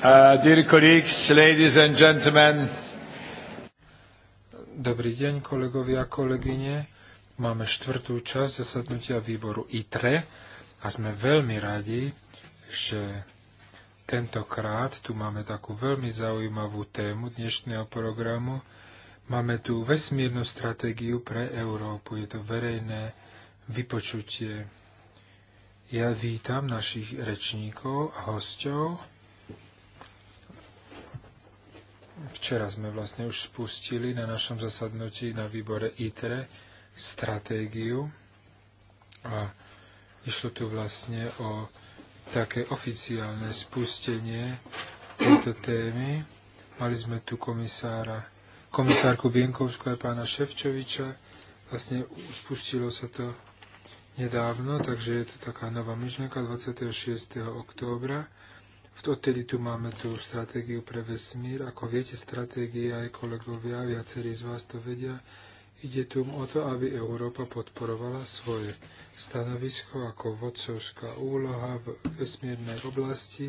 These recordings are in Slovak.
Uh, Dobrý deň, kolegovia a kolegyne. Máme štvrtú časť zasadnutia výboru ITRE a sme veľmi radi, že tentokrát tu máme takú veľmi zaujímavú tému dnešného programu. Máme tu vesmírnu stratégiu pre Európu. Je to verejné vypočutie. Ja vítam našich rečníkov a hostov. Včera sme vlastne už spustili na našom zasadnutí na výbore ITRE stratégiu a išlo tu vlastne o také oficiálne spustenie tejto témy. Mali sme tu komisára, komisárku Bienkovskú a pána Ševčoviča. Vlastne spustilo sa to nedávno, takže je to taká nová myšlenka 26. októbra Vtedy tu máme tú stratégiu pre vesmír. Ako viete, stratégia aj kolegovia, viacerí z vás to vedia. Ide tu o to, aby Európa podporovala svoje stanovisko ako vodcovská úloha v vesmírnej oblasti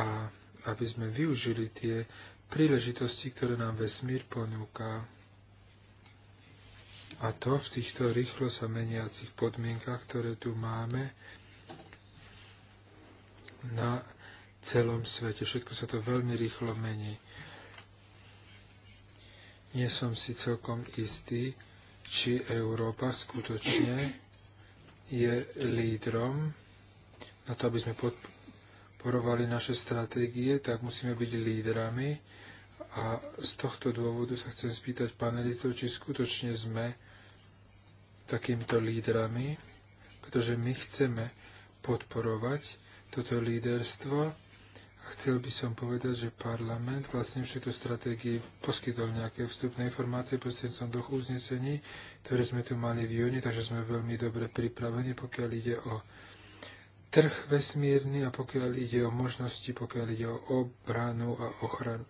a aby sme využili tie príležitosti, ktoré nám vesmír ponúka. A to v týchto rýchlo sa meniacich podmienkach, ktoré tu máme, na celom svete. Všetko sa to veľmi rýchlo mení. Nie som si celkom istý, či Európa skutočne je lídrom na to, aby sme podporovali naše stratégie, tak musíme byť lídrami. A z tohto dôvodu sa chcem spýtať panelistov, či skutočne sme takýmto lídrami, pretože my chceme podporovať toto líderstvo. A chcel by som povedať, že parlament vlastne už tejto stratégii poskytol nejaké vstupné informácie prostredníctvom doch uznesení, ktoré sme tu mali v júni, takže sme veľmi dobre pripravení, pokiaľ ide o trh vesmírny a pokiaľ ide o možnosti, pokiaľ ide o obranu a ochranu.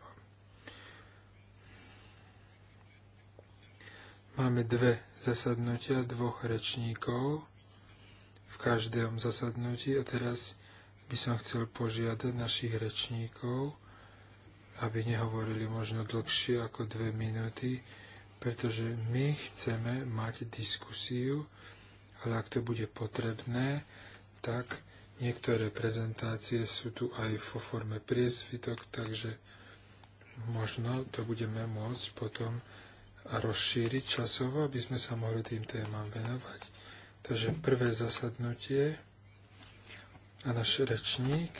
Máme dve zasadnutia dvoch rečníkov v každom zasadnutí a teraz by som chcel požiadať našich rečníkov, aby nehovorili možno dlhšie ako dve minúty, pretože my chceme mať diskusiu, ale ak to bude potrebné, tak niektoré prezentácie sú tu aj vo forme priesvitok, takže možno to budeme môcť potom rozšíriť časovo, aby sme sa mohli tým témam venovať. Takže prvé zasadnutie a náš rečník,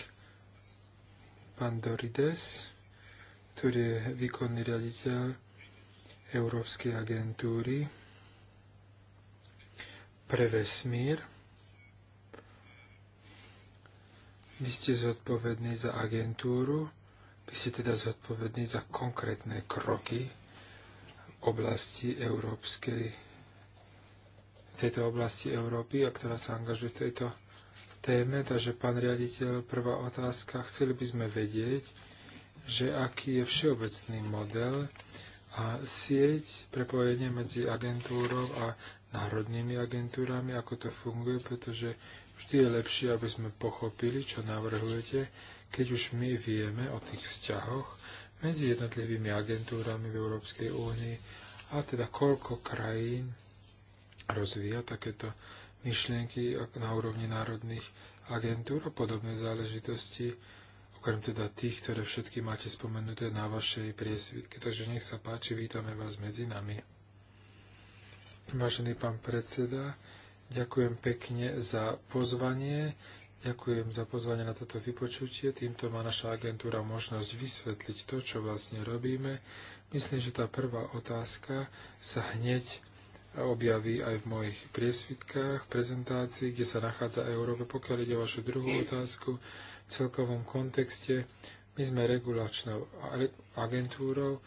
pán Dorides, ktorý je výkonný riaditeľ Európskej agentúry pre vesmír. Vy ste zodpovední za agentúru, vy ste teda zodpovední za konkrétne kroky v oblasti európskej, v tejto oblasti Európy, a ktorá sa angažuje v tejto téme, takže pán riaditeľ, prvá otázka. Chceli by sme vedieť, že aký je všeobecný model a sieť, prepojenie medzi agentúrou a národnými agentúrami, ako to funguje, pretože vždy je lepšie, aby sme pochopili, čo navrhujete, keď už my vieme o tých vzťahoch medzi jednotlivými agentúrami v Európskej únii a teda koľko krajín rozvíja takéto myšlienky na úrovni národných agentúr a podobné záležitosti, okrem teda tých, ktoré všetky máte spomenuté na vašej priesvitke. Takže nech sa páči, vítame vás medzi nami. Vážený pán predseda, ďakujem pekne za pozvanie. Ďakujem za pozvanie na toto vypočutie. Týmto má naša agentúra možnosť vysvetliť to, čo vlastne robíme. Myslím, že tá prvá otázka sa hneď objaví aj v mojich priesvitkách, prezentácii, kde sa nachádza Európa. Pokiaľ ide o vašu druhú otázku, v celkovom kontexte, my sme regulačnou agentúrou,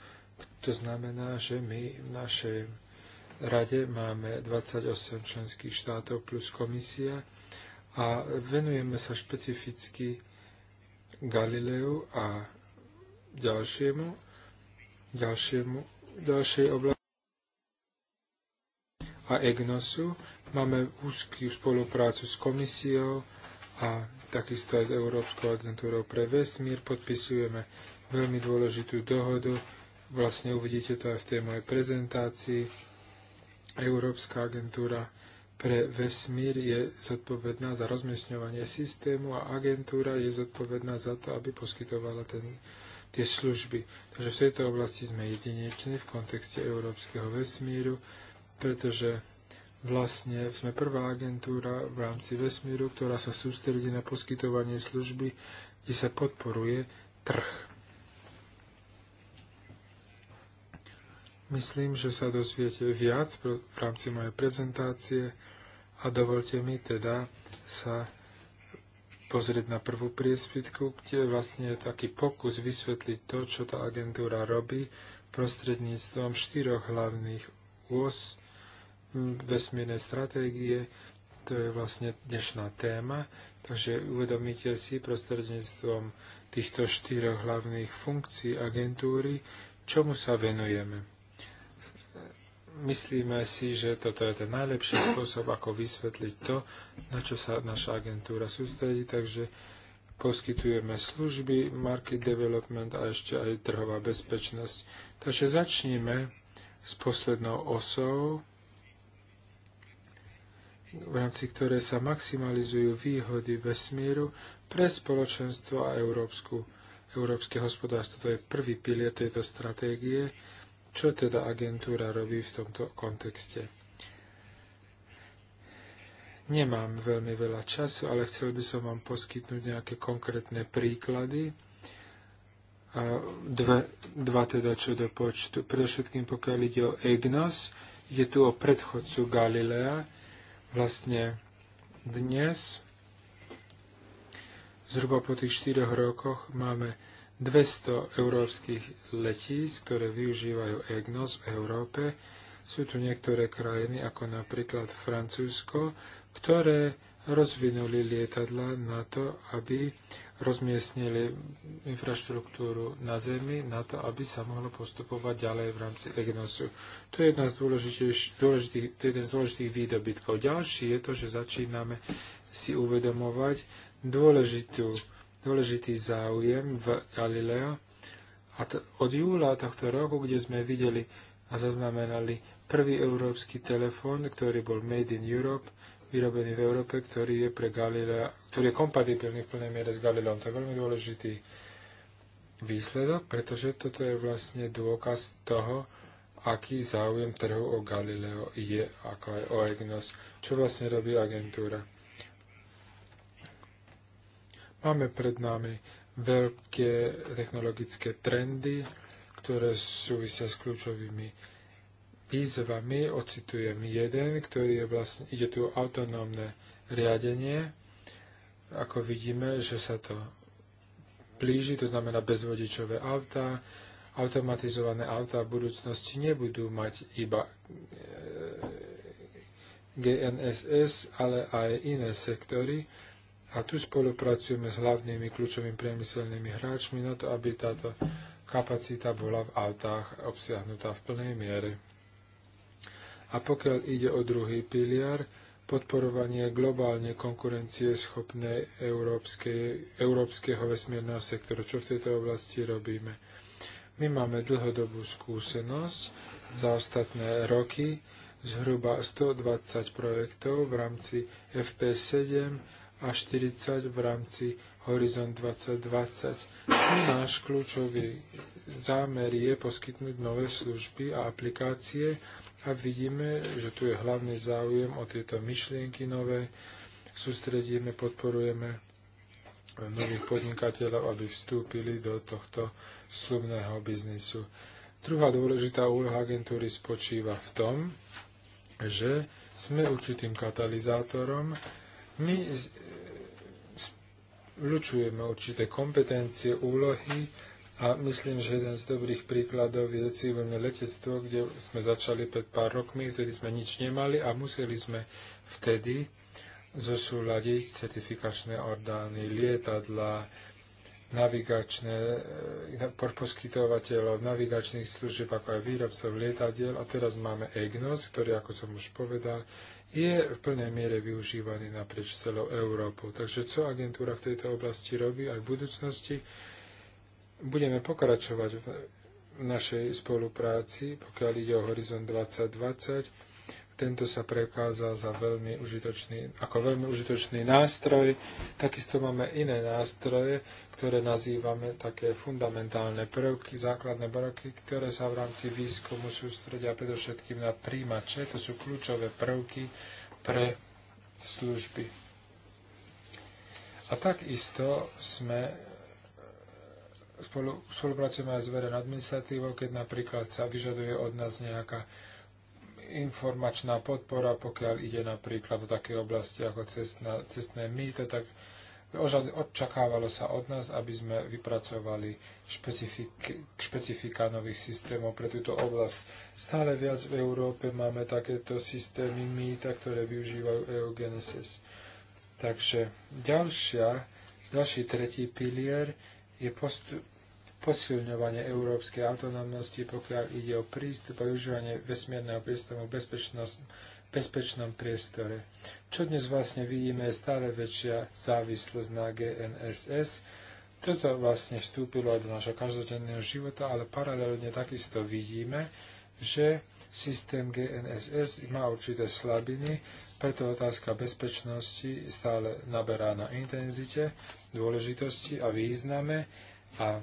to znamená, že my v našej rade máme 28 členských štátov plus komisia a venujeme sa špecificky Galileu a ďalšiemu, ďalšiemu, ďalšej oblasti a EGNOSu. Máme úzkú spoluprácu s komisiou a takisto aj s Európskou agentúrou pre vesmír. Podpisujeme veľmi dôležitú dohodu. Vlastne uvidíte to aj v tej mojej prezentácii. Európska agentúra pre vesmír je zodpovedná za rozmiestňovanie systému a agentúra je zodpovedná za to, aby poskytovala ten, tie služby. Takže v tejto oblasti sme jedineční v kontexte európskeho vesmíru pretože vlastne sme prvá agentúra v rámci vesmíru, ktorá sa sústredí na poskytovanie služby, kde sa podporuje trh. Myslím, že sa dozviete viac v rámci mojej prezentácie a dovolte mi teda sa pozrieť na prvú priesvitku, kde vlastne je taký pokus vysvetliť to, čo tá agentúra robí prostredníctvom štyroch hlavných úst vesmírnej stratégie. To je vlastne dnešná téma. Takže uvedomíte si prostredníctvom týchto štyroch hlavných funkcií agentúry, čomu sa venujeme. Myslíme si, že toto je ten najlepší spôsob, ako vysvetliť to, na čo sa naša agentúra sústredí, takže poskytujeme služby, market development a ešte aj trhová bezpečnosť. Takže začníme s poslednou osou, v rámci ktoré sa maximalizujú výhody vesmíru pre spoločenstvo a európsku, európske hospodárstvo. To je prvý pilier tejto stratégie. Čo teda agentúra robí v tomto kontexte? Nemám veľmi veľa času, ale chcel by som vám poskytnúť nejaké konkrétne príklady. A dve, dva teda čo do počtu. Predovšetkým pokiaľ ide o EGNOS, je tu o predchodcu Galilea, vlastne dnes, zhruba po tých 4 rokoch, máme 200 európskych letísk, ktoré využívajú EGNOS v Európe. Sú tu niektoré krajiny, ako napríklad Francúzsko, ktoré rozvinuli lietadla na to, aby rozmiestnili infraštruktúru na Zemi na to, aby sa mohlo postupovať ďalej v rámci EGNOSu. To je, jedna z dôležitých, to je jeden z dôležitých výdobytkov. Ďalší je to, že začíname si uvedomovať dôležitú, dôležitý záujem v Galileo. A to, od júla tohto roku, kde sme videli a zaznamenali prvý európsky telefón, ktorý bol Made in Europe, vyrobený v Európe, ktorý je pre Galilea, ktorý je kompatibilný v plnej miere s Galileom. To je veľmi dôležitý výsledok, pretože toto je vlastne dôkaz toho, aký záujem trhu o Galileo je, ako aj o EGNOS, čo vlastne robí agentúra. Máme pred nami veľké technologické trendy, ktoré súvisia s kľúčovými výzvami. Ocitujem jeden, ktorý je vlastne, ide tu o autonómne riadenie. Ako vidíme, že sa to blíži, to znamená bezvodičové autá. Automatizované autá v budúcnosti nebudú mať iba e, GNSS, ale aj iné sektory. A tu spolupracujeme s hlavnými kľúčovými priemyselnými hráčmi na to, aby táto kapacita bola v autách obsiahnutá v plnej miere. A pokiaľ ide o druhý piliar, podporovanie globálne konkurencie schopnej európskeho vesmírneho sektoru. Čo v tejto oblasti robíme? My máme dlhodobú skúsenosť za ostatné roky, zhruba 120 projektov v rámci FP7 a 40 v rámci Horizon 2020. Náš kľúčový zámer je poskytnúť nové služby a aplikácie, a vidíme, že tu je hlavný záujem o tieto myšlienky nové. Sústredíme, podporujeme nových podnikateľov, aby vstúpili do tohto slubného biznisu. Druhá dôležitá úloha agentúry spočíva v tom, že sme určitým katalizátorom. My vlučujeme určité kompetencie, úlohy, a myslím, že jeden z dobrých príkladov je civilné letectvo, kde sme začali pred pár rokmi, vtedy sme nič nemali a museli sme vtedy zosúľadiť certifikačné orgány, lietadla, navigačné, eh, poskytovateľov navigačných služieb, ako aj výrobcov lietadiel. A teraz máme EGNOS, ktorý, ako som už povedal, je v plnej miere využívaný naprieč celou Európou. Takže co agentúra v tejto oblasti robí aj v budúcnosti? budeme pokračovať v našej spolupráci, pokiaľ ide o Horizon 2020 tento sa prekázal za veľmi užitočný, ako veľmi užitočný nástroj. Takisto máme iné nástroje, ktoré nazývame také fundamentálne prvky, základné prvky, ktoré sa v rámci výskumu sústredia predovšetkým na príjimače. To sú kľúčové prvky pre služby. A takisto sme spolu, spolupracujeme aj s verejnou administratívou, keď napríklad sa vyžaduje od nás nejaká informačná podpora, pokiaľ ide napríklad o také oblasti ako cestná, cestné mýto, tak odčakávalo sa od nás, aby sme vypracovali špecifik, špecifika nových systémov pre túto oblasť. Stále viac v Európe máme takéto systémy mýta, ktoré využívajú eugenesis. Takže ďalšia, ďalší tretí pilier je postup, posilňovanie európskej autonómnosti, pokiaľ ide o prístup a využívanie vesmierneho prístupu v bezpečnom priestore. Čo dnes vlastne vidíme je stále väčšia závislosť na GNSS. Toto vlastne vstúpilo aj do našho každodenného života, ale paralelne takisto vidíme, že systém GNSS má určité slabiny, preto otázka bezpečnosti stále naberá na intenzite, dôležitosti a význame a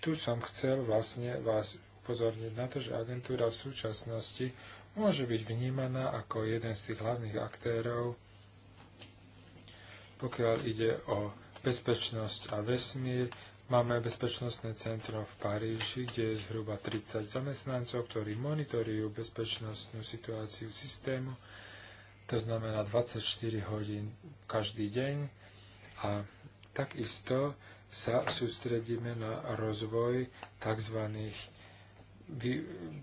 tu som chcel vlastne vás upozorniť na to, že agentúra v súčasnosti môže byť vnímaná ako jeden z tých hlavných aktérov, pokiaľ ide o bezpečnosť a vesmír. Máme bezpečnostné centrum v Paríži, kde je zhruba 30 zamestnancov, ktorí monitorujú bezpečnostnú situáciu systému. To znamená 24 hodín každý deň. A takisto sa sústredíme na rozvoj tzv.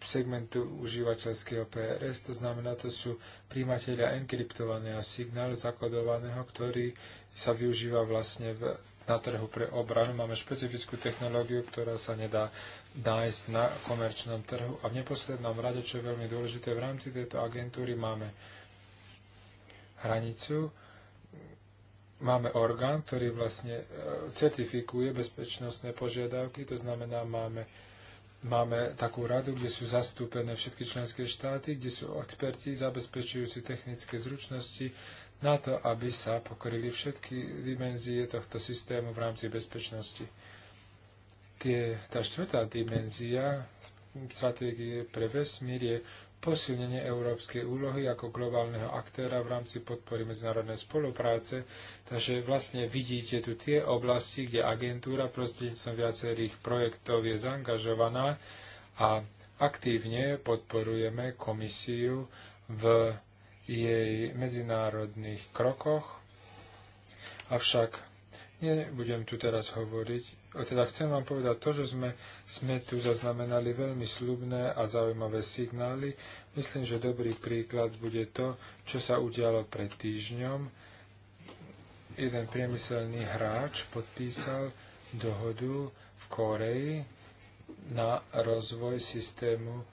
segmentu užívateľského PRS, to znamená, to sú príjmatelia enkryptovaného signálu zakodovaného, ktorý sa využíva vlastne v, na trhu pre obranu. Máme špecifickú technológiu, ktorá sa nedá nájsť na komerčnom trhu. A v neposlednom rade, čo je veľmi dôležité, v rámci tejto agentúry máme hranicu, máme orgán, ktorý vlastne e, certifikuje bezpečnostné požiadavky, to znamená, máme, máme takú radu, kde sú zastúpené všetky členské štáty, kde sú experti zabezpečujúci technické zručnosti na to, aby sa pokryli všetky dimenzie tohto systému v rámci bezpečnosti. Tie, tá štvrtá dimenzia stratégie pre vesmír je posilnenie európskej úlohy ako globálneho aktéra v rámci podpory medzinárodnej spolupráce. Takže vlastne vidíte tu tie oblasti, kde agentúra prostredníctvom viacerých projektov je zaangažovaná a aktívne podporujeme komisiu v jej medzinárodných krokoch. Avšak nebudem tu teraz hovoriť teda chcem vám povedať to, že sme, sme tu zaznamenali veľmi slubné a zaujímavé signály. Myslím, že dobrý príklad bude to, čo sa udialo pred týždňom. Jeden priemyselný hráč podpísal dohodu v Koreji na rozvoj systému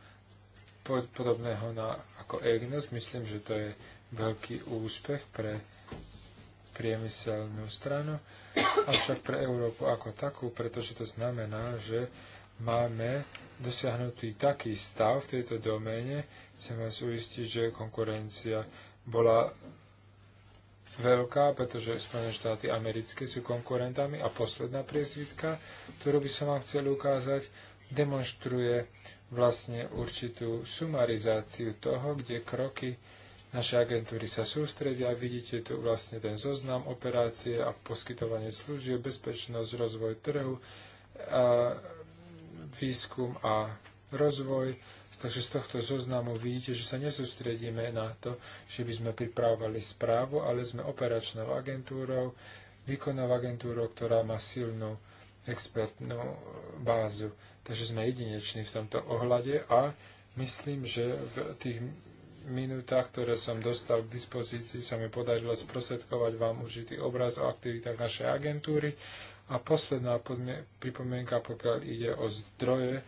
podobného na, ako EGNOS. Myslím, že to je veľký úspech pre priemyselnú stranu avšak pre Európu ako takú, pretože to znamená, že máme dosiahnutý taký stav v tejto doméne. Chcem vás uistiť, že konkurencia bola veľká, pretože Spojené štáty americké sú konkurentami. A posledná priezvitka, ktorú by som vám chcel ukázať, demonstruje vlastne určitú sumarizáciu toho, kde kroky naše agentúry sa sústredia, vidíte tu vlastne ten zoznam operácie a poskytovanie služieb, bezpečnosť, rozvoj trhu, a výskum a rozvoj. Takže z tohto zoznamu vidíte, že sa nesústredíme na to, že by sme pripravovali správu, ale sme operačnou agentúrou, výkonnou agentúrou, ktorá má silnú expertnú bázu. Takže sme jedineční v tomto ohľade a myslím, že v tých minútach, ktoré som dostal k dispozícii, sa mi podarilo sprostredkovať vám určitý obraz o aktivitách našej agentúry. A posledná pripomienka, pokiaľ ide o zdroje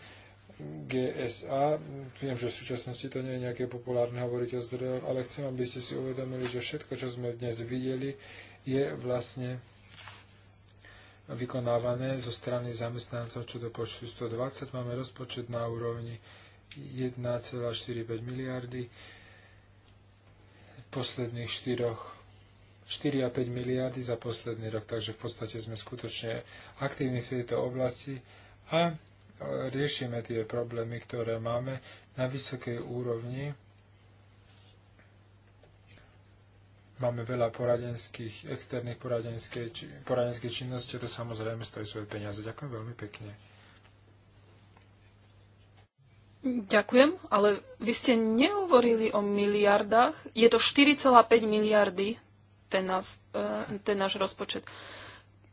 GSA, viem, že v súčasnosti to nie je nejaké populárne hovoriť o zdrojoch, ale chcem, aby ste si uvedomili, že všetko, čo sme dnes videli, je vlastne vykonávané zo strany zamestnancov čo do počtu 120. Máme rozpočet na úrovni 1,45 miliardy posledných 4, 4 a 5 miliardy za posledný rok, takže v podstate sme skutočne aktívni v tejto oblasti a e, riešime tie problémy, ktoré máme na vysokej úrovni. Máme veľa poradenských, externých či, poradenských činnosti, to samozrejme stojí svoje peniaze. Ďakujem veľmi pekne. Ďakujem, ale vy ste nehovorili o miliardách. Je to 4,5 miliardy, ten, nás, e, ten náš rozpočet.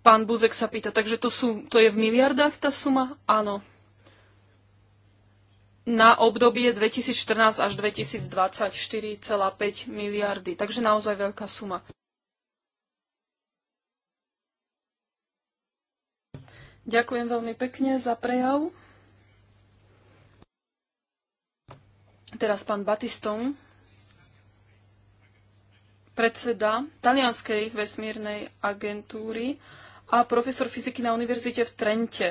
Pán Buzek sa pýta, takže to, sú, to je v miliardách tá suma? Áno. Na obdobie 2014 až 2020 4,5 miliardy. Takže naozaj veľká suma. Ďakujem veľmi pekne za prejav. Teraz pán Batiston, predseda Talianskej vesmírnej agentúry a profesor fyziky na univerzite v Trente.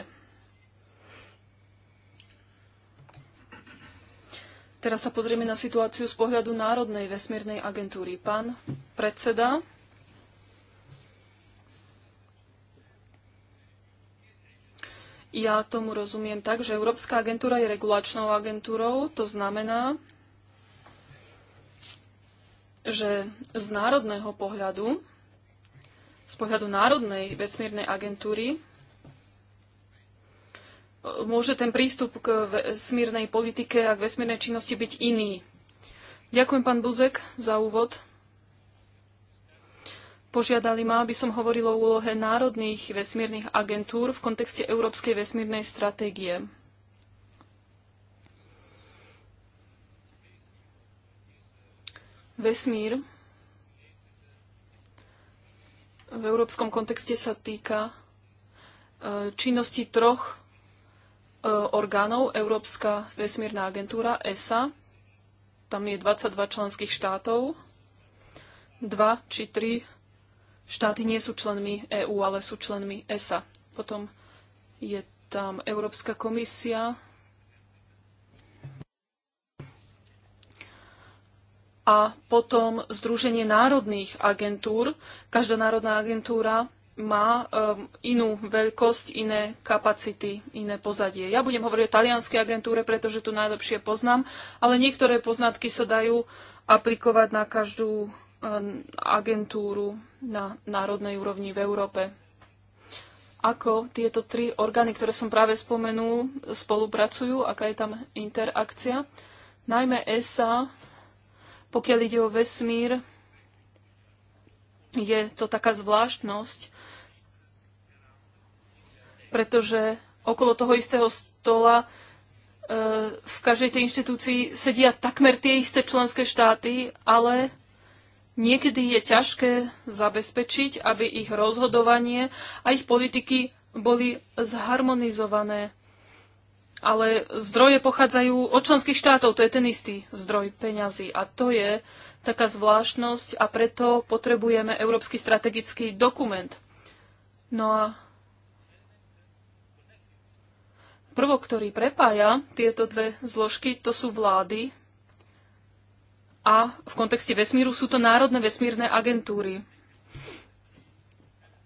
Teraz sa pozrieme na situáciu z pohľadu Národnej vesmírnej agentúry. Pán predseda, Ja tomu rozumiem tak, že Európska agentúra je regulačnou agentúrou, to znamená, že z národného pohľadu, z pohľadu Národnej vesmírnej agentúry, môže ten prístup k vesmírnej politike a k vesmírnej činnosti byť iný. Ďakujem, pán Buzek, za úvod požiadali ma, aby som hovoril o úlohe národných vesmírnych agentúr v kontexte Európskej vesmírnej stratégie. Vesmír v európskom kontexte sa týka e, činnosti troch e, orgánov. Európska vesmírna agentúra ESA, tam je 22 členských štátov, dva či tri štáty nie sú členmi EÚ, ale sú členmi ESA. Potom je tam Európska komisia a potom Združenie národných agentúr. Každá národná agentúra má um, inú veľkosť, iné kapacity, iné pozadie. Ja budem hovoriť o talianskej agentúre, pretože tu najlepšie poznám, ale niektoré poznatky sa dajú aplikovať na každú Um, agentúru na národnej úrovni v Európe. Ako tieto tri orgány, ktoré som práve spomenul, spolupracujú, aká je tam interakcia. Najmä ESA, pokiaľ ide o vesmír, je to taká zvláštnosť, pretože okolo toho istého stola e, v každej tej inštitúcii sedia takmer tie isté členské štáty, ale Niekedy je ťažké zabezpečiť, aby ich rozhodovanie a ich politiky boli zharmonizované. Ale zdroje pochádzajú od členských štátov, to je ten istý zdroj peňazí. A to je taká zvláštnosť a preto potrebujeme európsky strategický dokument. No a prvok, ktorý prepája tieto dve zložky, to sú vlády, a v kontexte vesmíru sú to národné vesmírne agentúry.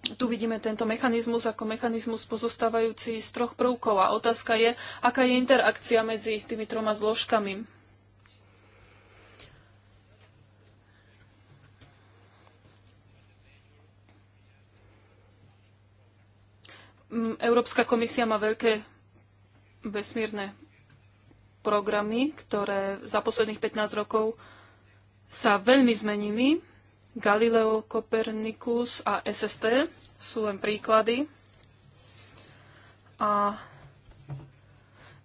Tu vidíme tento mechanizmus ako mechanizmus pozostávajúci z troch prvkov a otázka je, aká je interakcia medzi tými troma zložkami. Mm, Európska komisia má veľké vesmírne programy, ktoré za posledných 15 rokov sa veľmi zmenili. Galileo, Kopernikus a SST sú len príklady. A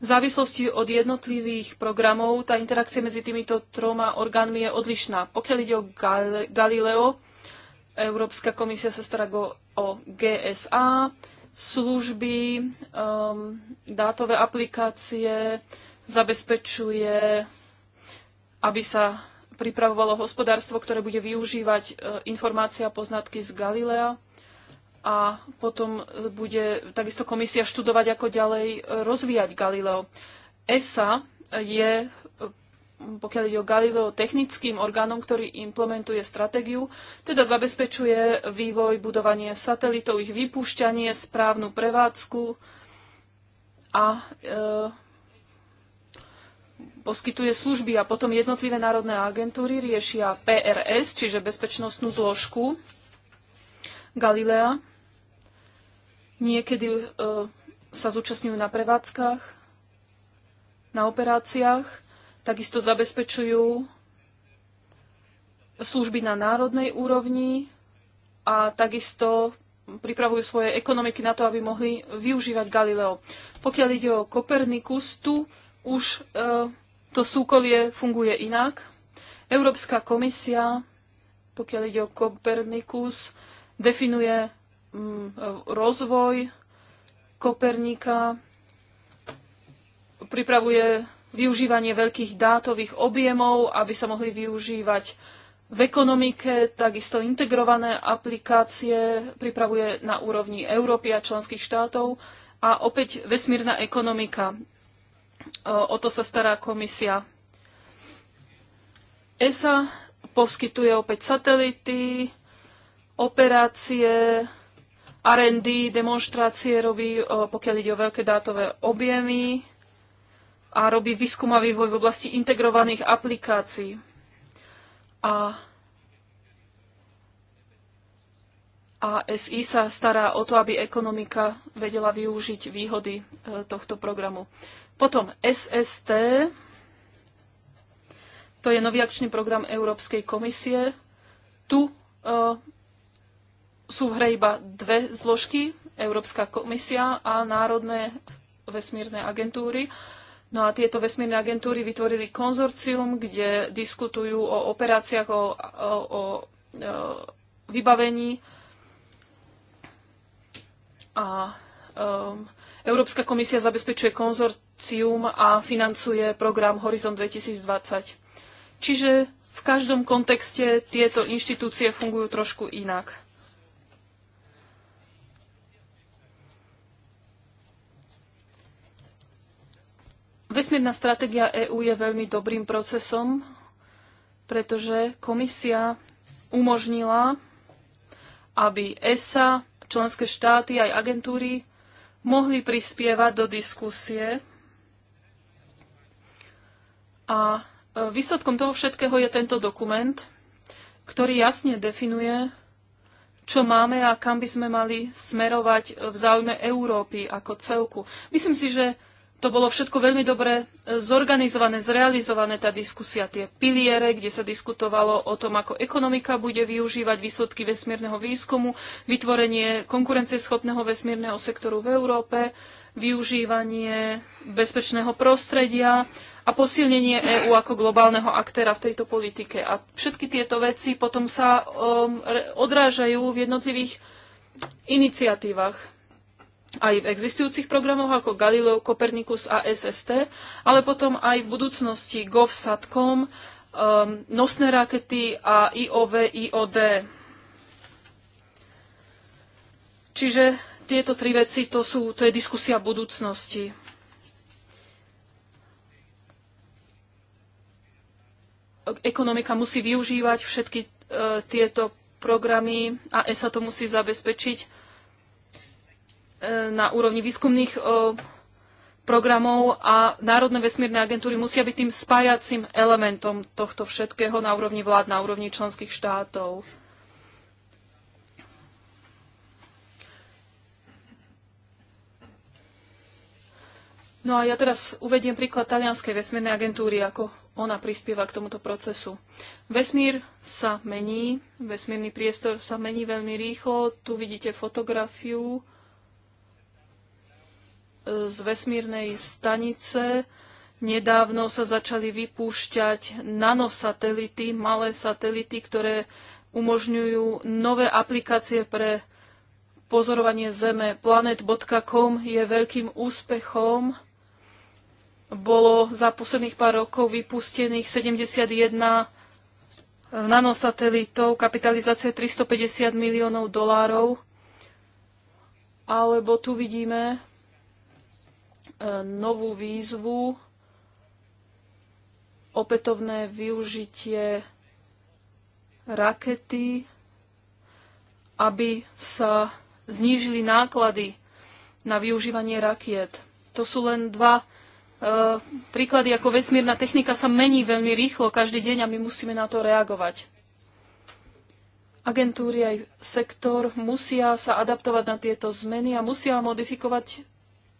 v závislosti od jednotlivých programov tá interakcia medzi týmito troma orgánmi je odlišná. Pokiaľ ide o Galileo, Európska komisia sa stará o GSA, služby, um, dátové aplikácie, zabezpečuje, aby sa pripravovalo hospodárstvo, ktoré bude využívať e, informácie a poznatky z Galilea. A potom e, bude takisto komisia študovať, ako ďalej e, rozvíjať Galileo. ESA je, pokiaľ ide o Galileo, technickým orgánom, ktorý implementuje stratégiu, teda zabezpečuje vývoj, budovanie satelitov, ich vypúšťanie, správnu prevádzku a e, poskytuje služby a potom jednotlivé národné agentúry riešia PRS, čiže bezpečnostnú zložku Galilea. Niekedy e, sa zúčastňujú na prevádzkach, na operáciách, takisto zabezpečujú služby na národnej úrovni a takisto pripravujú svoje ekonomiky na to, aby mohli využívať Galileo. Pokiaľ ide o Kopernikus, tu už e, to súkolie funguje inak. Európska komisia, pokiaľ ide o Kopernikus, definuje mm, e, rozvoj Kopernika, pripravuje využívanie veľkých dátových objemov, aby sa mohli využívať v ekonomike, takisto integrované aplikácie pripravuje na úrovni Európy a členských štátov a opäť vesmírna ekonomika. O to sa stará komisia. ESA poskytuje opäť satelity, operácie, R&D, demonstrácie robí, pokiaľ ide o veľké dátové objemy a robí výskum a vývoj v oblasti integrovaných aplikácií. A a SI sa stará o to, aby ekonomika vedela využiť výhody e, tohto programu. Potom SST, to je nový akčný program Európskej komisie. Tu e, sú v hre iba dve zložky, Európska komisia a národné vesmírne agentúry. No a tieto vesmírne agentúry vytvorili konzorcium, kde diskutujú o operáciách, o, o, o e, vybavení. A e, Európska komisia zabezpečuje konzor, konzorcium a financuje program Horizon 2020. Čiže v každom kontexte tieto inštitúcie fungujú trošku inak. Vesmírna stratégia EÚ je veľmi dobrým procesom, pretože komisia umožnila, aby ESA, členské štáty aj agentúry mohli prispievať do diskusie a e, výsledkom toho všetkého je tento dokument, ktorý jasne definuje, čo máme a kam by sme mali smerovať v záujme Európy ako celku. Myslím si, že to bolo všetko veľmi dobre e, zorganizované, zrealizované tá diskusia, tie piliere, kde sa diskutovalo o tom, ako ekonomika bude využívať výsledky vesmírneho výskumu, vytvorenie konkurencieschopného vesmírneho sektoru v Európe, využívanie bezpečného prostredia, a posilnenie EÚ ako globálneho aktéra v tejto politike. A všetky tieto veci potom sa um, odrážajú v jednotlivých iniciatívach aj v existujúcich programoch ako Galileo, Copernicus a SST, ale potom aj v budúcnosti GovSatcom, um, nosné rakety a IOV, IOD. Čiže tieto tri veci, to, sú, to je diskusia budúcnosti. ekonomika musí využívať všetky e, tieto programy a ESA to musí zabezpečiť e, na úrovni výskumných e, programov a národné vesmírne agentúry musia byť tým spájacím elementom tohto všetkého na úrovni vlád, na úrovni členských štátov. No a ja teraz uvediem príklad Talianskej vesmírnej agentúry ako ona prispieva k tomuto procesu. Vesmír sa mení, vesmírny priestor sa mení veľmi rýchlo. Tu vidíte fotografiu e, z vesmírnej stanice. Nedávno sa začali vypúšťať nanosatelity, malé satelity, ktoré umožňujú nové aplikácie pre pozorovanie Zeme. Planet.com je veľkým úspechom bolo za posledných pár rokov vypustených 71 nanosatelitov, kapitalizácia 350 miliónov dolárov. Alebo tu vidíme e, novú výzvu, opätovné využitie rakety, aby sa znížili náklady na využívanie rakiet. To sú len dva Eh, príklady ako vesmírna technika sa mení veľmi rýchlo každý deň a my musíme na to reagovať. Agentúry aj sektor musia sa adaptovať na tieto zmeny a musia modifikovať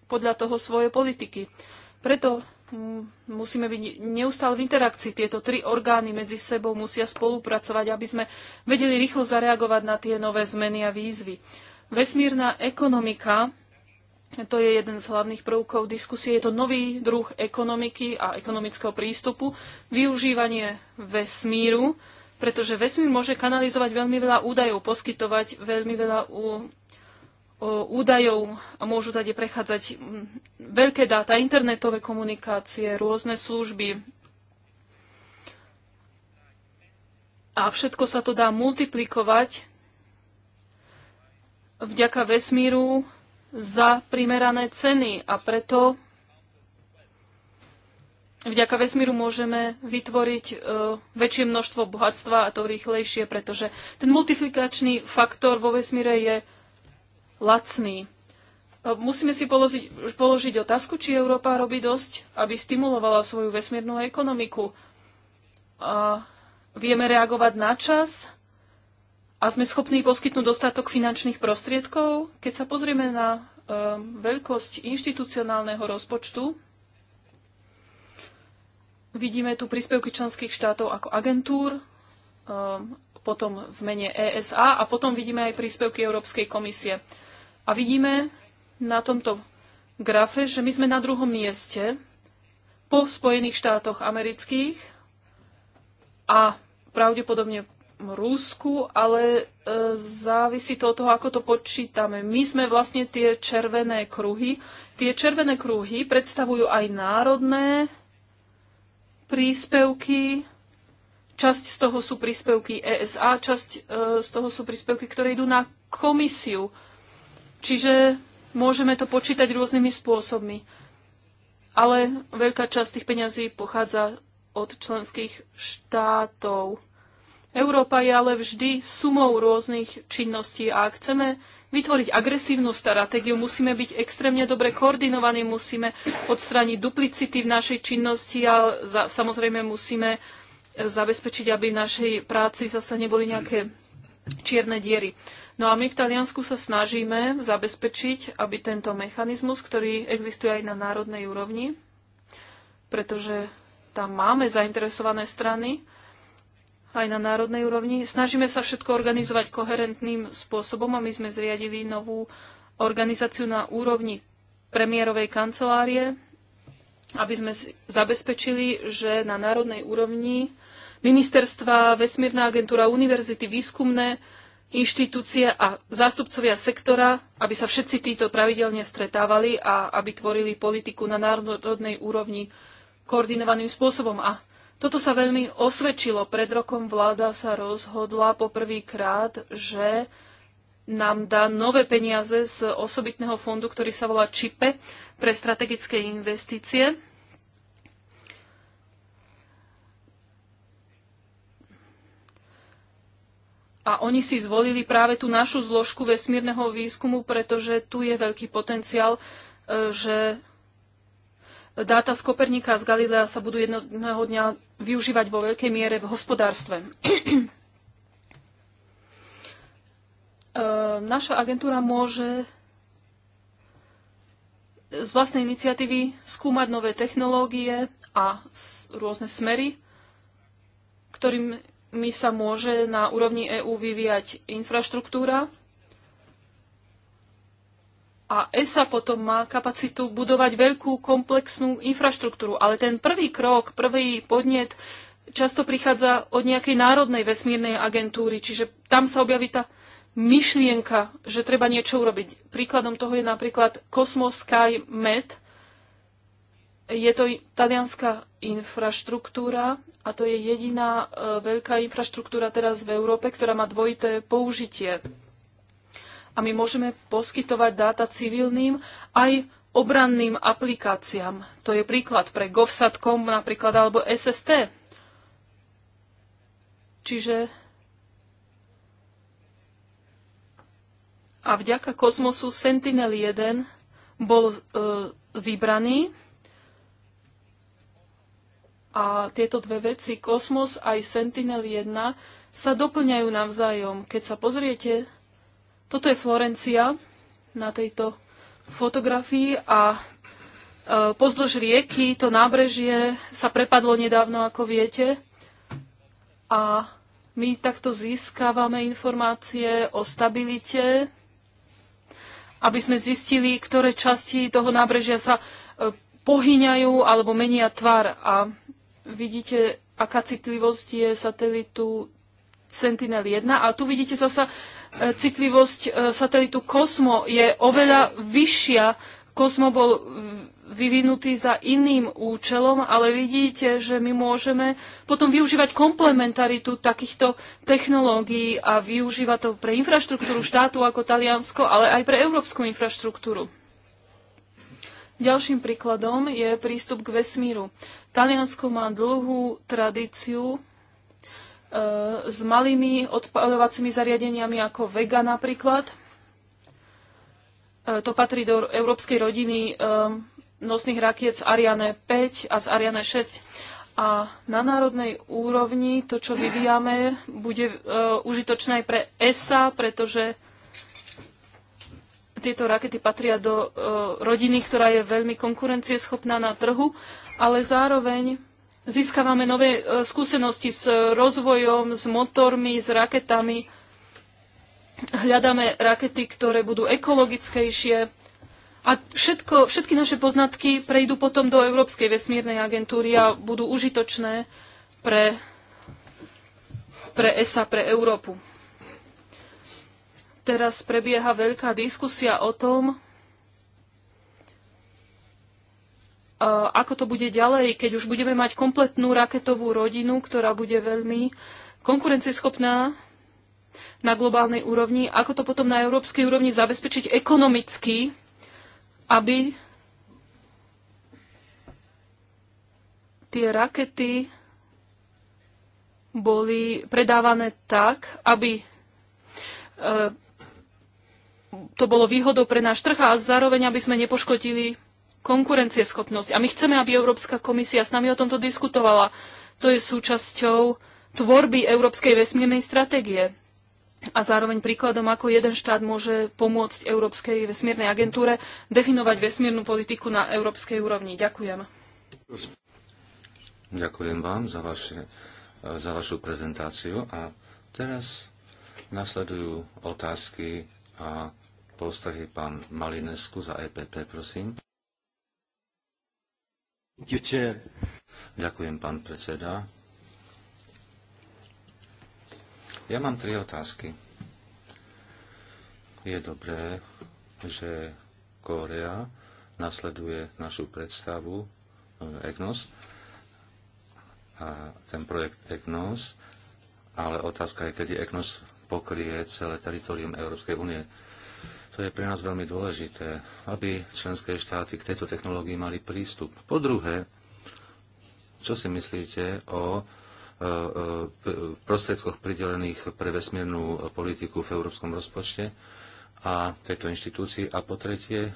podľa toho svoje politiky. Preto mm, musíme byť neustále v interakcii. Tieto tri orgány medzi sebou musia spolupracovať, aby sme vedeli rýchlo zareagovať na tie nové zmeny a výzvy. Vesmírna ekonomika to je jeden z hlavných prvkov diskusie. Je to nový druh ekonomiky a ekonomického prístupu. Využívanie vesmíru, pretože vesmír môže kanalizovať veľmi veľa údajov, poskytovať veľmi veľa údajov a môžu tady prechádzať veľké dáta, internetové komunikácie, rôzne služby. A všetko sa to dá multiplikovať vďaka vesmíru za primerané ceny a preto vďaka vesmíru môžeme vytvoriť e, väčšie množstvo bohatstva a to rýchlejšie, pretože ten multiplikačný faktor vo vesmíre je lacný. E, musíme si položiť, položiť otázku, či Európa robí dosť, aby stimulovala svoju vesmírnu ekonomiku. A vieme reagovať na čas a sme schopní poskytnúť dostatok finančných prostriedkov? Keď sa pozrieme na e, veľkosť inštitucionálneho rozpočtu, vidíme tu príspevky členských štátov ako agentúr, e, potom v mene ESA a potom vidíme aj príspevky Európskej komisie. A vidíme na tomto grafe, že my sme na druhom mieste po Spojených štátoch amerických a pravdepodobne Rusku, ale e, závisí to od toho, ako to počítame. My sme vlastne tie červené kruhy. Tie červené kruhy predstavujú aj národné príspevky. Časť z toho sú príspevky ESA, časť e, z toho sú príspevky, ktoré idú na komisiu. Čiže môžeme to počítať rôznymi spôsobmi. Ale veľká časť tých peňazí pochádza od členských štátov. Európa je ale vždy sumou rôznych činností a ak chceme vytvoriť agresívnu stratégiu, musíme byť extrémne dobre koordinovaní, musíme odstrániť duplicity v našej činnosti a za, samozrejme musíme zabezpečiť, aby v našej práci zase neboli nejaké čierne diery. No a my v Taliansku sa snažíme zabezpečiť, aby tento mechanizmus, ktorý existuje aj na národnej úrovni, pretože tam máme zainteresované strany, aj na národnej úrovni. Snažíme sa všetko organizovať koherentným spôsobom a my sme zriadili novú organizáciu na úrovni premiérovej kancelárie, aby sme zabezpečili, že na národnej úrovni ministerstva, vesmírna agentúra, univerzity, výskumné inštitúcie a zástupcovia sektora, aby sa všetci títo pravidelne stretávali a aby tvorili politiku na národnej úrovni koordinovaným spôsobom. A toto sa veľmi osvedčilo. Pred rokom vláda sa rozhodla poprvýkrát, že nám dá nové peniaze z osobitného fondu, ktorý sa volá ČIPE pre strategické investície. A oni si zvolili práve tú našu zložku vesmírneho výskumu, pretože tu je veľký potenciál, e, že dáta z Kopernika a z Galilea sa budú jedného dňa využívať vo veľkej miere v hospodárstve. Naša agentúra môže z vlastnej iniciatívy skúmať nové technológie a rôzne smery, ktorým sa môže na úrovni EÚ vyvíjať infraštruktúra a ESA potom má kapacitu budovať veľkú komplexnú infraštruktúru. Ale ten prvý krok, prvý podnet často prichádza od nejakej národnej vesmírnej agentúry, čiže tam sa objaví tá myšlienka, že treba niečo urobiť. Príkladom toho je napríklad Cosmos Sky Med. Je to talianská infraštruktúra a to je jediná e, veľká infraštruktúra teraz v Európe, ktorá má dvojité použitie a my môžeme poskytovať dáta civilným aj obranným aplikáciám. To je príklad pre govsatcom napríklad alebo SST. Čiže a vďaka kozmosu Sentinel-1 bol e, vybraný a tieto dve veci, Kosmos aj Sentinel-1, sa doplňajú navzájom. Keď sa pozriete toto je Florencia na tejto fotografii a e, pozdĺž rieky to nábrežie sa prepadlo nedávno, ako viete. A my takto získávame informácie o stabilite, aby sme zistili, ktoré časti toho nábrežia sa e, pohyňajú alebo menia tvar. A vidíte, aká citlivosť je satelitu Sentinel-1. A tu vidíte zasa E, citlivosť e, satelitu Kosmo je oveľa vyššia. Kosmo bol vyvinutý za iným účelom, ale vidíte, že my môžeme potom využívať komplementaritu takýchto technológií a využívať to pre infraštruktúru štátu ako Taliansko, ale aj pre európsku infraštruktúru. Ďalším príkladom je prístup k vesmíru. Taliansko má dlhú tradíciu s malými odpadovacími zariadeniami ako Vega napríklad. E, to patrí do európskej rodiny e, nosných rakiet z Ariane 5 a z Ariane 6. A na národnej úrovni to, čo vyvíjame, bude e, užitočné aj pre ESA, pretože tieto rakety patria do rodiny, ktorá je veľmi konkurencieschopná na trhu, ale zároveň získavame nové e, skúsenosti s e, rozvojom, s motormi, s raketami. Hľadáme rakety, ktoré budú ekologickejšie. A všetko, všetky naše poznatky prejdú potom do Európskej vesmírnej agentúry a budú užitočné pre, pre ESA, pre Európu. Teraz prebieha veľká diskusia o tom, ako to bude ďalej, keď už budeme mať kompletnú raketovú rodinu, ktorá bude veľmi konkurencieschopná na globálnej úrovni, ako to potom na európskej úrovni zabezpečiť ekonomicky, aby tie rakety boli predávané tak, aby e, to bolo výhodou pre náš trh a zároveň, aby sme nepoškodili konkurencieschopnosť. A my chceme, aby Európska komisia s nami o tomto diskutovala. To je súčasťou tvorby Európskej vesmírnej stratégie. A zároveň príkladom, ako jeden štát môže pomôcť Európskej vesmírnej agentúre definovať vesmírnu politiku na európskej úrovni. Ďakujem. Ďakujem vám za, vaše, za vašu prezentáciu. A teraz nasledujú otázky a postrehy pán Malinesku za EPP, prosím. Ďakujem, pán predseda. Ja mám tri otázky. Je dobré, že Kórea nasleduje našu predstavu eh, EGNOS a ten projekt EGNOS, ale otázka je, kedy EGNOS pokrie celé teritorium Európskej únie. To je pre nás veľmi dôležité, aby členské štáty k tejto technológii mali prístup. Po druhé, čo si myslíte o e, e, prostriedkoch pridelených pre vesmírnu politiku v európskom rozpočte a tejto inštitúcii. A po tretie,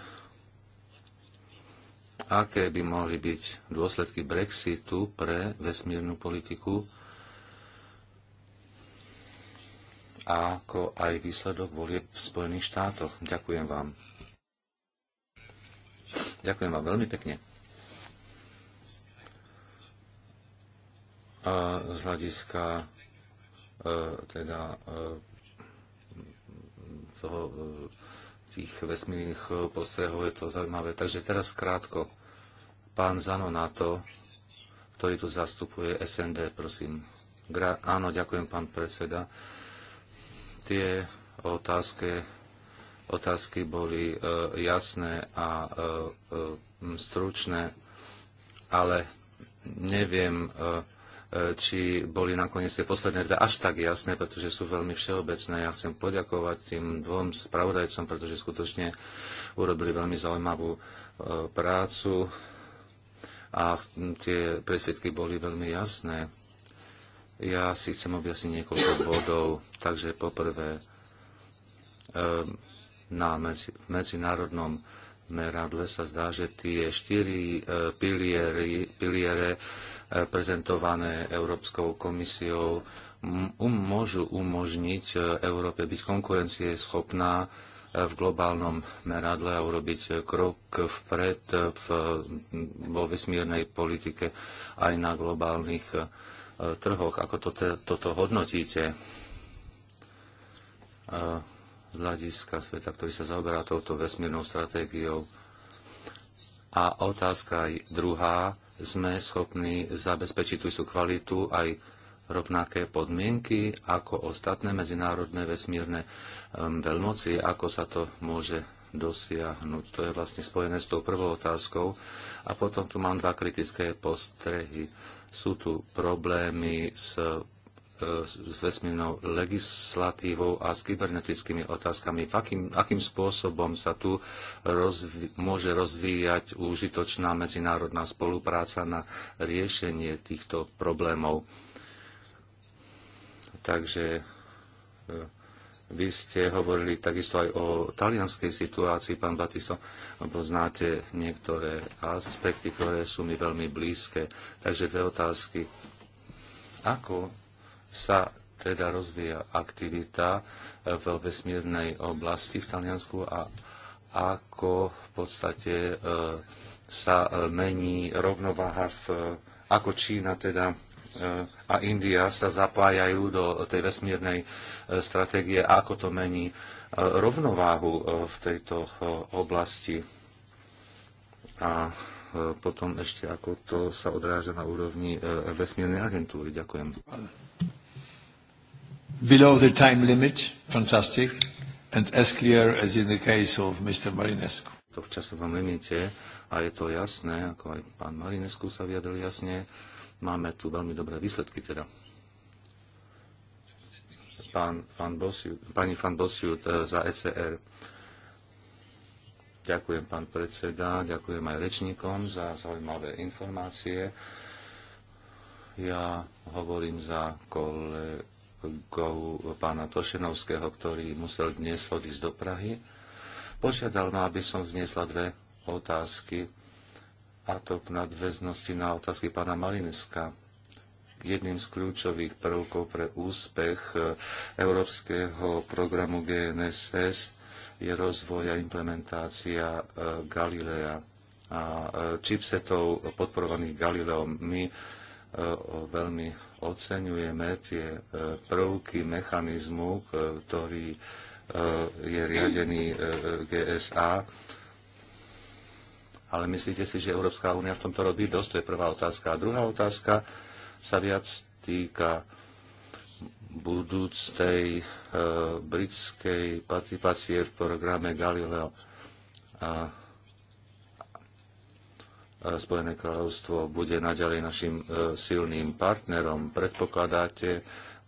aké by mohli byť dôsledky Brexitu pre vesmírnu politiku ako aj výsledok volieb v Spojených štátoch. Ďakujem vám. Ďakujem vám veľmi pekne. A z hľadiska e, teda e, toho, e, tých vesmírnych postrehov je to zaujímavé. Takže teraz krátko. Pán to, ktorý tu zastupuje SND, prosím. Gra- áno, ďakujem, pán predseda tie otázky, otázky boli e, jasné a e, e, stručné, ale neviem, či boli nakoniec tie posledné dve až tak jasné, pretože sú veľmi všeobecné. Ja chcem poďakovať tým dvom spravodajcom, pretože skutočne urobili veľmi zaujímavú prácu a tie presvedky boli veľmi jasné. Ja si chcem objasniť niekoľko bodov. Takže poprvé, ehm, na medzinárodnom meradle sa zdá, že tie štyri e, piliery, piliere e, prezentované Európskou komisiou um-, môžu umožniť e, Európe byť konkurencieschopná v globálnom meradle a urobiť krok vpred v, vo vesmírnej politike aj na globálnych Eh, trhoch. Ako to, toto hodnotíte eh, z hľadiska sveta, ktorý sa zaoberá touto vesmírnou stratégiou? A otázka aj druhá, sme schopní zabezpečiť tú kvalitu aj rovnaké podmienky ako ostatné medzinárodné vesmírne ehm, veľmoci, ako sa to môže dosiahnuť. To je vlastne spojené s tou prvou otázkou. A potom tu mám dva kritické postrehy. Sú tu problémy s, e, s vesmírnou legislatívou a s kybernetickými otázkami. Akým, akým spôsobom sa tu rozvi- môže rozvíjať užitočná medzinárodná spolupráca na riešenie týchto problémov? Takže e, vy ste hovorili takisto aj o talianskej situácii, pán Batisto, lebo znáte niektoré aspekty, ktoré sú mi veľmi blízke. Takže dve otázky. Ako sa teda rozvíja aktivita e, v vesmírnej oblasti v Taliansku a ako v podstate e, sa e, mení rovnováha v, ako Čína teda a India sa zapájajú do tej vesmírnej e, stratégie a ako to mení e, rovnováhu e, v tejto oblasti. A potom ešte ako to sa odráža na úrovni vesmírnej agentúry. Ďakujem. Below the time limit, fantastic, and as clear as in the case of Mr. Marinescu. To v časovom limite a je to jasné, ako aj pán Marinescu sa vyjadril jasne, Máme tu veľmi dobré výsledky teda. Pán, pán Bosiut, pani Fan Bosiut za ECR. Ďakujem, pán predseda, ďakujem aj rečníkom za zaujímavé informácie. Ja hovorím za kolegov pána Tošenovského, ktorý musel dnes odísť do Prahy. Požiadal ma, aby som vznesla dve otázky a to v nadväznosti na otázky pána Malineska. Jedným z kľúčových prvkov pre úspech e, európskeho programu GNSS je rozvoj a implementácia e, Galilea a čipsetov e, podporovaných Galileom. My veľmi oceňujeme tie prvky mechanizmu, ktorý je riadený GSA ale myslíte si, že Európska únia v tomto robí dosť? To je prvá otázka. A druhá otázka sa viac týka budúcej e, britskej participácie v programe Galileo. A, a Spojené kráľovstvo bude naďalej našim e, silným partnerom. Predpokladáte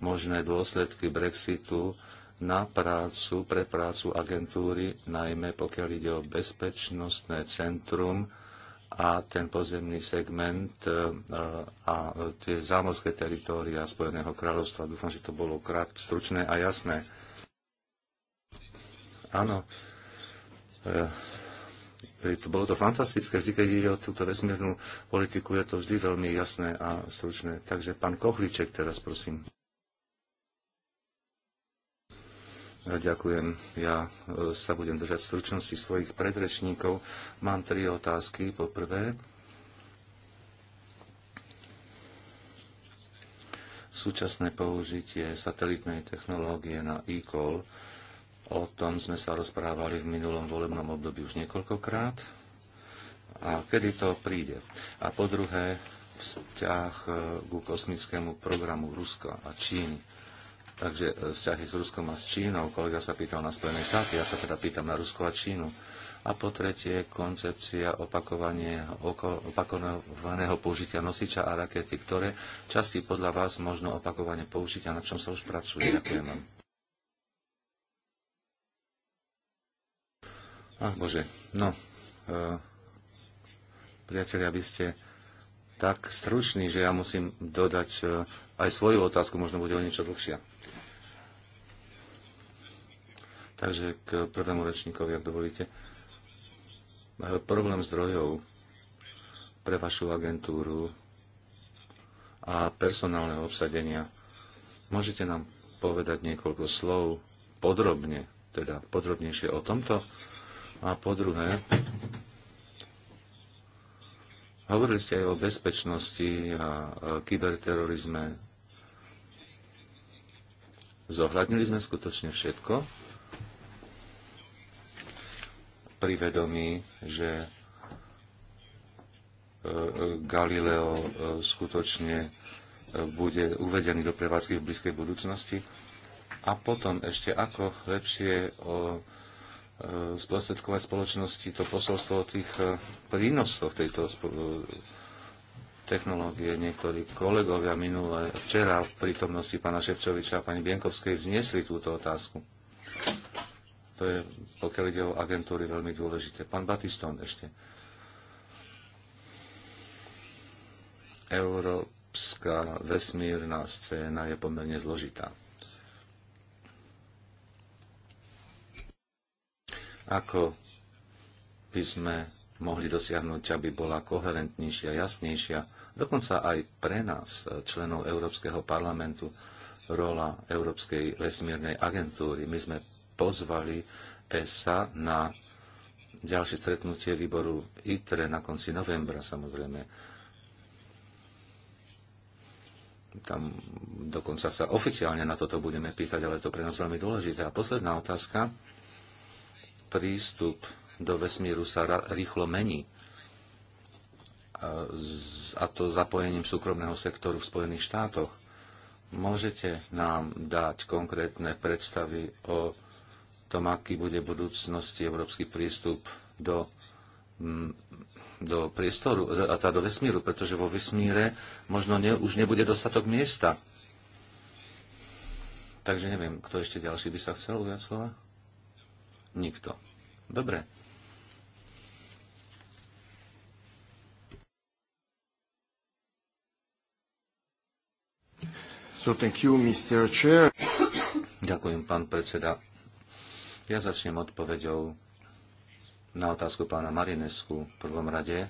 možné dôsledky Brexitu na prácu, pre prácu agentúry, najmä pokiaľ ide o bezpečnostné centrum a ten pozemný segment e, a tie zámorské teritória Spojeného kráľovstva. Dúfam, že to bolo krát stručné a jasné. Áno, e, to bolo to fantastické. Vždy, keď ide o túto vesmírnu politiku, je to vždy veľmi jasné a stručné. Takže pán Kochliček teraz, prosím. Ďakujem. Ja e, sa budem držať stručnosti svojich predrečníkov. Mám tri otázky. Po prvé, súčasné použitie satelitnej technológie na e-call. O tom sme sa rozprávali v minulom volebnom období už niekoľkokrát. A kedy to príde? A po druhé, vzťah e, ku kosmickému programu Ruska a Číny Takže e, vzťahy s Ruskom a s Čínou, kolega sa pýtal na Spojené štáty, ja sa teda pýtam na Rusko a Čínu. A po tretie, koncepcia opakovanie, oko, opakovaného použitia nosiča a rakety, ktoré časti podľa vás možno opakovane použiť a na čom sa už pracuje. Ďakujem vám. Ach, Bože, no, e, priatelia, vy ste tak struční, že ja musím dodať e, aj svoju otázku, možno bude o niečo dlhšia. Takže k prvému rečníkovi, ak dovolíte. Problém zdrojov pre vašu agentúru a personálneho obsadenia. Môžete nám povedať niekoľko slov podrobne, teda podrobnejšie o tomto? A po druhé, hovorili ste aj o bezpečnosti a kyberterorizme. Zohľadnili sme skutočne všetko? pri vedomí, že e, e, Galileo e, skutočne bude uvedený do prevádzky v blízkej budúcnosti. A potom ešte ako lepšie o sprostredkovať spoločnosti to posolstvo o tých prínosoch tejto technológie. Niektorí kolegovia minule, včera v prítomnosti pána Ševčoviča a pani Bienkovskej vznesli túto otázku. To je, pokiaľ ide o agentúry, veľmi dôležité. Pán Batiston ešte. Európska vesmírna scéna je pomerne zložitá. Ako by sme mohli dosiahnuť, aby bola koherentnejšia, jasnejšia, dokonca aj pre nás, členov Európskeho parlamentu, rola Európskej vesmírnej agentúry. My sme pozvali ESA na ďalšie stretnutie výboru ITRE na konci novembra samozrejme. Tam dokonca sa oficiálne na toto budeme pýtať, ale to pre nás veľmi dôležité. A posledná otázka. Prístup do vesmíru sa rýchlo mení a to zapojením súkromného sektoru v Spojených štátoch. Môžete nám dať konkrétne predstavy o tom, aký bude v budúcnosti európsky prístup do, mm, do priestoru, a teda do vesmíru, pretože vo vesmíre možno ne, už nebude dostatok miesta. Takže neviem, kto ešte ďalší by sa chcel ujať slova? Nikto. Dobre. So you, Ďakujem, pán predseda. Ja začnem odpovedou na otázku pána Marinesku v prvom rade.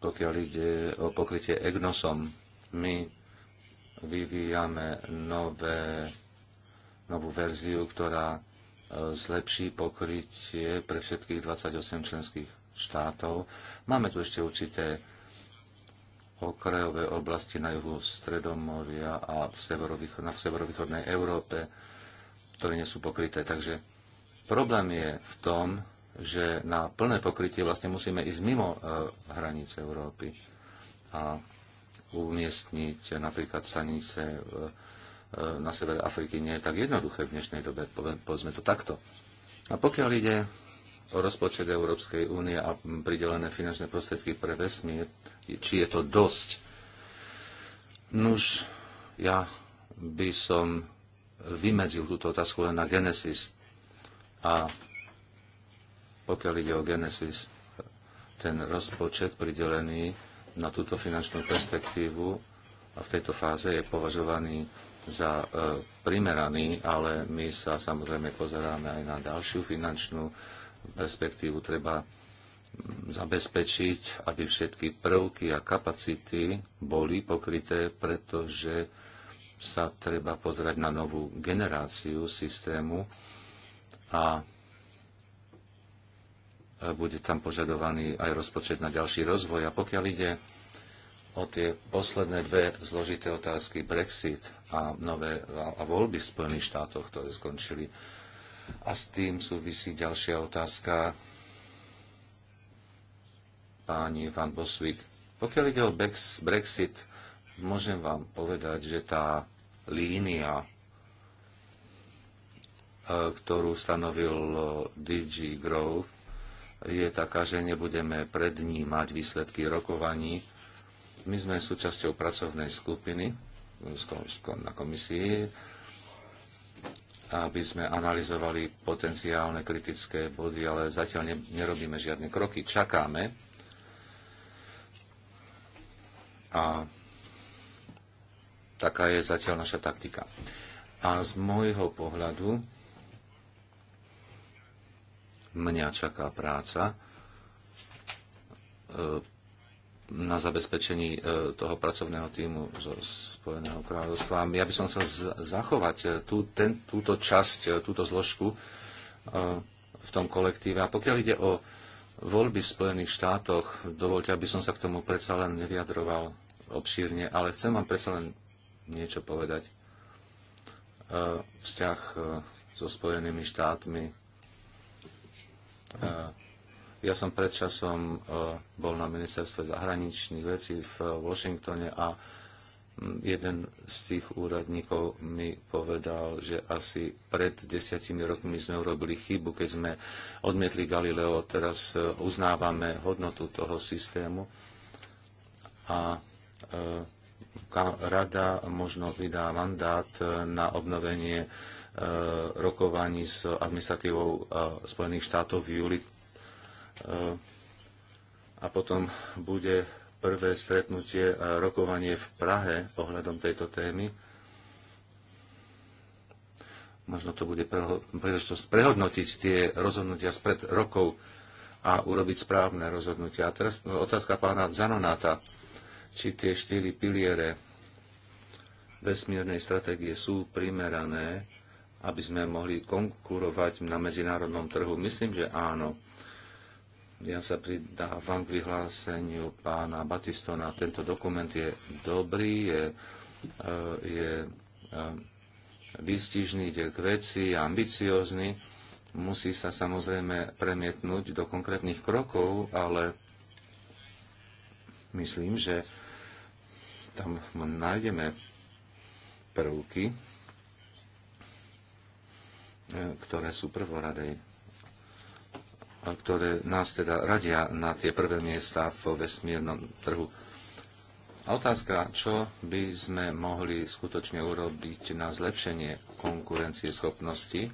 Pokiaľ ide o pokrytie EGNOSom, my vyvíjame nové, novú verziu, ktorá e, zlepší pokrytie pre všetkých 28 členských štátov. Máme tu ešte určité okrajové oblasti na juhu Stredomoria a v v severovýchodnej Európe ktoré nie sú pokryté. Takže problém je v tom, že na plné pokrytie vlastne musíme ísť mimo e, hranice Európy a umiestniť napríklad stanice e, e, na sever Afriky nie je tak jednoduché v dnešnej dobe, povedzme to takto. A pokiaľ ide o rozpočet Európskej únie a pridelené finančné prostriedky pre vesmír, či je to dosť, nuž ja by som vymedzil túto otázku len na Genesis. A pokiaľ ide o Genesis, ten rozpočet pridelený na túto finančnú perspektívu v tejto fáze je považovaný za e, primeraný, ale my sa samozrejme pozeráme aj na ďalšiu finančnú perspektívu. Treba zabezpečiť, aby všetky prvky a kapacity boli pokryté, pretože sa treba pozerať na novú generáciu systému a bude tam požadovaný aj rozpočet na ďalší rozvoj. A pokiaľ ide o tie posledné dve zložité otázky, Brexit a, nové, a voľby v Spojených štátoch, ktoré skončili, a s tým súvisí ďalšia otázka páni Van Boswick. Pokiaľ ide o Brexit, môžem vám povedať, že tá línia, e, ktorú stanovil e, DG Grove, je taká, že nebudeme prednímať výsledky rokovaní. My sme súčasťou pracovnej skupiny na komisii, aby sme analyzovali potenciálne kritické body, ale zatiaľ nerobíme žiadne kroky. Čakáme. A Taká je zatiaľ naša taktika. A z môjho pohľadu mňa čaká práca e, na zabezpečení e, toho pracovného týmu zo Spojeného kráľovstva. Ja by som sa zachovať e, tú, ten, túto časť, túto zložku v tom kolektíve. A pokiaľ ide o voľby v Spojených štátoch, dovolte, aby som sa k tomu predsa len nevyjadroval obšírne, ale chcem vám predsa len niečo povedať. E, vzťah e, so Spojenými štátmi. E, ja som predčasom bol na ministerstve zahraničných vecí v Washingtone a jeden z tých úradníkov mi povedal, že asi pred desiatimi rokmi sme urobili chybu, keď sme odmietli Galileo, teraz uznávame hodnotu toho systému. A rada možno vydá mandát e, na obnovenie e, rokovaní s administratívou e, Spojených štátov v júli a potom bude prvé stretnutie a rokovanie v Prahe ohľadom tejto témy. Možno to bude príležitosť prehodnotiť tie rozhodnutia spred rokov a urobiť správne rozhodnutia. A teraz otázka pána Zanonáta či tie štyri piliere vesmírnej stratégie sú primerané, aby sme mohli konkurovať na medzinárodnom trhu. Myslím, že áno. Ja sa pridávam k vyhláseniu pána Batistona. Tento dokument je dobrý, je, eh, je eh, výstižný, je k veci, je ambiciózny. Musí sa samozrejme premietnúť do konkrétnych krokov, ale myslím, že tam nájdeme prvky, eh, ktoré sú prvoradej, ktoré nás teda radia na tie prvé miesta v vesmírnom trhu. A otázka, čo by sme mohli skutočne urobiť na zlepšenie konkurencie schopnosti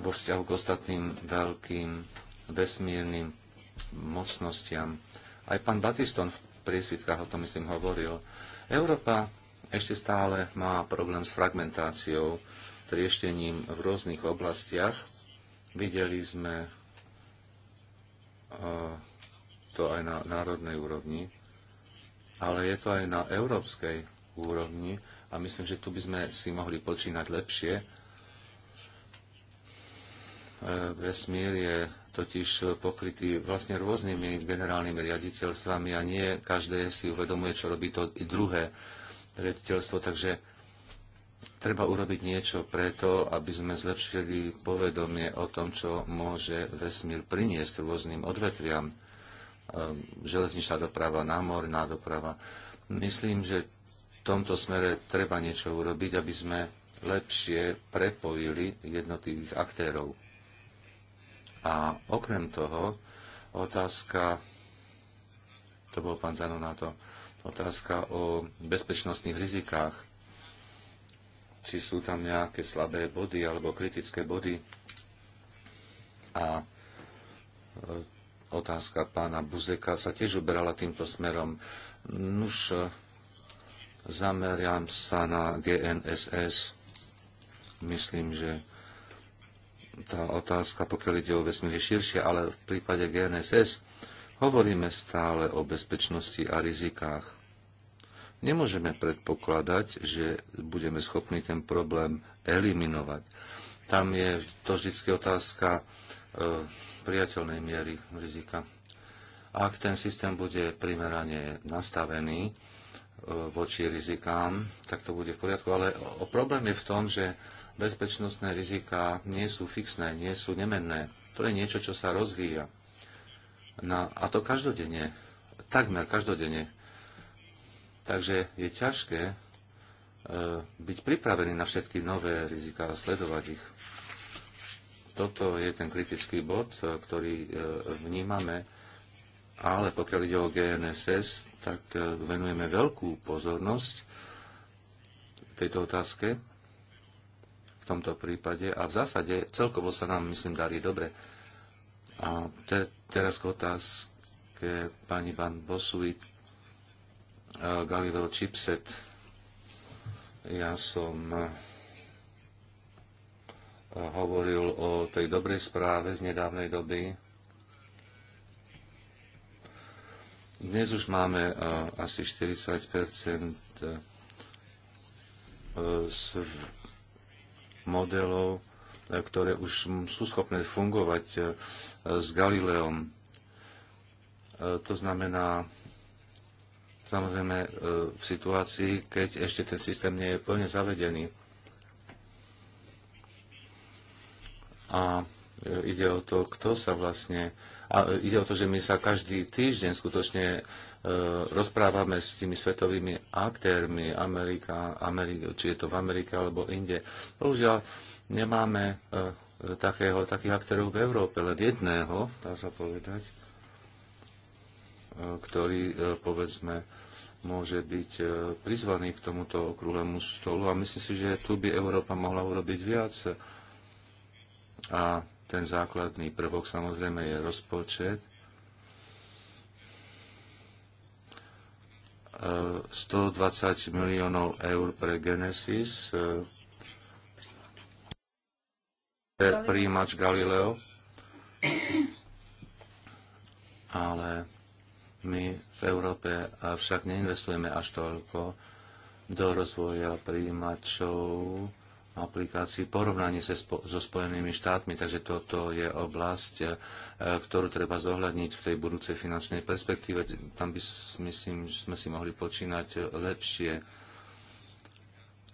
vo vzťahu k ostatným veľkým vesmírnym mocnostiam. Aj pán Batiston v priesvitkách o tom, myslím, hovoril. Európa ešte stále má problém s fragmentáciou, trieštením v rôznych oblastiach. Videli sme eh, to aj na národnej úrovni, ale je to aj na európskej úrovni a myslím, že tu by sme si mohli počínať lepšie. Eh, vesmír je totiž pokrytí vlastne rôznymi generálnymi riaditeľstvami a nie každé si uvedomuje, čo robí to i druhé riaditeľstvo, takže treba urobiť niečo preto, aby sme zlepšili povedomie o tom, čo môže vesmír priniesť rôznym odvetviam. Ehm, železničná doprava, námorná doprava. Myslím, že v tomto smere treba niečo urobiť, aby sme lepšie prepojili jednotlivých aktérov. A okrem toho otázka, to bol pán to, otázka o bezpečnostných rizikách. Či sú tam nejaké slabé body alebo kritické body. A e, otázka pána Buzeka sa tiež uberala týmto smerom. Nuž, e, zameriam sa na GNSS. Myslím, že tá otázka, pokiaľ ide o vesmír, je širšia, ale v prípade GNSS hovoríme stále o bezpečnosti a rizikách. Nemôžeme predpokladať, že budeme schopní ten problém eliminovať. Tam je to vždy otázka e, priateľnej miery rizika. Ak ten systém bude primerane nastavený e, voči rizikám, tak to bude v poriadku. Ale o, problém je v tom, že bezpečnostné riziká nie sú fixné, nie sú nemenné. To je niečo, čo sa rozvíja. Na, a to každodenne, takmer každodenne. Takže je ťažké e, byť pripravený na všetky nové riziká a sledovať ich. Toto je ten kritický bod, e, ktorý e, vnímame, ale pokiaľ ide o GNSS, tak e, venujeme veľkú pozornosť tejto otázke tomto prípade a v zásade celkovo sa nám, myslím, darí dobre. A te, teraz k otázke pani Van Bosuit, e, Galileo Chipset. Ja som e, hovoril o tej dobrej správe z nedávnej doby, Dnes už máme e, asi 40 z modelov, e, ktoré už sú schopné fungovať e, s Galileom. E, to znamená, samozrejme v situácii, keď ešte ten systém nie je plne zavedený. A ide o to, kto sa vlastne... A ide o to, že my sa každý týždeň skutočne E, rozprávame s tými svetovými aktérmi, Amerika, Amerika, či je to v Amerike alebo inde. Bohužiaľ, nemáme e, takého, takých aktérov v Európe, len jedného, dá sa povedať, e, ktorý, povedzme, môže byť prizvaný k tomuto okrúhlemu stolu a myslím si, že tu by Európa mohla urobiť viac. A ten základný prvok samozrejme je rozpočet 120 miliónov eur pre Genesis, eh, pre príjimač Galileo, ale my v Európe však neinvestujeme až toľko do rozvoja príjimačov aplikácií porovnaní se spo- so Spojenými štátmi, takže toto je oblasť, e, ktorú treba zohľadniť v tej budúcej finančnej perspektíve. Tam by myslím, že sme si mohli počínať lepšie.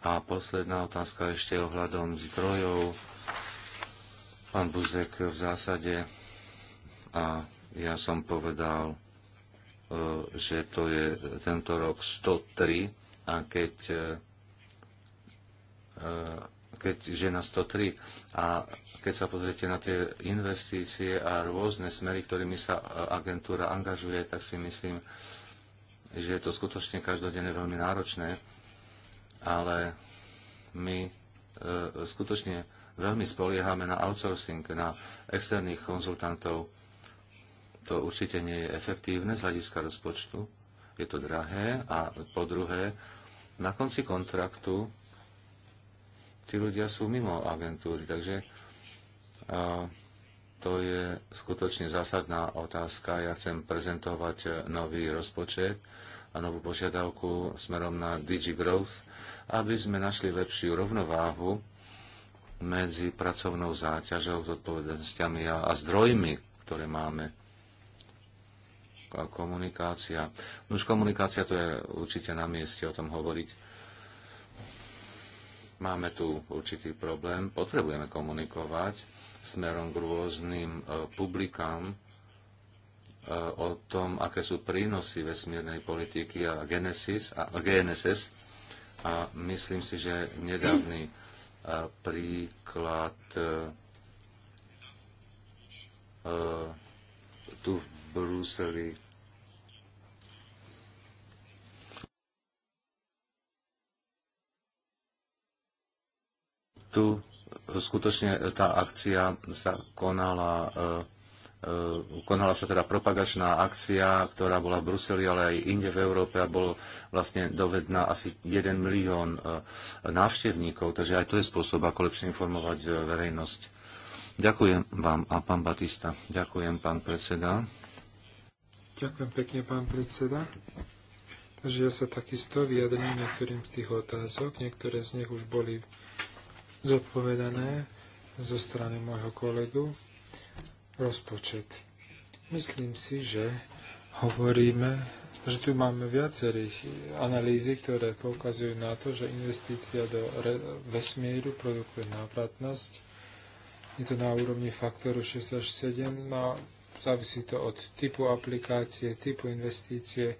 A posledná otázka ešte ohľadom zdrojov. Pán Buzek v zásade a ja som povedal, e, že to je tento rok 103 a keď e, keďže na 103. A keď sa pozriete na tie investície a rôzne smery, ktorými sa e, agentúra angažuje, tak si myslím, že je to skutočne každodenne veľmi náročné, ale my e, skutočne veľmi spoliehame na outsourcing, na externých konzultantov. To určite nie je efektívne z hľadiska rozpočtu, je to drahé a po druhé, na konci kontraktu tí ľudia sú mimo agentúry. Takže to je skutočne zásadná otázka. Ja chcem prezentovať e, nový rozpočet a novú požiadavku smerom na DigiGrowth, aby sme našli lepšiu rovnováhu medzi pracovnou záťažou, zodpovednosťami a, a zdrojmi, ktoré máme. Komunikácia. Už komunikácia to je určite na mieste o tom hovoriť Máme tu určitý problém, potrebujeme komunikovať smerom k rôznym e, publikám e, o tom, aké sú prínosy vesmírnej politiky a, Genesis, a GNSS. A myslím si, že nedávny e, príklad tu v Bruseli tu skutočne tá akcia sa konala, eh, eh, konala sa teda propagačná akcia, ktorá bola v Bruseli, ale aj inde v Európe a bolo vlastne dovedná asi 1 milión eh, návštevníkov, takže aj to je spôsob, ako lepšie informovať verejnosť. Ďakujem vám a pán Batista. Ďakujem, pán predseda. Ďakujem pekne, pán predseda. Takže ja sa takisto vyjadrím niektorým z tých otázok. Niektoré z nich už boli zodpovedané zo strany môjho kolegu rozpočet. Myslím si, že hovoríme, že tu máme viacerých analýzy, ktoré poukazujú na to, že investícia do vesmíru produkuje návratnosť. Je to na úrovni faktoru 6 až 7, no závisí to od typu aplikácie, typu investície,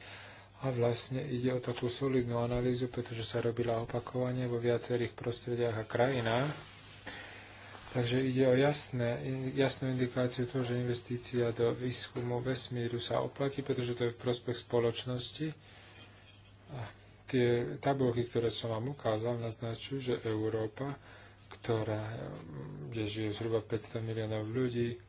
a vlastne ide o takú solidnú analýzu, pretože sa robila opakovanie vo viacerých prostrediach a krajinách. Takže ide o jasné, jasnú indikáciu toho, že investícia do výskumu vesmíru sa oplatí, pretože to je v prospech spoločnosti. A tie tabulky, ktoré som vám ukázal, naznačujú, že Európa, ktorá, kde žije zhruba 500 miliónov ľudí,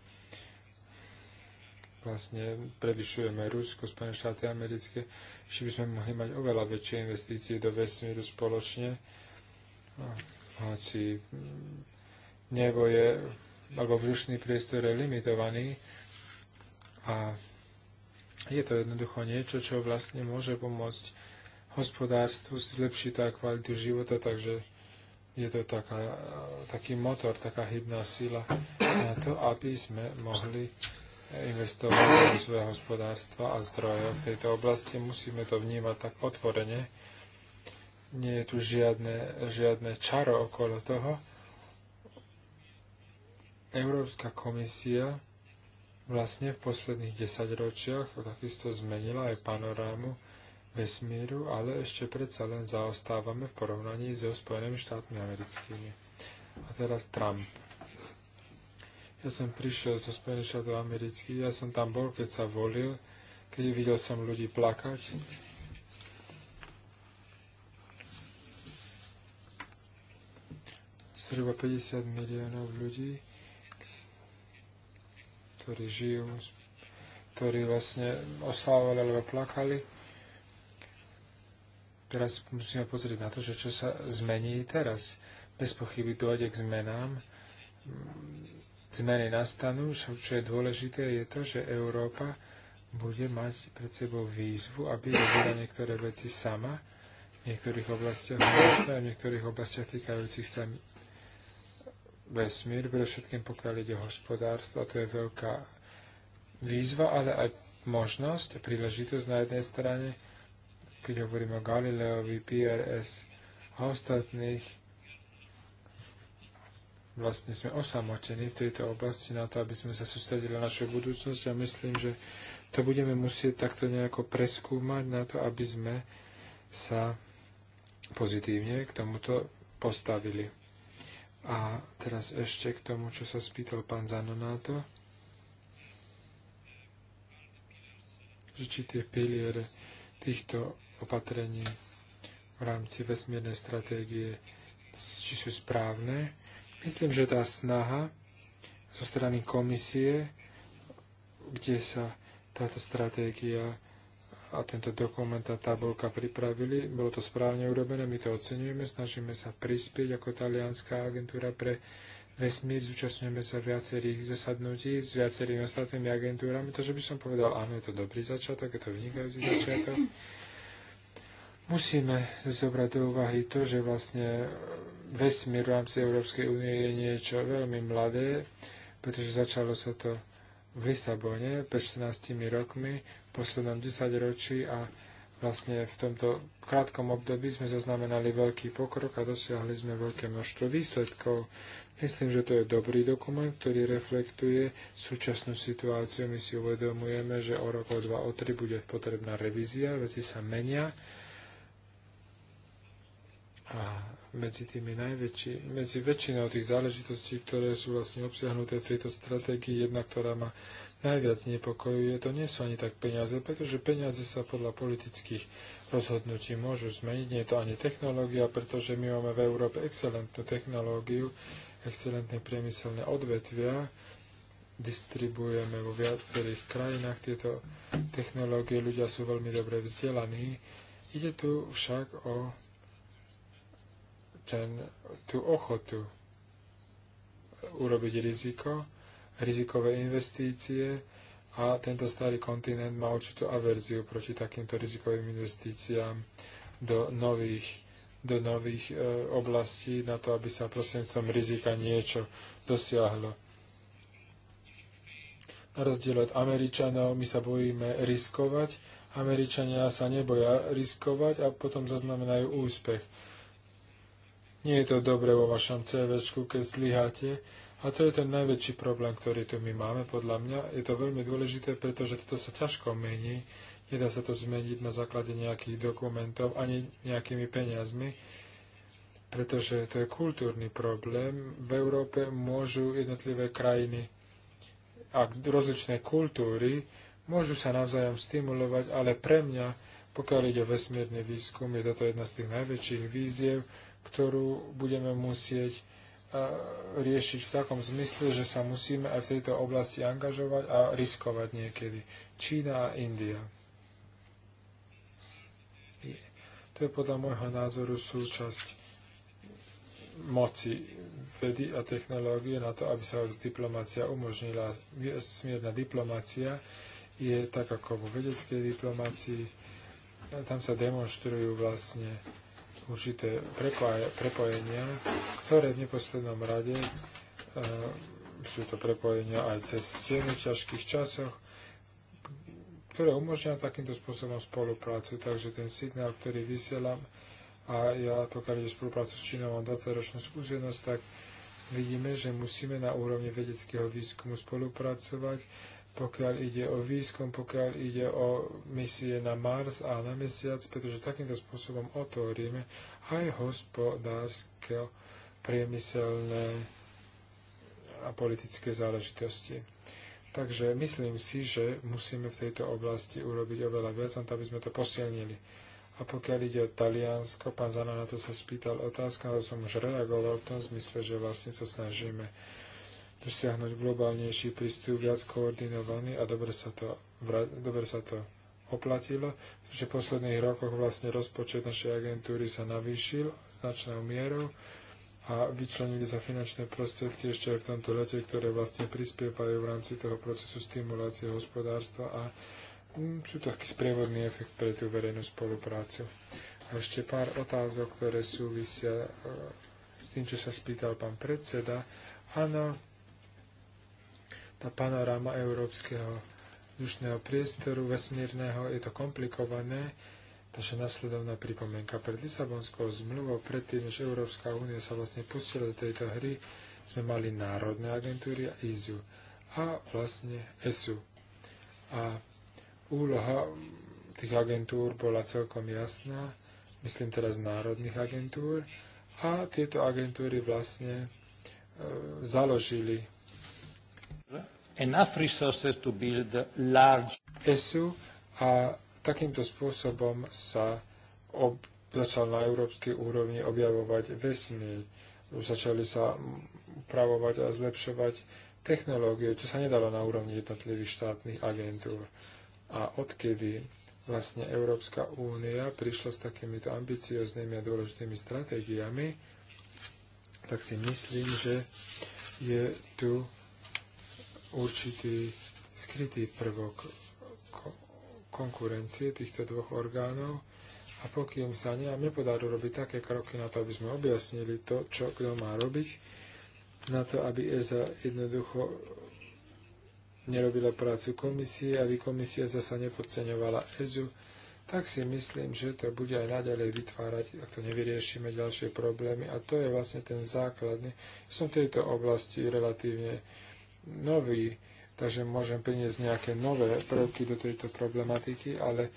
vlastne prevyšujeme Rusko, Spojené štáty americké, ešte by sme mohli mať oveľa väčšie investície do vesmíru spoločne, hoci mm, nebo je, alebo vzdušný priestor je limitovaný a je to jednoducho niečo, čo vlastne môže pomôcť hospodárstvu zlepšiť tá kvalitu života, takže je to taká, taký motor, taká hybná sila na to, aby sme mohli investovania do svojho hospodárstva a zdrojov v tejto oblasti. Musíme to vnímať tak otvorene. Nie je tu žiadne, žiadne čaro okolo toho. Európska komisia vlastne v posledných desaťročiach takisto zmenila aj panorámu vesmíru, ale ešte predsa len zaostávame v porovnaní so Spojenými štátmi americkými. A teraz Trump. Ja som prišiel zo Spojených štátov amerických, ja som tam bol, keď sa volil, keď videl som ľudí plakať. Zhruba 50 miliónov ľudí, ktorí žijú, ktorí vlastne oslávali alebo plakali. Teraz musíme pozrieť na to, že čo sa zmení teraz. Bez pochyby dojde k zmenám zmeny nastanú, čo je dôležité, je to, že Európa bude mať pred sebou výzvu, aby robila niektoré veci sama, v niektorých oblastiach a v niektorých oblastiach týkajúcich sa vesmír, všetkým pokiaľ ide o hospodárstvo, a to je veľká výzva, ale aj možnosť, príležitosť na jednej strane, keď hovoríme o Galileovi, PRS a ostatných, vlastne sme osamotení v tejto oblasti na to, aby sme sa sústredili na našu budúcnosť a myslím, že to budeme musieť takto nejako preskúmať na to, aby sme sa pozitívne k tomuto postavili. A teraz ešte k tomu, čo sa spýtal pán Zanonáto, že či tie piliere týchto opatrení v rámci vesmírnej stratégie či sú správne. Myslím, že tá snaha zo strany komisie, kde sa táto stratégia a tento dokument a tabulka pripravili. Bolo to správne urobené, my to oceňujeme, snažíme sa prispieť ako talianská agentúra pre vesmír, zúčastňujeme sa viacerých zasadnutí s viacerými ostatnými agentúrami, takže by som povedal, áno, je to dobrý začiatok, je to vynikajúci začiatok. Musíme zobrať do úvahy to, že vlastne vesmír v rámci Európskej únie je niečo veľmi mladé, pretože začalo sa to v Lisabone pred 14 rokmi, v poslednom 10 ročí a vlastne v tomto krátkom období sme zaznamenali veľký pokrok a dosiahli sme veľké množstvo výsledkov. Myslím, že to je dobrý dokument, ktorý reflektuje súčasnú situáciu. My si uvedomujeme, že o rok, o dva, o tri bude potrebná revízia, veci sa menia a medzi tými najväčší, medzi väčšinou tých záležitostí, ktoré sú vlastne obsiahnuté v tejto stratégii, jedna, ktorá ma najviac nepokojuje, to nie sú ani tak peniaze, pretože peniaze sa podľa politických rozhodnutí môžu zmeniť, nie je to ani technológia, pretože my máme v Európe excelentnú technológiu, excelentné priemyselné odvetvia, distribuujeme vo viacerých krajinách tieto technológie, ľudia sú veľmi dobre vzdelaní. Ide tu však o ten, tú ochotu urobiť riziko, rizikové investície a tento starý kontinent má určitú averziu proti takýmto rizikovým investíciám do nových, do nových e, oblastí na to, aby sa prostredníctvom rizika niečo dosiahlo. Na rozdiel od Američanov my sa bojíme riskovať, Američania sa neboja riskovať a potom zaznamenajú úspech. Nie je to dobre vo vašom CV, keď zlyháte. A to je ten najväčší problém, ktorý tu my máme, podľa mňa. Je to veľmi dôležité, pretože toto sa ťažko mení. Nedá sa to zmeniť na základe nejakých dokumentov ani nejakými peniazmi, pretože to je kultúrny problém. V Európe môžu jednotlivé krajiny a rozličné kultúry môžu sa navzájom stimulovať, ale pre mňa, pokiaľ ide o vesmírny výskum, je toto jedna z tých najväčších víziev, ktorú budeme musieť e, riešiť v takom zmysle, že sa musíme aj v tejto oblasti angažovať a riskovať niekedy. Čína a India. To je podľa môjho názoru súčasť moci vedy a technológie na to, aby sa diplomácia umožnila. Smierna diplomácia je tak ako vo vedeckej diplomácii. Tam sa demonstrujú vlastne určité prepojenia, ktoré v neposlednom rade e, sú to prepojenia aj cez steny v ťažkých časoch, ktoré umožňujú takýmto spôsobom spoluprácu. Takže ten signál, ktorý vysielam, a ja pokiaľ ide spoluprácu s Čínou, mám 20-ročnú skúsenosť, tak vidíme, že musíme na úrovni vedeckého výskumu spolupracovať pokiaľ ide o výskum, pokiaľ ide o misie na Mars a na Mesiac, pretože takýmto spôsobom otvoríme aj hospodárske, priemyselné a politické záležitosti. Takže myslím si, že musíme v tejto oblasti urobiť oveľa viac, aby sme to posilnili. A pokiaľ ide o Taliansko, pán Zana na to sa spýtal otázka, ale som už reagoval v tom zmysle, že vlastne sa snažíme dosiahnuť globálnejší prístup, viac koordinovaný a dobre sa to, dobre sa to oplatilo, že v posledných rokoch vlastne rozpočet našej agentúry sa navýšil značnou mierou a vyčlenili sa finančné prostriedky ešte aj v tomto lete, ktoré vlastne prispievajú v rámci toho procesu stimulácie hospodárstva a mm, sú to taký sprievodný efekt pre tú verejnú spoluprácu. A ešte pár otázok, ktoré súvisia e, s tým, čo sa spýtal pán predseda. Áno, tá panoráma európskeho vzdušného priestoru, vesmírneho, je to komplikované. Naša nasledovná pripomienka pred Lisabonskou zmluvou, predtým, než Európska únia sa vlastne pustila do tejto hry, sme mali národné agentúry a IZU e a vlastne ESU. A úloha tých agentúr bola celkom jasná, myslím teraz národných agentúr, a tieto agentúry vlastne e, založili ESU a takýmto spôsobom sa ob, začal na európskej úrovni objavovať vesmír. Začali sa upravovať a zlepšovať technológie, čo sa nedalo na úrovni jednotlivých štátnych agentúr. A odkedy vlastne Európska únia prišla s takýmito ambicioznými a dôležitými stratégiami, tak si myslím, že je tu určitý skrytý prvok konkurencie týchto dvoch orgánov a pokým sa nám nepodarí robiť také kroky na to, aby sme objasnili to, čo kto má robiť, na to, aby ESA jednoducho nerobila prácu komisie, aby komisia zasa nepodceňovala EZU, tak si myslím, že to bude aj naďalej vytvárať, ak to nevyriešime, ďalšie problémy. A to je vlastne ten základný. Som v tejto oblasti relatívne nový, takže môžem priniesť nejaké nové prvky do tejto problematiky, ale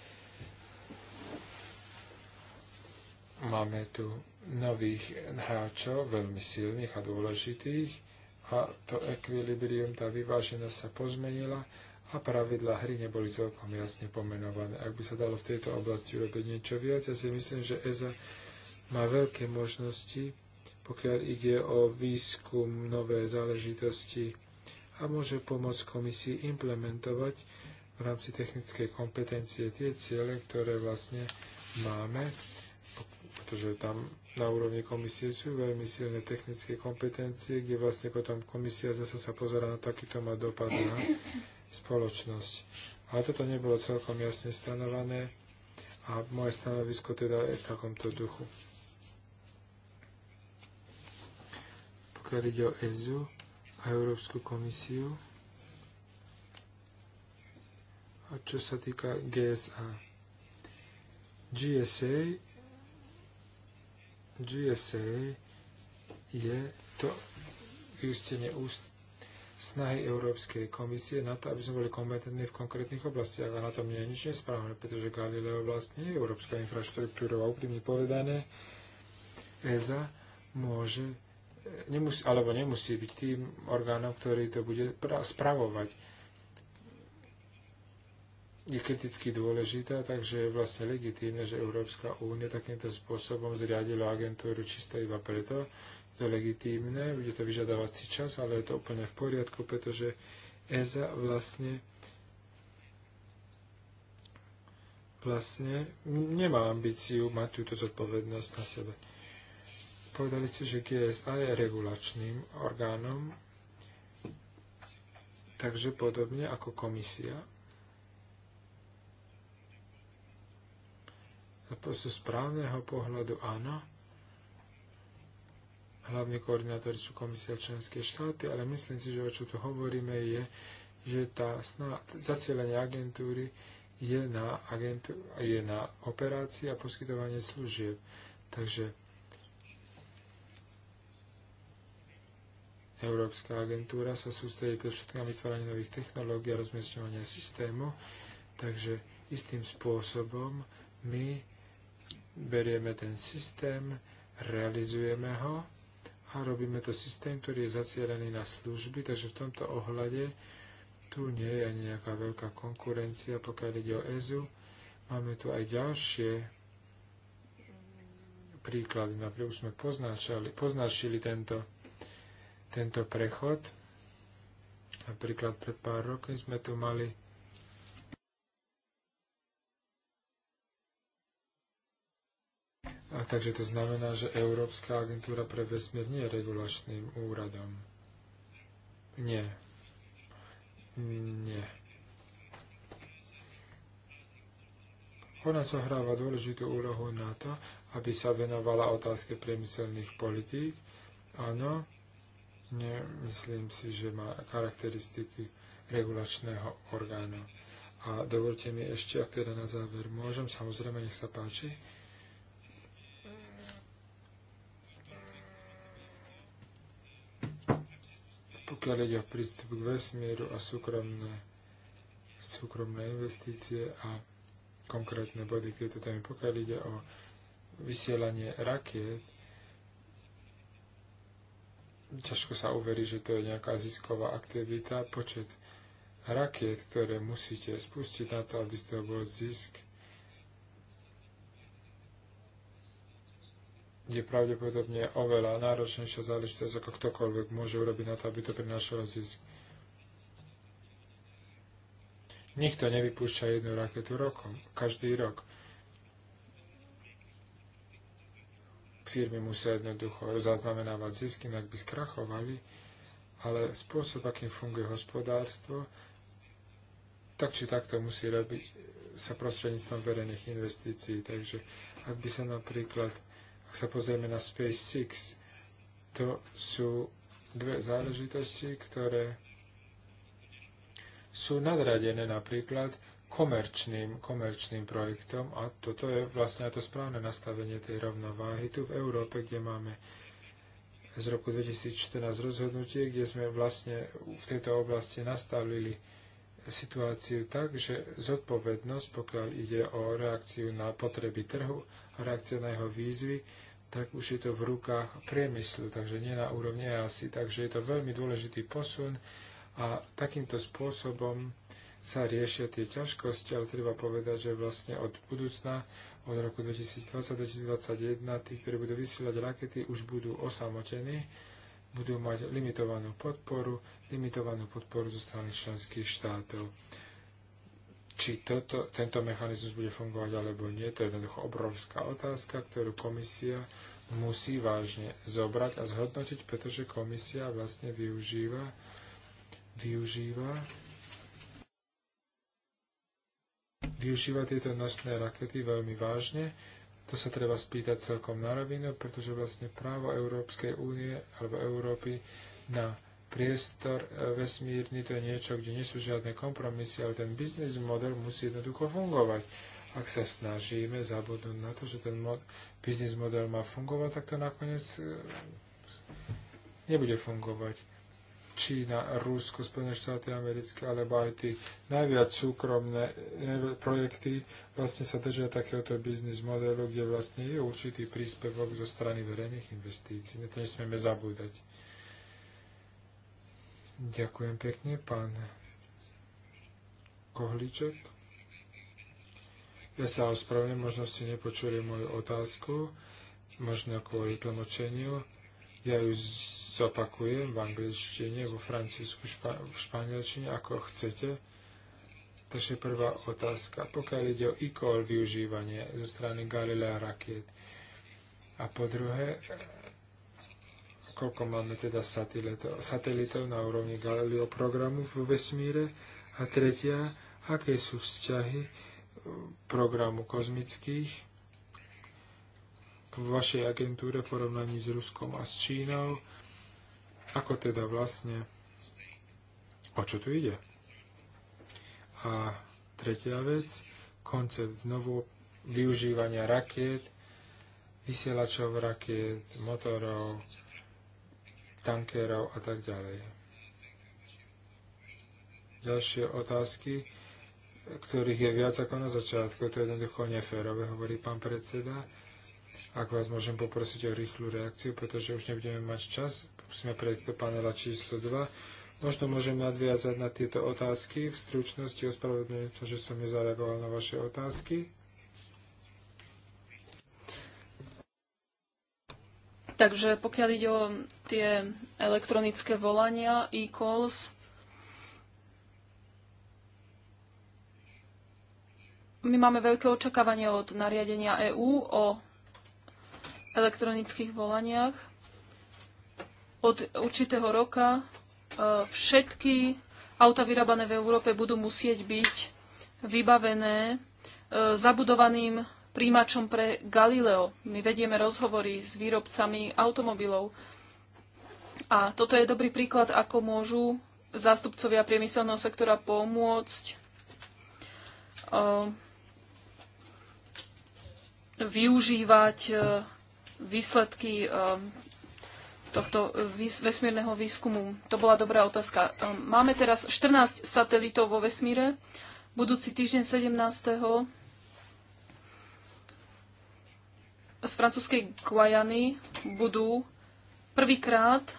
máme tu nových hráčov, veľmi silných a dôležitých, a to ekvilibrium, tá vyváženosť sa pozmenila a pravidla hry neboli celkom jasne pomenované. Ak by sa dalo v tejto oblasti urobiť niečo viac, ja si myslím, že EZA má veľké možnosti, pokiaľ ide o výskum nové záležitosti a môže pomôcť komisii implementovať v rámci technickej kompetencie tie ciele, ktoré vlastne máme, pretože tam na úrovni komisie sú veľmi silné technické kompetencie, kde vlastne potom komisia zase sa pozera na takýto má dopad na spoločnosť. Ale toto nebolo celkom jasne stanovené a moje stanovisko teda je v takomto duchu. Pokiaľ ide o EZU, a Európsku komisiu. A čo sa týka GSA. GSA, GSA je to vyústenie úst snahy Európskej komisie na to, aby sme boli kompetentní v konkrétnych oblastiach. A na tom nie je nič nesprávne, pretože Galileo vlastne je európska infraštruktúra a úprimne povedané ESA môže nemusí, alebo nemusí byť tým orgánom, ktorý to bude spravovať. Je kriticky dôležitá, takže je vlastne legitímne, že Európska únia takýmto spôsobom zriadila agentúru čisto iba preto. Je to legitímne, bude to vyžadovať si čas, ale je to úplne v poriadku, pretože ESA vlastne vlastne nemá ambíciu mať túto zodpovednosť na sebe. Povedali ste, že GSA je regulačným orgánom, takže podobne ako komisia. Z správneho pohľadu áno, hlavní koordinátori sú komisia členské štáty, ale myslím si, že o čo tu hovoríme je, že tá sná, zacielenie agentúry je na, agentú, je na operácii a poskytovanie služieb. Takže Európska agentúra sa sústredí pre všetko na vytváranie nových technológií a rozmiestňovania systému, takže istým spôsobom my berieme ten systém, realizujeme ho a robíme to systém, ktorý je zacielený na služby, takže v tomto ohľade tu nie je ani nejaká veľká konkurencia, pokiaľ ide o EZU. Máme tu aj ďalšie príklady, napríklad už sme poznačili, poznačili tento tento prechod. Napríklad pred pár rokmi sme tu mali A takže to znamená, že Európska agentúra pre vesmír nie je regulačným úradom. Nie. Nie. Ona zohráva dôležitú úlohu na to, aby sa venovala otázke priemyselných politík. Áno, Nemyslím si, že má charakteristiky regulačného orgánu. A dovolte mi ešte, ak teda na záver môžem, samozrejme, nech sa páči. Pokiaľ ide o prístup k vesmíru a súkromné, súkromné investície a konkrétne body k tejto téme, pokiaľ ide o vysielanie rakiet, ťažko sa uveriť, že to je nejaká zisková aktivita. Počet rakiet, ktoré musíte spustiť na to, aby z toho bol zisk, je pravdepodobne oveľa náročnejšia záležitosť, ako ktokoľvek môže urobiť na to, aby to prinášalo zisk. Nikto nevypúšťa jednu raketu rokom, každý rok. firmy musia jednoducho zaznamenávať zisky, inak by skrachovali, ale spôsob, akým funguje hospodárstvo, tak či takto musí robiť sa prostredníctvom verejných investícií. Takže ak by sa napríklad, ak sa pozrieme na SpaceX, to sú dve záležitosti, ktoré sú nadradené napríklad komerčným, komerčným projektom a toto je vlastne to správne nastavenie tej rovnováhy tu v Európe, kde máme z roku 2014 rozhodnutie, kde sme vlastne v tejto oblasti nastavili situáciu tak, že zodpovednosť, pokiaľ ide o reakciu na potreby trhu a reakciu na jeho výzvy, tak už je to v rukách priemyslu, takže nie na úrovni e asi. Takže je to veľmi dôležitý posun a takýmto spôsobom sa riešia tie ťažkosti, ale treba povedať, že vlastne od budúcna, od roku 2020-2021, tí, ktorí budú vysielať rakety, už budú osamotení, budú mať limitovanú podporu, limitovanú podporu zo strany členských štátov. Či toto, tento mechanizmus bude fungovať alebo nie, to je jednoducho obrovská otázka, ktorú komisia musí vážne zobrať a zhodnotiť, pretože komisia vlastne využíva, využíva využíva tieto nosné rakety veľmi vážne. To sa treba spýtať celkom na rovinu, pretože vlastne právo Európskej únie alebo Európy na priestor e, vesmírny to je niečo, kde nie sú žiadne kompromisy, ale ten biznis model musí jednoducho fungovať. Ak sa snažíme zabudnúť na to, že ten mod, biznis model má fungovať, tak to nakoniec e, nebude fungovať. Čína, Rusko, Spojené štáty americké, alebo aj tí najviac súkromné eh, projekty vlastne sa držia takéhoto biznis modelu, kde vlastne je určitý príspevok zo strany verejných investícií. Na to nesmieme zabúdať. Ďakujem pekne, pán Kohliček. Ja sa ospravedlňujem, možno ste nepočuli moju otázku, možno kvôli tlmočeniu. Ja ju zopakujem v angličtine, vo francúzsku, v španielčine, ako chcete. Takže prvá otázka. Pokiaľ ide o ikol využívanie zo strany Galilea rakiet. A po druhé, koľko máme teda satelitov, satelitov na úrovni Galileo programu v vesmíre. A tretia, aké sú vzťahy programu kozmických v vašej agentúre porovnaní s Ruskom a s Čínou. Ako teda vlastne, o čo tu ide? A tretia vec, koncept znovu využívania rakiet, vysielačov rakiet, motorov, tankerov a tak ďalej. Ďalšie otázky, ktorých je viac ako na začiatku, to je jednoducho neférové, hovorí pán predseda. Ak vás môžem poprosiť o rýchlu reakciu, pretože už nebudeme mať čas, musíme prejsť do panela číslo 2. Možno môžem nadviazať na tieto otázky. V stručnosti ospravedlňujem to, že som nezareagoval na vaše otázky. Takže pokiaľ ide o tie elektronické volania, e-calls, my máme veľké očakávanie od nariadenia EÚ o elektronických volaniach. Od určitého roka e, všetky auta vyrábané v Európe budú musieť byť vybavené e, zabudovaným príjimačom pre Galileo. My vedieme rozhovory s výrobcami automobilov. A toto je dobrý príklad, ako môžu zástupcovia priemyselného sektora pomôcť e, využívať výsledky ehm, tohto e, vesmírneho výskumu? To bola dobrá otázka. Ehm, máme teraz 14 satelitov vo vesmíre. Budúci týždeň 17. z francúzskej Guajany budú prvýkrát e,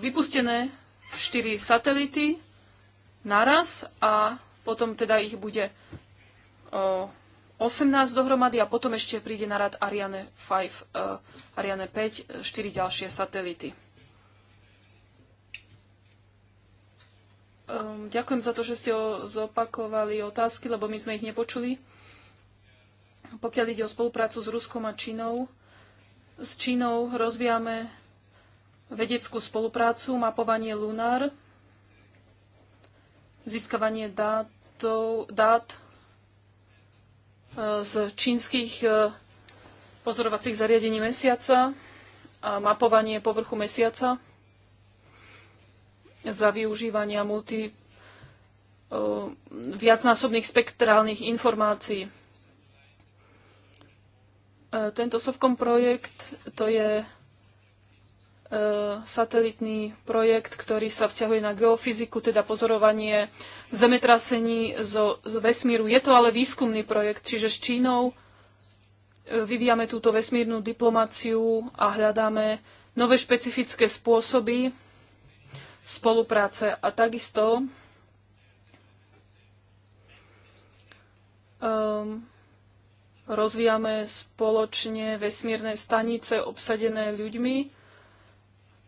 vypustené 4 satelity naraz a potom teda ich bude e, 18 dohromady a potom ešte príde na rad Ariane 5, uh, eh, Ariane 5, 4 eh, ďalšie satelity. Um, ďakujem za to, že ste zopakovali otázky, lebo my sme ich nepočuli. Pokiaľ ide o spoluprácu s Ruskom a Čínou, s Čínou rozvíjame vedeckú spoluprácu, mapovanie lunár, získavanie dátov, dát, dát z čínskych e, pozorovacích zariadení mesiaca a mapovanie povrchu mesiaca za využívania multi e, viacnásobných spektrálnych informácií. E, tento Sovkom projekt to je E, satelitný projekt, ktorý sa vzťahuje na geofyziku, teda pozorovanie zemetrasení zo, z vesmíru. Je to ale výskumný projekt, čiže s Čínou e, vyvíjame túto vesmírnu diplomáciu a hľadáme nové špecifické spôsoby spolupráce. A takisto um, rozvíjame spoločne vesmírne stanice obsadené ľuďmi,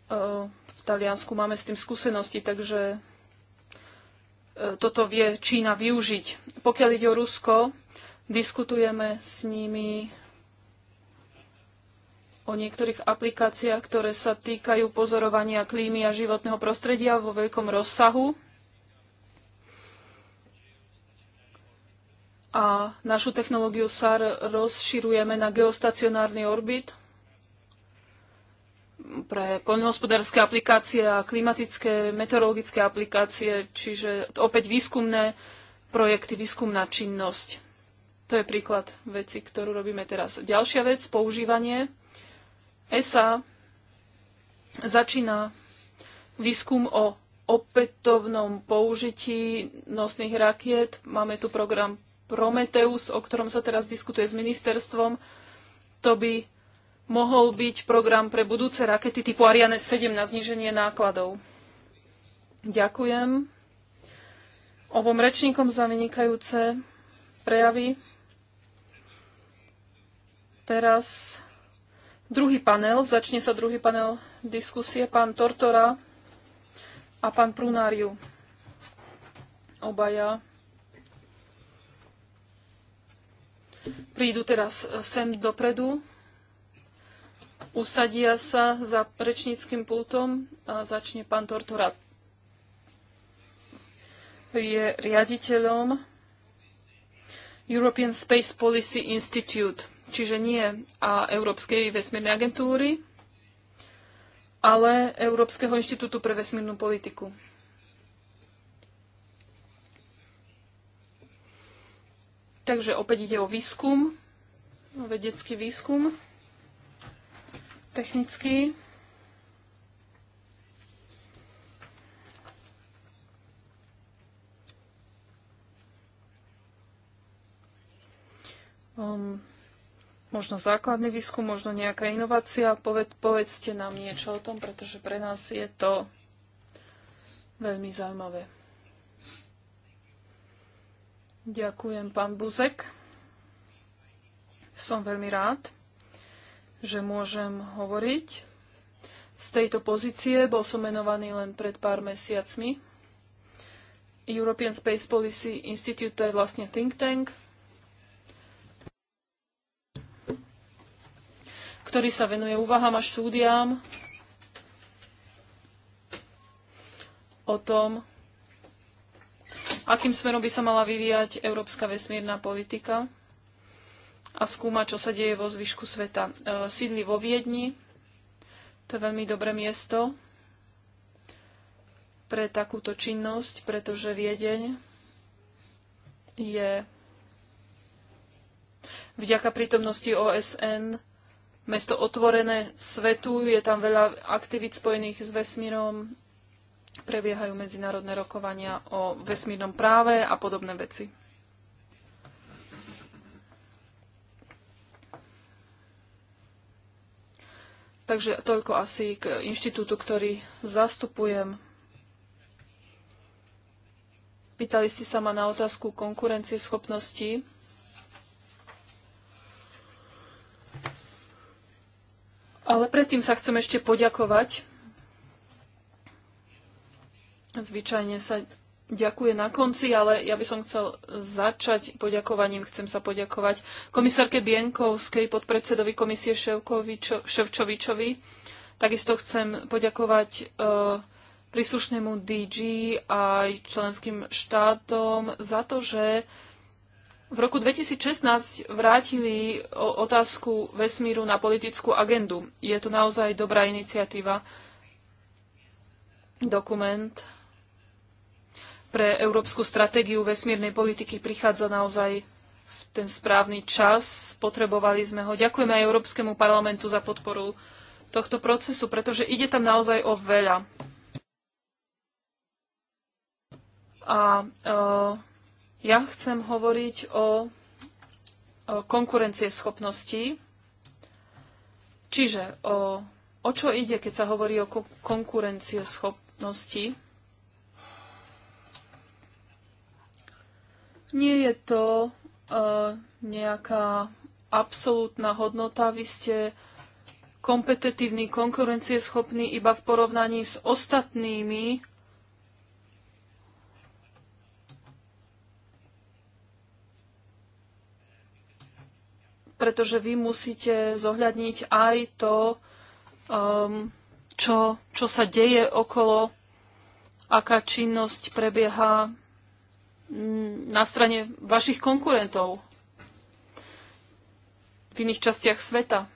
E, v Taliansku máme s tým skúsenosti, takže e, toto vie Čína využiť. Pokiaľ ide o Rusko, diskutujeme s nimi o niektorých aplikáciách, ktoré sa týkajú pozorovania klímy a životného prostredia vo veľkom rozsahu. A našu technológiu SAR rozširujeme na geostacionárny orbit pre poľnohospodárske aplikácie a klimatické, meteorologické aplikácie, čiže opäť výskumné projekty, výskumná činnosť. To je príklad veci, ktorú robíme teraz. Ďalšia vec, používanie. ESA začína výskum o opätovnom použití nosných rakiet. Máme tu program Prometeus, o ktorom sa teraz diskutuje s ministerstvom. To by mohol byť program pre budúce rakety typu Ariane 7 na zníženie nákladov. Ďakujem obom rečníkom za vynikajúce prejavy. Teraz druhý panel, začne sa druhý panel diskusie, pán Tortora a pán Prunáriu. Obaja prídu teraz sem dopredu usadia sa za rečníckým pultom a začne pán Tortora. Je riaditeľom European Space Policy Institute, čiže nie a Európskej vesmírnej agentúry, ale Európskeho inštitútu pre vesmírnu politiku. Takže opäť ide o výskum, o vedecký výskum technicky. Um, možno základný výskum, možno nejaká inovácia. Poved, povedzte nám niečo o tom, pretože pre nás je to veľmi zaujímavé. Ďakujem, pán Buzek. Som veľmi rád, že môžem hovoriť z tejto pozície. Bol som menovaný len pred pár mesiacmi. European Space Policy Institute to je vlastne think tank, ktorý sa venuje úvahám a štúdiám o tom, akým smerom by sa mala vyvíjať európska vesmírna politika a skúma, čo sa deje vo zvyšku sveta. E, sídli vo Viedni, to je veľmi dobré miesto pre takúto činnosť, pretože Viedeň je vďaka prítomnosti OSN mesto otvorené svetu, je tam veľa aktivít spojených s vesmírom, prebiehajú medzinárodné rokovania o vesmírnom práve a podobné veci. Takže toľko asi k inštitútu, ktorý zastupujem. Pýtali ste sa ma na otázku konkurencie schopnosti. Ale predtým sa chcem ešte poďakovať. Zvyčajne sa ďakuje na konci, ale ja by som chcel začať poďakovaním. Chcem sa poďakovať komisárke Bienkovskej, podpredsedovi komisie Ševčovičovi. Takisto chcem poďakovať e, príslušnému DG aj členským štátom za to, že v roku 2016 vrátili otázku vesmíru na politickú agendu. Je to naozaj dobrá iniciatíva. Dokument pre európsku stratégiu vesmírnej politiky prichádza naozaj v ten správny čas. Potrebovali sme ho. Ďakujeme aj Európskemu parlamentu za podporu tohto procesu, pretože ide tam naozaj o veľa. A uh, ja chcem hovoriť o, o konkurencieschopnosti, čiže o, o čo ide, keď sa hovorí o konkurencieschopnosti. Nie je to uh, nejaká absolútna hodnota. Vy ste kompetitívny, konkurencieschopný iba v porovnaní s ostatnými. Pretože vy musíte zohľadniť aj to, um, čo, čo sa deje okolo, aká činnosť prebieha Mm, na strane vašich konkurentov v iných častiach sveta.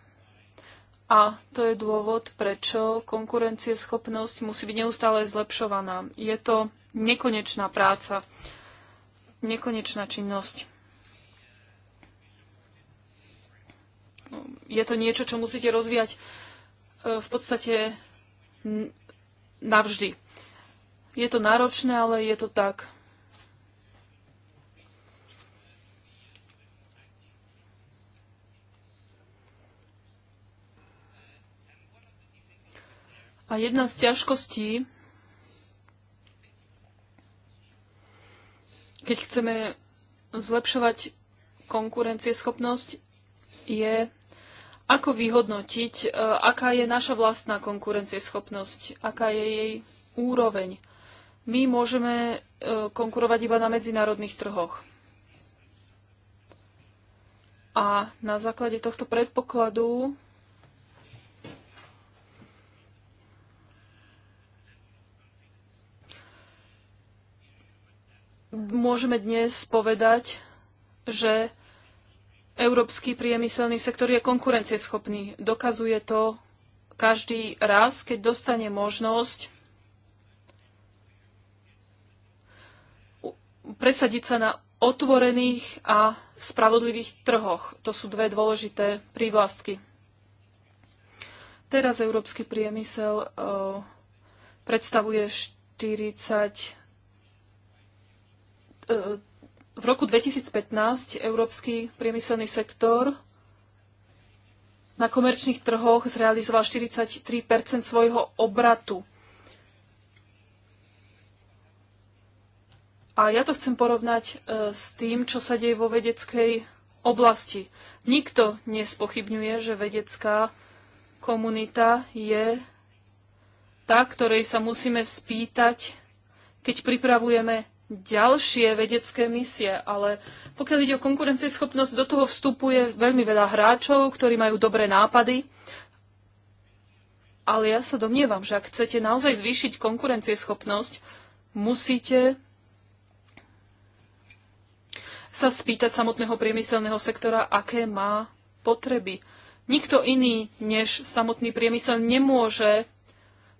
A to je dôvod, prečo konkurencieschopnosť musí byť neustále zlepšovaná. Je to nekonečná práca, nekonečná činnosť. Je to niečo, čo musíte rozvíjať e, v podstate navždy. Je to náročné, ale je to tak. A jedna z ťažkostí, keď chceme zlepšovať konkurencieschopnosť, je ako vyhodnotiť, e, aká je naša vlastná konkurencieschopnosť, aká je jej úroveň. My môžeme e, konkurovať iba na medzinárodných trhoch. A na základe tohto predpokladu môžeme dnes povedať, že európsky priemyselný sektor je konkurencieschopný. Dokazuje to každý raz, keď dostane možnosť presadiť sa na otvorených a spravodlivých trhoch. To sú dve dôležité prívlastky. Teraz európsky priemysel eh, predstavuje 40 v roku 2015 európsky priemyselný sektor na komerčných trhoch zrealizoval 43 svojho obratu. A ja to chcem porovnať e, s tým, čo sa deje vo vedeckej oblasti. Nikto nespochybňuje, že vedecká komunita je tá, ktorej sa musíme spýtať, keď pripravujeme ďalšie vedecké misie, ale pokiaľ ide o konkurencieschopnosť, do toho vstupuje veľmi veľa hráčov, ktorí majú dobré nápady. Ale ja sa domnievam, že ak chcete naozaj zvýšiť konkurencieschopnosť, musíte sa spýtať samotného priemyselného sektora, aké má potreby. Nikto iný než samotný priemysel nemôže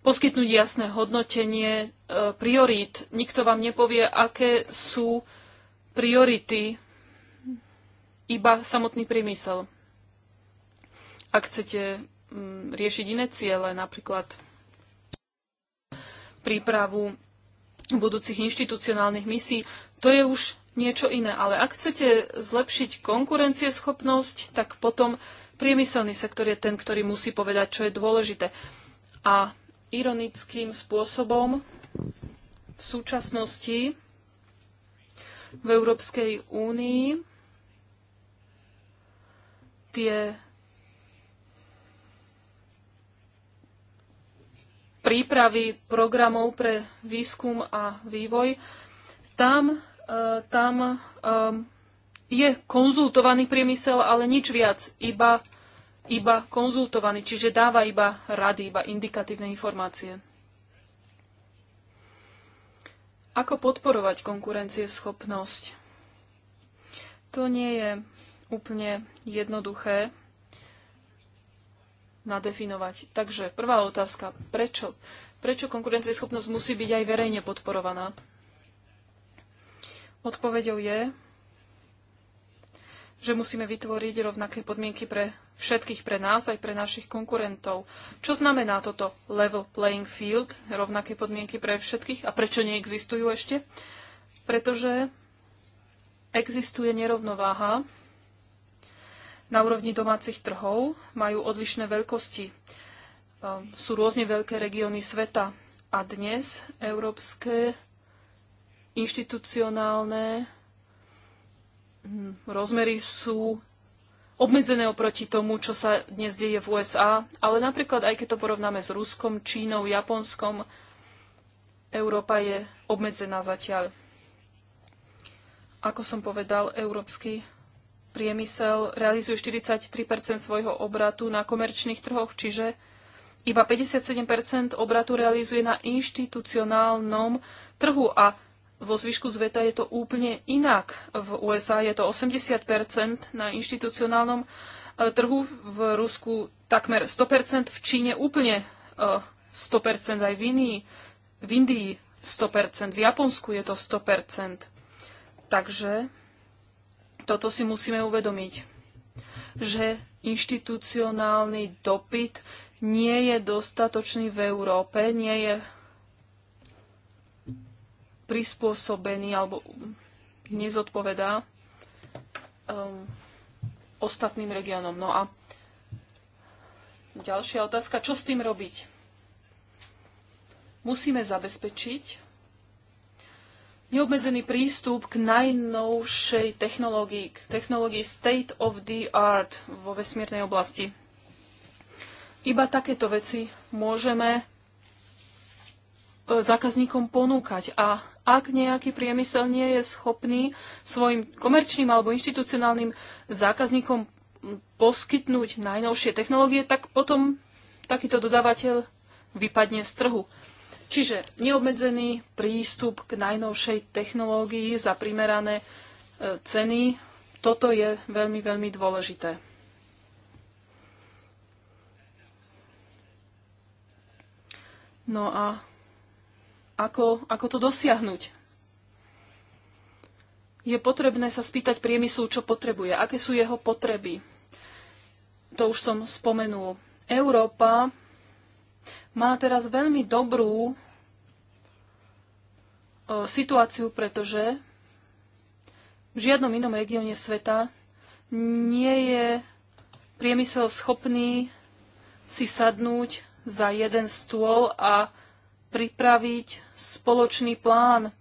poskytnúť jasné hodnotenie e, priorít. Nikto vám nepovie, aké sú priority, iba samotný priemysel. Ak chcete mm, riešiť iné ciele, napríklad prípravu budúcich inštitucionálnych misí, to je už niečo iné. Ale ak chcete zlepšiť konkurencieschopnosť, tak potom priemyselný sektor je ten, ktorý musí povedať, čo je dôležité. A ironickým spôsobom v súčasnosti v Európskej únii tie prípravy programov pre výskum a vývoj, tam, e, tam e, je konzultovaný priemysel, ale nič viac, iba iba konzultovaný, čiže dáva iba rady, iba indikatívne informácie. Ako podporovať konkurencieschopnosť? To nie je úplne jednoduché nadefinovať. Takže prvá otázka, prečo? Prečo konkurencieschopnosť musí byť aj verejne podporovaná? Odpovedou je, že musíme vytvoriť rovnaké podmienky pre všetkých pre nás aj pre našich konkurentov. Čo znamená toto level playing field, rovnaké podmienky pre všetkých a prečo neexistujú ešte? Pretože existuje nerovnováha na úrovni domácich trhov, majú odlišné veľkosti. Ehm, sú rôzne veľké regióny sveta a dnes európske inštitucionálne hm, rozmery sú obmedzené oproti tomu, čo sa dnes deje v USA, ale napríklad aj keď to porovnáme s Ruskom, Čínou, Japonskom, Európa je obmedzená zatiaľ. Ako som povedal, európsky priemysel realizuje 43 svojho obratu na komerčných trhoch, čiže iba 57 obratu realizuje na inštitucionálnom trhu a vo zvyšku zveta je to úplne inak. V USA je to 80 na inštitucionálnom eh, trhu, v Rusku takmer 100 v Číne úplne 100 eh, aj v, Inii, v Indii 100 v Japonsku je to 100 Takže toto si musíme uvedomiť, že inštitucionálny dopyt nie je dostatočný v Európe, nie je prispôsobený alebo nezodpovedá um, ostatným regiónom. No a ďalšia otázka, čo s tým robiť? Musíme zabezpečiť neobmedzený prístup k najnovšej technológii, k technológii state of the art vo vesmírnej oblasti. Iba takéto veci môžeme E, zákazníkom ponúkať. A ak nejaký priemysel nie je schopný svojim komerčným alebo inštitucionálnym zákazníkom poskytnúť najnovšie technológie, tak potom takýto dodávateľ vypadne z trhu. Čiže neobmedzený prístup k najnovšej technológii za primerané e, ceny, toto je veľmi, veľmi dôležité. No a ako, ako to dosiahnuť. Je potrebné sa spýtať priemyslu, čo potrebuje, aké sú jeho potreby. To už som spomenul. Európa má teraz veľmi dobrú situáciu, pretože v žiadnom inom regióne sveta nie je priemysel schopný si sadnúť za jeden stôl a pripraviť spoločný plán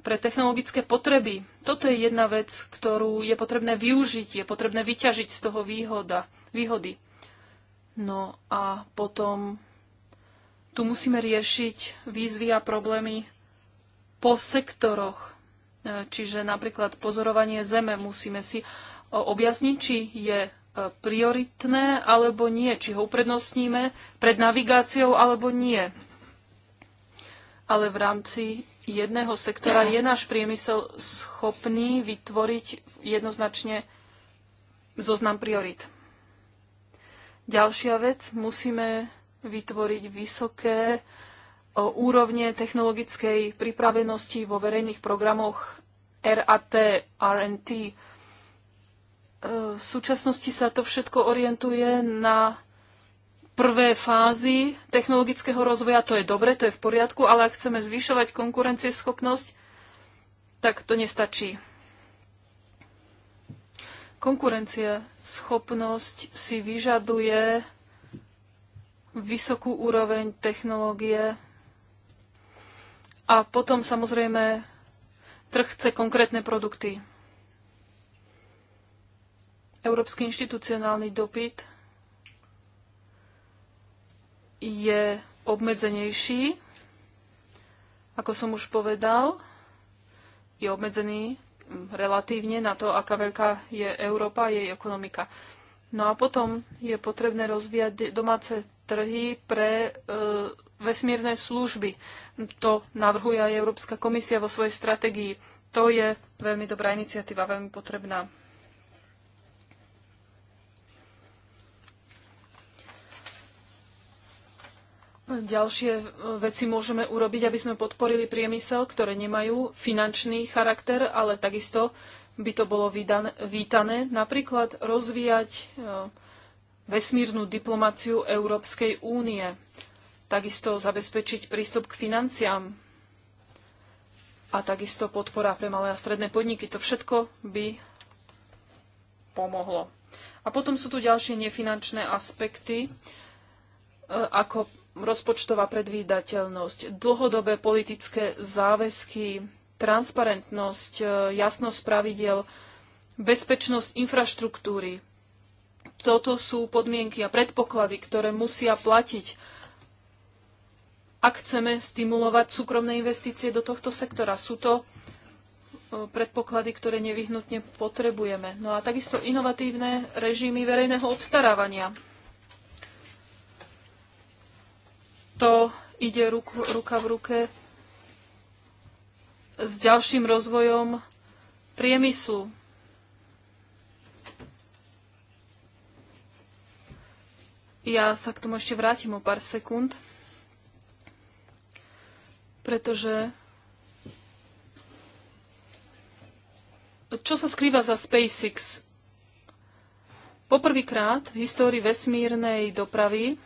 pre technologické potreby. Toto je jedna vec, ktorú je potrebné využiť, je potrebné vyťažiť z toho výhoda, výhody. No a potom tu musíme riešiť výzvy a problémy po sektoroch. E, čiže napríklad pozorovanie Zeme musíme si e, objasniť, či je e, prioritné alebo nie, či ho uprednostníme pred navigáciou alebo nie ale v rámci jedného sektora je náš priemysel schopný vytvoriť jednoznačne zoznam priorit. Ďalšia vec, musíme vytvoriť vysoké úrovne technologickej pripravenosti vo verejných programoch RAT, RNT. E, v súčasnosti sa to všetko orientuje na prvé fázy technologického rozvoja, to je dobre, to je v poriadku, ale ak chceme zvyšovať konkurencieschopnosť, tak to nestačí. Konkurencieschopnosť si vyžaduje vysokú úroveň technológie a potom samozrejme trh chce konkrétne produkty. Európsky inštitucionálny dopyt je obmedzenejší, ako som už povedal, je obmedzený relatívne na to, aká veľká je Európa, jej ekonomika. No a potom je potrebné rozvíjať domáce trhy pre e, vesmírne služby. To navrhuje aj Európska komisia vo svojej stratégii. To je veľmi dobrá iniciatíva, veľmi potrebná. Ďalšie e, veci môžeme urobiť, aby sme podporili priemysel, ktoré nemajú finančný charakter, ale takisto by to bolo vítané. Napríklad rozvíjať e, vesmírnu diplomáciu Európskej únie. Takisto zabezpečiť prístup k financiám a takisto podpora pre malé a stredné podniky. To všetko by pomohlo. A potom sú tu ďalšie nefinančné aspekty, e, ako rozpočtová predvídateľnosť, dlhodobé politické záväzky, transparentnosť, e, jasnosť pravidel, bezpečnosť infraštruktúry. Toto sú podmienky a predpoklady, ktoré musia platiť, ak chceme stimulovať súkromné investície do tohto sektora. Sú to e, predpoklady, ktoré nevyhnutne potrebujeme. No a takisto inovatívne režimy verejného obstarávania. to ide ruku, ruka v ruke s ďalším rozvojom priemyslu. Ja sa k tomu ešte vrátim o pár sekúnd, pretože čo sa skrýva za SpaceX? Poprvýkrát v histórii vesmírnej dopravy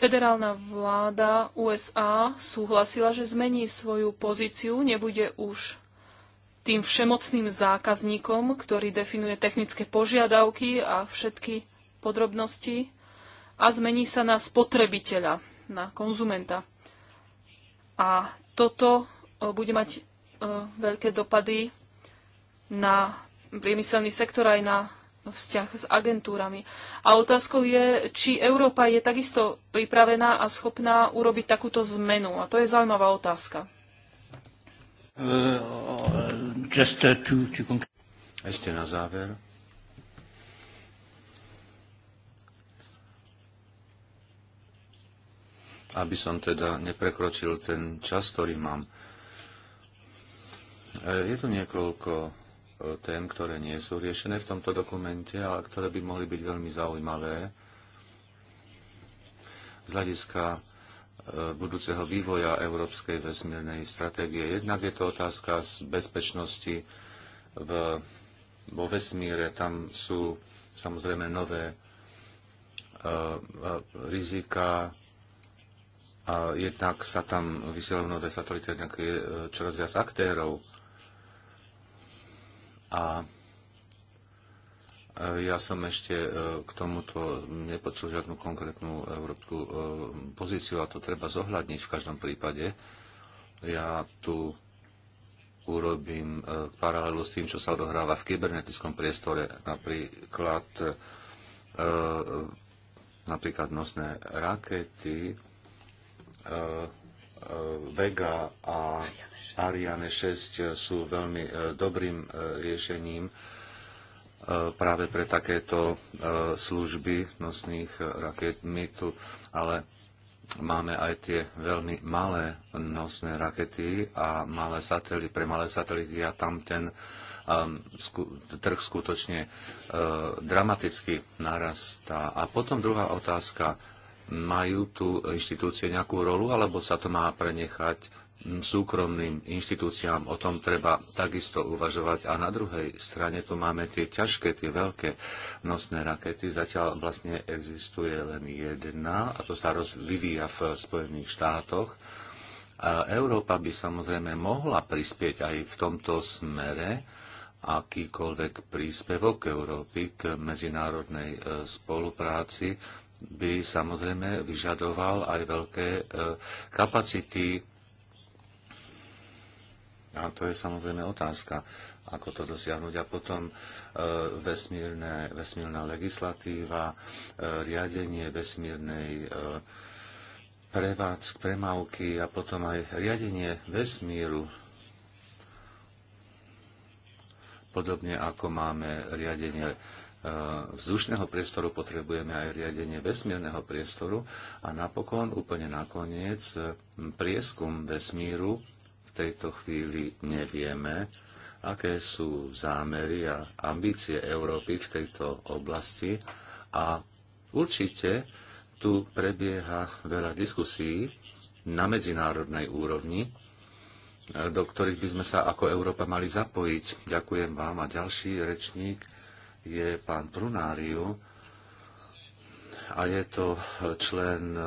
Federálna vláda USA súhlasila, že zmení svoju pozíciu, nebude už tým všemocným zákazníkom, ktorý definuje technické požiadavky a všetky podrobnosti a zmení sa na spotrebiteľa, na konzumenta. A toto e, bude mať e, veľké dopady na priemyselný sektor aj na vzťah s agentúrami. A otázkou je, či Európa je takisto pripravená a schopná urobiť takúto zmenu. A to je zaujímavá otázka. Uh, uh, Ešte na záver. Aby som teda neprekročil ten čas, ktorý mám. Uh, je tu niekoľko tém, ktoré nie sú riešené v tomto dokumente, ale ktoré by mohli byť veľmi zaujímavé z hľadiska e, budúceho vývoja európskej vesmírnej stratégie. Jednak je to otázka z bezpečnosti v, vo vesmíre. Tam sú samozrejme nové uh, rizika a jednak sa tam vysielajú nové satelity, jednak je čoraz viac aktérov a e, ja som ešte e, k tomuto nepočul žiadnu konkrétnu európsku e, pozíciu a to treba zohľadniť v každom prípade. Ja tu urobím paralelu s tým, čo sa odohráva v kybernetickom priestore, napríklad, napríklad nosné rakety, Eh, Vega a Ariane 6 eh, sú veľmi eh, dobrým riešením práve pre takéto služby nosných raket. My tu ale máme aj tie veľmi malé nosné rakety a malé satelity. Pre malé satelity a tam ten ehm, trh skutočne dramaticky narastá. A potom druhá otázka majú tu inštitúcie nejakú rolu, alebo sa to má prenechať súkromným inštitúciám. O tom treba takisto uvažovať. A na druhej strane tu máme tie ťažké, tie veľké nosné rakety. Zatiaľ vlastne existuje len jedna a to sa rozvíja v Spojených štátoch. A Európa by samozrejme mohla prispieť aj v tomto smere akýkoľvek príspevok Európy k medzinárodnej e, spolupráci by samozrejme vyžadoval aj veľké e, kapacity. A to je samozrejme otázka, ako to dosiahnuť. A potom e, vesmírne, vesmírna legislatíva, e, riadenie vesmírnej prevádzk, premávky a potom aj riadenie vesmíru, podobne ako máme riadenie Eh, vzdušného priestoru, potrebujeme aj riadenie vesmírneho priestoru a napokon, úplne nakoniec, eh, prieskum vesmíru v tejto chvíli nevieme, aké sú zámery a ambície Európy v tejto oblasti a určite tu prebieha veľa diskusí na medzinárodnej úrovni, eh, do ktorých by sme sa ako Európa mali zapojiť. Ďakujem vám a ďalší rečník je pán Prunáriu a je to člen e,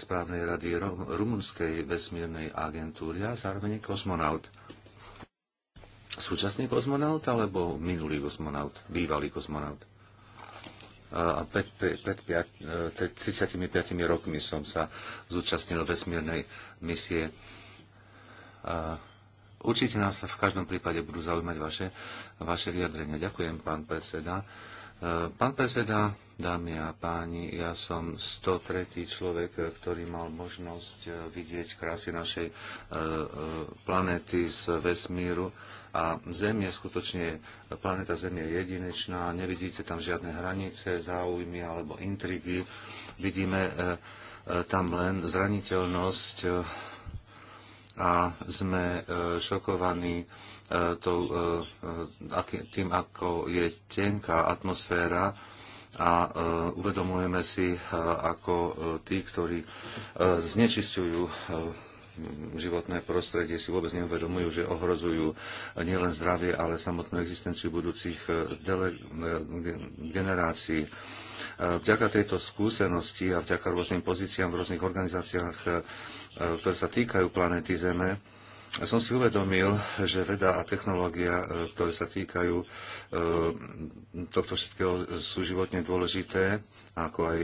správnej rady Rumunskej vesmírnej agentúry a zároveň kozmonaut. Súčasný kozmonaut alebo minulý kozmonaut, bývalý kozmonaut? a pred, pred, pred 35 e, rokmi som sa zúčastnil vesmírnej misie a, Určite nás v každom prípade budú zaujímať vaše, vaše vyjadrenia. Ďakujem, pán predseda. E, pán predseda, dámy a páni, ja som 103. človek, ktorý mal možnosť e, vidieť krásy našej e, planéty z vesmíru. A Zem je skutočne, planéta Zem je jedinečná, nevidíte tam žiadne hranice, záujmy alebo intrigy. Vidíme tam len zraniteľnosť a sme e, šokovaní e, e, tým, ako je tenká atmosféra a uvedomujeme si, ako tí, ktorí znečistujú životné prostredie si vôbec neuvedomujú, že ohrozujú nielen zdravie, ale samotnú existenciu budúcich generácií. Vďaka tejto skúsenosti a vďaka rôznym pozíciám v rôznych organizáciách E, ktoré sa týkajú planéty Zeme, som si uvedomil, že veda a technológia, e, ktoré sa týkajú e, tohto všetkého, sú životne dôležité, ako aj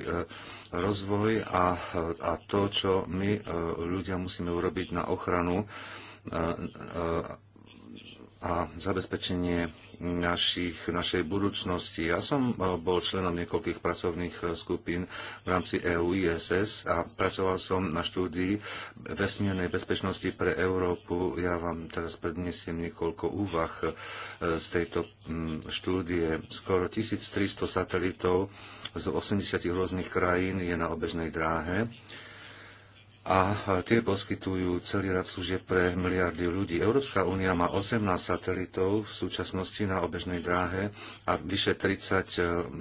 rozvoj a, a to, čo my ľudia musíme urobiť na ochranu a zabezpečenie našich, našej budúcnosti. Ja som e, bol členom niekoľkých pracovných e, skupín v rámci EU ISS a pracoval som na štúdii vesmírnej bezpečnosti pre Európu. Ja vám teraz predniesiem niekoľko úvah e, z tejto štúdie. Skoro 1300 satelitov z 80 rôznych krajín je na obežnej dráhe a tie poskytujú celý rad služieb pre miliardy ľudí. Európska únia má 18 satelitov v súčasnosti na obežnej dráhe a vyše 30 e,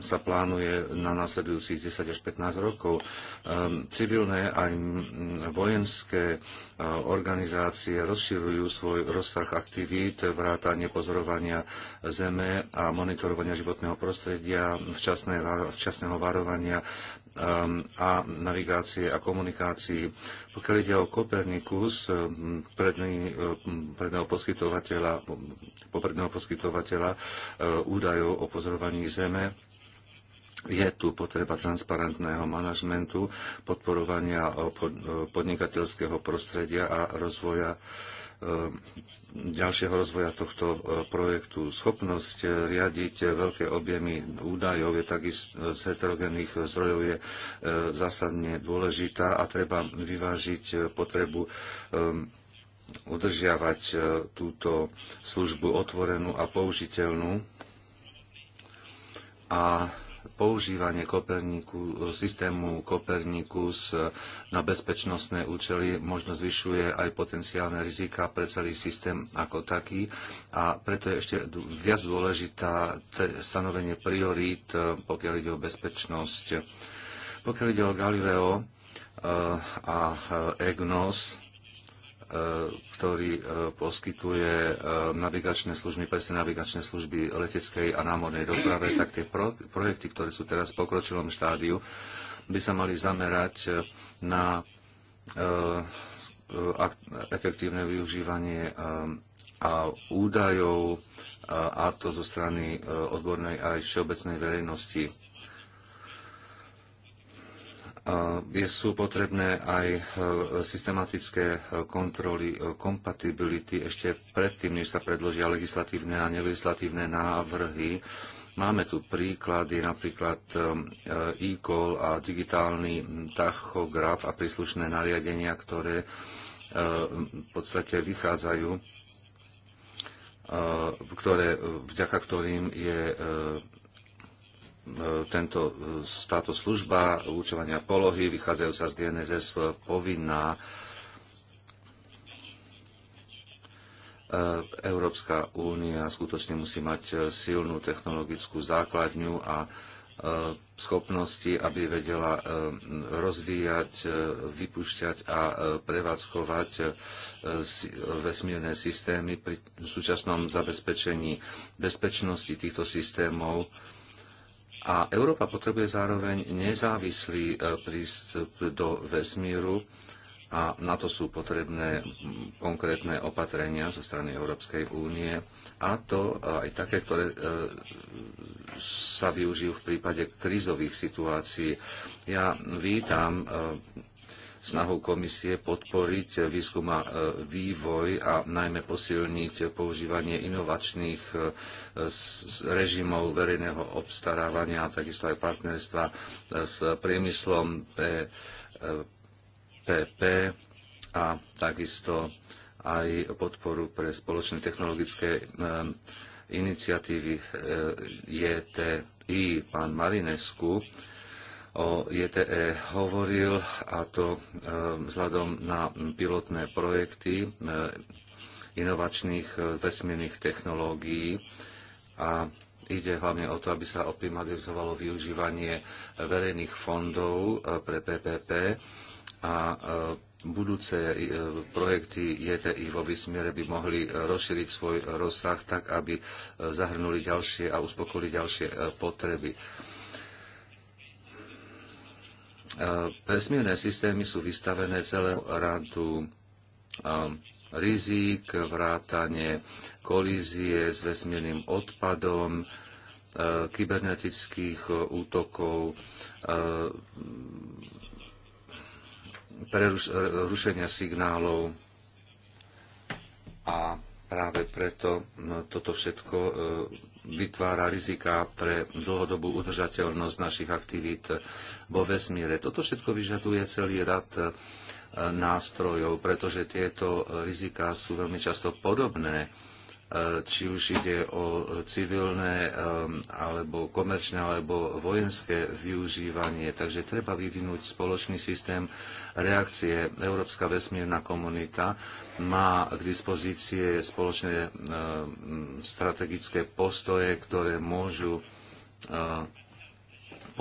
sa plánuje na následujúcich 10 až 15 rokov. E, civilné aj vojenské e, organizácie rozširujú svoj rozsah aktivít, vrátanie pozorovania zeme a monitorovania životného prostredia, včasného varovania, Um, a navigácie a komunikácií. Pokiaľ ide o Kopernikus, um, um, predného poskytovateľa, popredného poskytovateľa uh, údajov o pozorovaní Zeme, je tu potreba transparentného manažmentu, podporovania uh, uh, podnikateľského prostredia a rozvoja E, ďalšieho rozvoja tohto e, projektu. Schopnosť e, riadiť veľké objemy údajov je takisto z heterogénnych zdrojov je zásadne dôležitá a treba vyvážiť potrebu udržiavať túto službu otvorenú a použiteľnú. A používanie systému Kopernikus na bezpečnostné účely možno zvyšuje aj potenciálne rizika pre celý systém ako taký a preto je ešte viac dôležitá stanovenie priorít, e, pokiaľ ide o bezpečnosť. Pokiaľ ide o Galileo e, a e, EGNOS, E, ktorý e, poskytuje e, navigačné služby, presne navigačné služby leteckej a námornej doprave, tak tie pro, projekty, ktoré sú teraz v pokročilom štádiu, by sa mali zamerať na efektívne využívanie a údajov, a to zo strany odbornej aj všeobecnej verejnosti sú potrebné aj e, systematické e, kontroly e, kompatibility ešte predtým, než sa predložia legislatívne a nelegislatívne návrhy. Máme tu príklady, napríklad e-call a digitálny tachograf a príslušné nariadenia, ktoré v podstate vychádzajú, ktoré, vďaka ktorým je E, tento, e, táto služba účovania polohy, vychádzajúca z GNSS, povinná. E, Európska únia skutočne musí mať silnú technologickú základňu a schopnosti, aby vedela rozvíjať, vypušťať a prevádzkovať vesmírne systémy pri súčasnom zabezpečení bezpečnosti týchto systémov a Európa potrebuje zároveň nezávislý e, prístup do vesmíru a na to sú potrebné konkrétne opatrenia zo strany Európskej únie a to e, aj také, ktoré e, sa využijú v prípade krízových situácií. Ja vítam snahu komisie podporiť výskum a e, vývoj a najmä posilniť používanie inovačných e, režimov verejného obstarávania a takisto aj partnerstva e, s priemyslom PP a takisto aj podporu pre spoločné technologické iniciatívy JTI. Pán Marinesku o JTE e hovoril, a to e, vzhľadom na pilotné projekty e, inovačných vesmírnych technológií a ide hlavne o to, aby sa optimalizovalo využívanie verejných fondov pre PPP a budúce projekty JTI vo vysmiere by mohli rozšíriť svoj rozsah tak, aby zahrnuli ďalšie a uspokojili ďalšie potreby. Vesmírne systémy sú vystavené celému radu rizík, vrátanie kolízie s vesmírnym odpadom, kybernetických útokov, prerušenia signálov a práve preto no, toto všetko e, vytvára rizika pre dlhodobú udržateľnosť našich aktivít vo vesmíre. Toto všetko vyžaduje celý rad e, nástrojov, pretože tieto e, riziká sú veľmi často podobné e, či už ide o civilné alebo komerčné alebo vojenské využívanie. Takže treba vyvinúť spoločný systém reakcie. Európska vesmírna komunita má k dispozície spoločné strategické postoje, ktoré môžu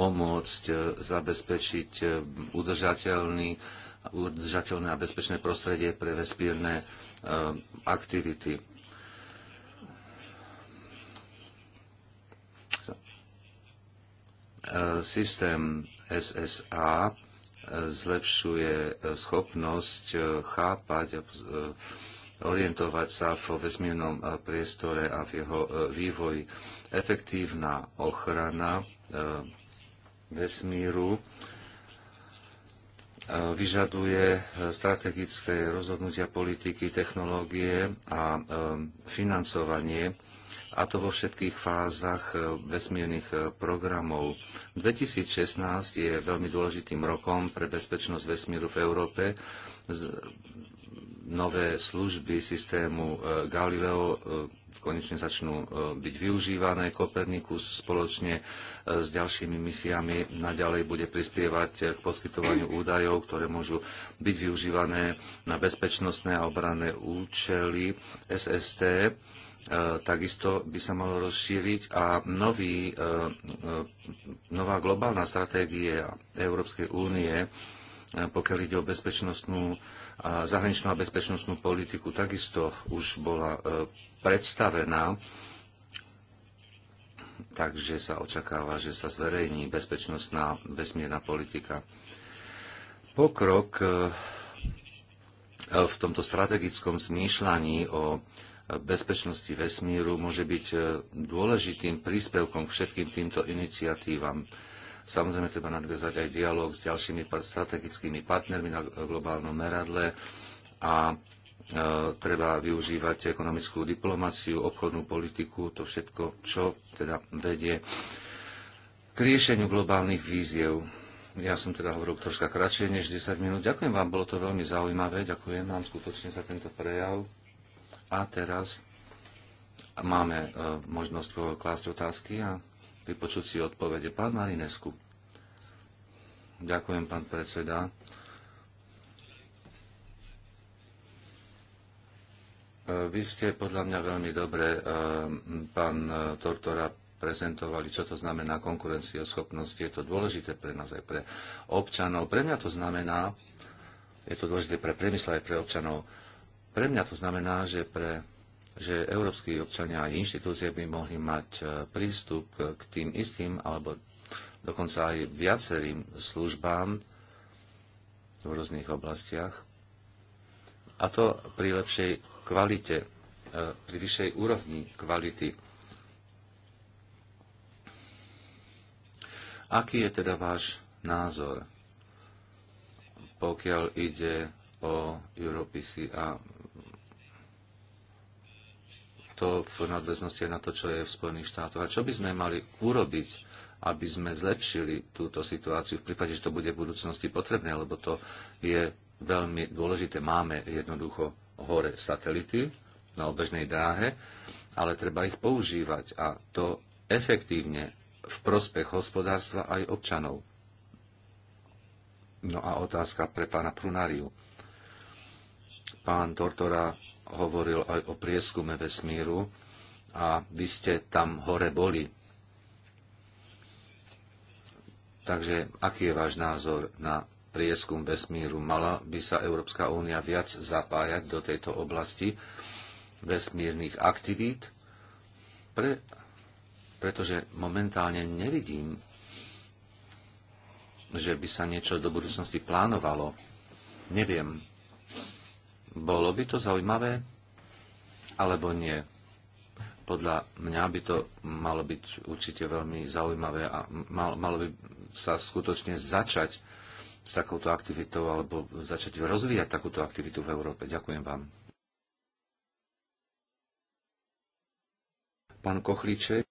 pomôcť e, zabezpečiť e, udržateľný, udržateľné a bezpečné prostredie pre vesmírne e, aktivity. Systém SSA zlepšuje schopnosť chápať a orientovať sa v vesmírnom priestore a v jeho vývoji. Efektívna ochrana vesmíru vyžaduje e, strategické rozhodnutia politiky, technológie a e, financovanie, a to vo všetkých fázach e, vesmírnych programov. 2016 je veľmi dôležitým rokom pre bezpečnosť vesmíru v Európe. Nové služby systému Galileo konečne začnú e, byť využívané. Kopernikus spoločne e, s ďalšími misiami naďalej bude prispievať e, k poskytovaniu údajov, ktoré môžu byť využívané na bezpečnostné a obranné účely SST takisto by sa malo rozšíriť a nový, nová globálna stratégia Európskej únie, pokiaľ ide o bezpečnostnú a zahraničnú a bezpečnostnú politiku, takisto už bola predstavená, takže sa očakáva, že sa zverejní bezpečnostná vesmírna politika. Pokrok e, v tomto strategickom zmýšľaní o bezpečnosti vesmíru môže byť e, dôležitým príspevkom k všetkým týmto iniciatívam. Samozrejme, treba nadviazať aj dialog s ďalšími strategickými partnermi na globálnom meradle a E, treba využívať ekonomickú diplomáciu, obchodnú politiku, to všetko, čo teda vedie k riešeniu globálnych víziev. Ja som teda hovoril troška kratšie než 10 minút. Ďakujem vám, bolo to veľmi zaujímavé. Ďakujem vám skutočne za tento prejav. A teraz máme e, možnosť klásť otázky a vypočuť si odpovede. Pán Marinesku. Ďakujem, pán predseda. Vy ste podľa mňa veľmi dobre, eh, pán Tortora, eh, prezentovali, čo to znamená konkurencioschopnosť. Je to dôležité pre nás aj pre občanov. Pre mňa to znamená, je to dôležité pre priemysel aj pre občanov. Pre mňa to znamená, že, pre, že európsky občania a inštitúcie by mohli mať eh, prístup k tým istým alebo dokonca aj viacerým službám v rôznych oblastiach. A to pri lepšej kvalite, e, pri vyššej úrovni kvality. Aký je teda váš názor, pokiaľ ide o Europisy a to v nadväznosti na to, čo je v Spojených štátoch. A čo by sme mali urobiť, aby sme zlepšili túto situáciu v prípade, že to bude v budúcnosti potrebné, lebo to je veľmi dôležité. Máme jednoducho hore satelity na obežnej dráhe, ale treba ich používať a to efektívne v prospech hospodárstva aj občanov. No a otázka pre pána Prunariu. Pán Tortora hovoril aj o prieskume vesmíru a vy ste tam hore boli. Takže aký je váš názor na prieskum vesmíru. Mala by sa Európska únia viac zapájať do tejto oblasti vesmírnych aktivít, pre, pretože momentálne nevidím, že by sa niečo do budúcnosti plánovalo. Neviem. Bolo by to zaujímavé, alebo nie? podľa mňa by to malo byť určite veľmi zaujímavé a mal, malo by sa skutočne začať s takouto aktivitou alebo začať rozvíjať takúto aktivitu v Európe. Ďakujem vám. Pán Kochliček.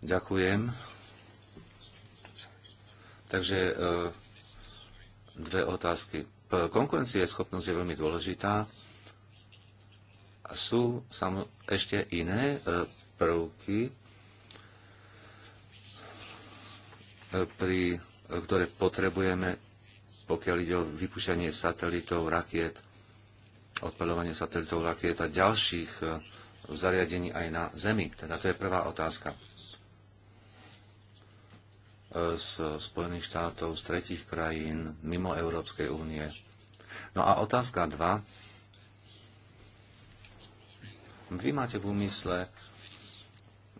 Ďakujem. Takže e, dve otázky. schopnosť je veľmi dôležitá. Sú ešte iné e, prvky, pri, ktoré potrebujeme, pokiaľ ide o vypúšťanie satelitov, rakiet, odpeľovanie satelitov, rakiet a ďalších e, zariadení aj na Zemi. Teda to je prvá otázka e, z Spojených štátov, z tretich krajín, mimo Európskej únie. No a otázka 2. Vy máte v úmysle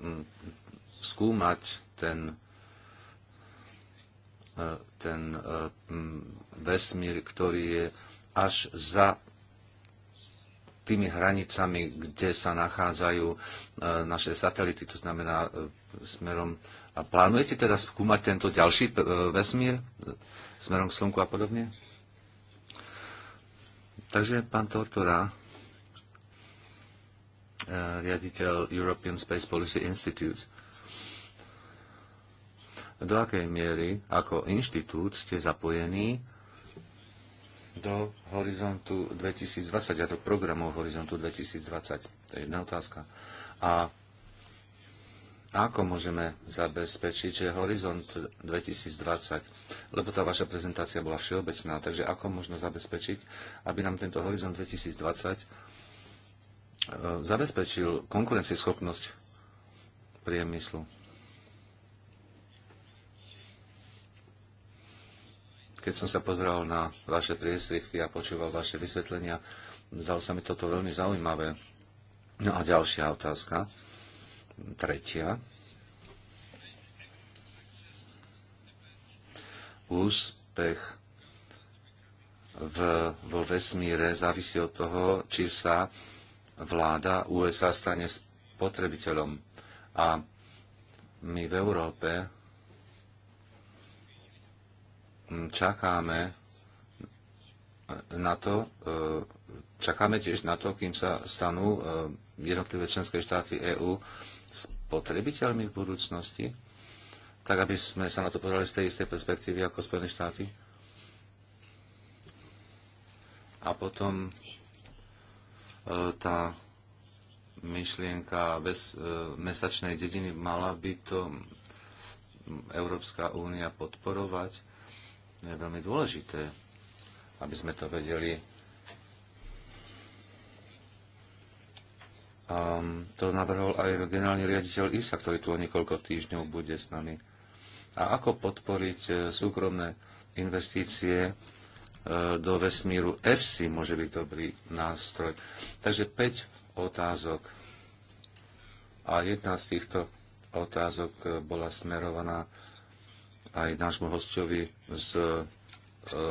mm, skúmať ten E, ten e, vesmír, ktorý je až za tými hranicami, kde sa nachádzajú e, naše satelity, to znamená smerom. A plánujete teda skúmať tento ďalší vesmír smerom k Slnku a podobne? Takže pán Tortora, riaditeľ European Space Policy Institute, do akej miery ako inštitút ste zapojení do horizontu 2020 a do programov horizontu 2020? To je jedna otázka. A ako môžeme zabezpečiť, že horizont 2020, lebo tá vaša prezentácia bola všeobecná, takže ako možno zabezpečiť, aby nám tento horizont 2020 e, zabezpečil konkurencieschopnosť priemyslu? Keď som sa pozrel na vaše priesvitky a počúval vaše vysvetlenia, zdalo sa mi toto veľmi zaujímavé. No a ďalšia otázka, tretia. Úspech v, vo vesmíre závisí od toho, či sa vláda USA stane spotrebiteľom. A my v Európe Mm, čakáme na to, e, čakáme tiež na to, kým sa stanú e, jednotlivé členské štáty EÚ spotrebiteľmi v budúcnosti, tak aby sme sa na to pozerali z tej istej perspektívy ako Spojené štáty. A potom e, tá myšlienka bez mesačnej dediny mala by to Európska únia podporovať je veľmi dôležité, aby sme to vedeli. A to navrhol aj generálny riaditeľ ISA, ktorý tu o niekoľko týždňov bude s nami. A ako podporiť e, súkromné investície e, do vesmíru EFSI môže byť dobrý nástroj. Takže 5 otázok. A jedna z týchto otázok e, bola smerovaná aj nášmu hostovi z e,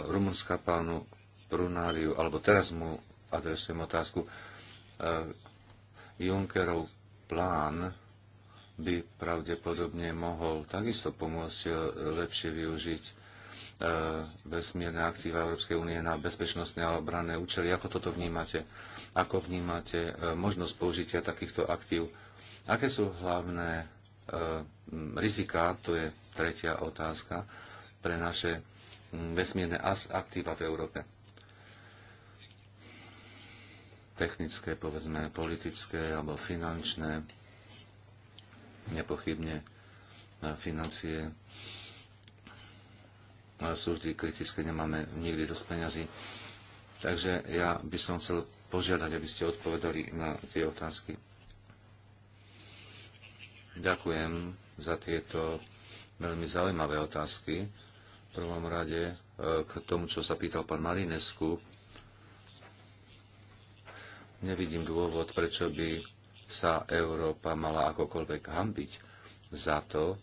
Rumunska, pánu Brunáriu, alebo teraz mu adresujem otázku. E, Junckerov plán by pravdepodobne mohol takisto pomôcť e, lepšie využiť bezmierne aktíva Európskej únie na bezpečnostné a obranné účely. Ako toto vnímate? Ako vnímate možnosť použitia takýchto aktív? Aké sú hlavné rizika, to je tretia otázka pre naše mm, vesmírne aktíva v Európe. Technické, povedzme, politické alebo finančné, nepochybne e, financie sú vždy kritické, nemáme nikdy dosť peňazí. Takže ja by som chcel požiadať, aby ste odpovedali na tie otázky. Ďakujem za tieto veľmi zaujímavé otázky. V prvom rade e, k tomu, čo sa pýtal pán Marinesku. Nevidím dôvod, prečo by sa Európa mala akokoľvek hambiť za to, e,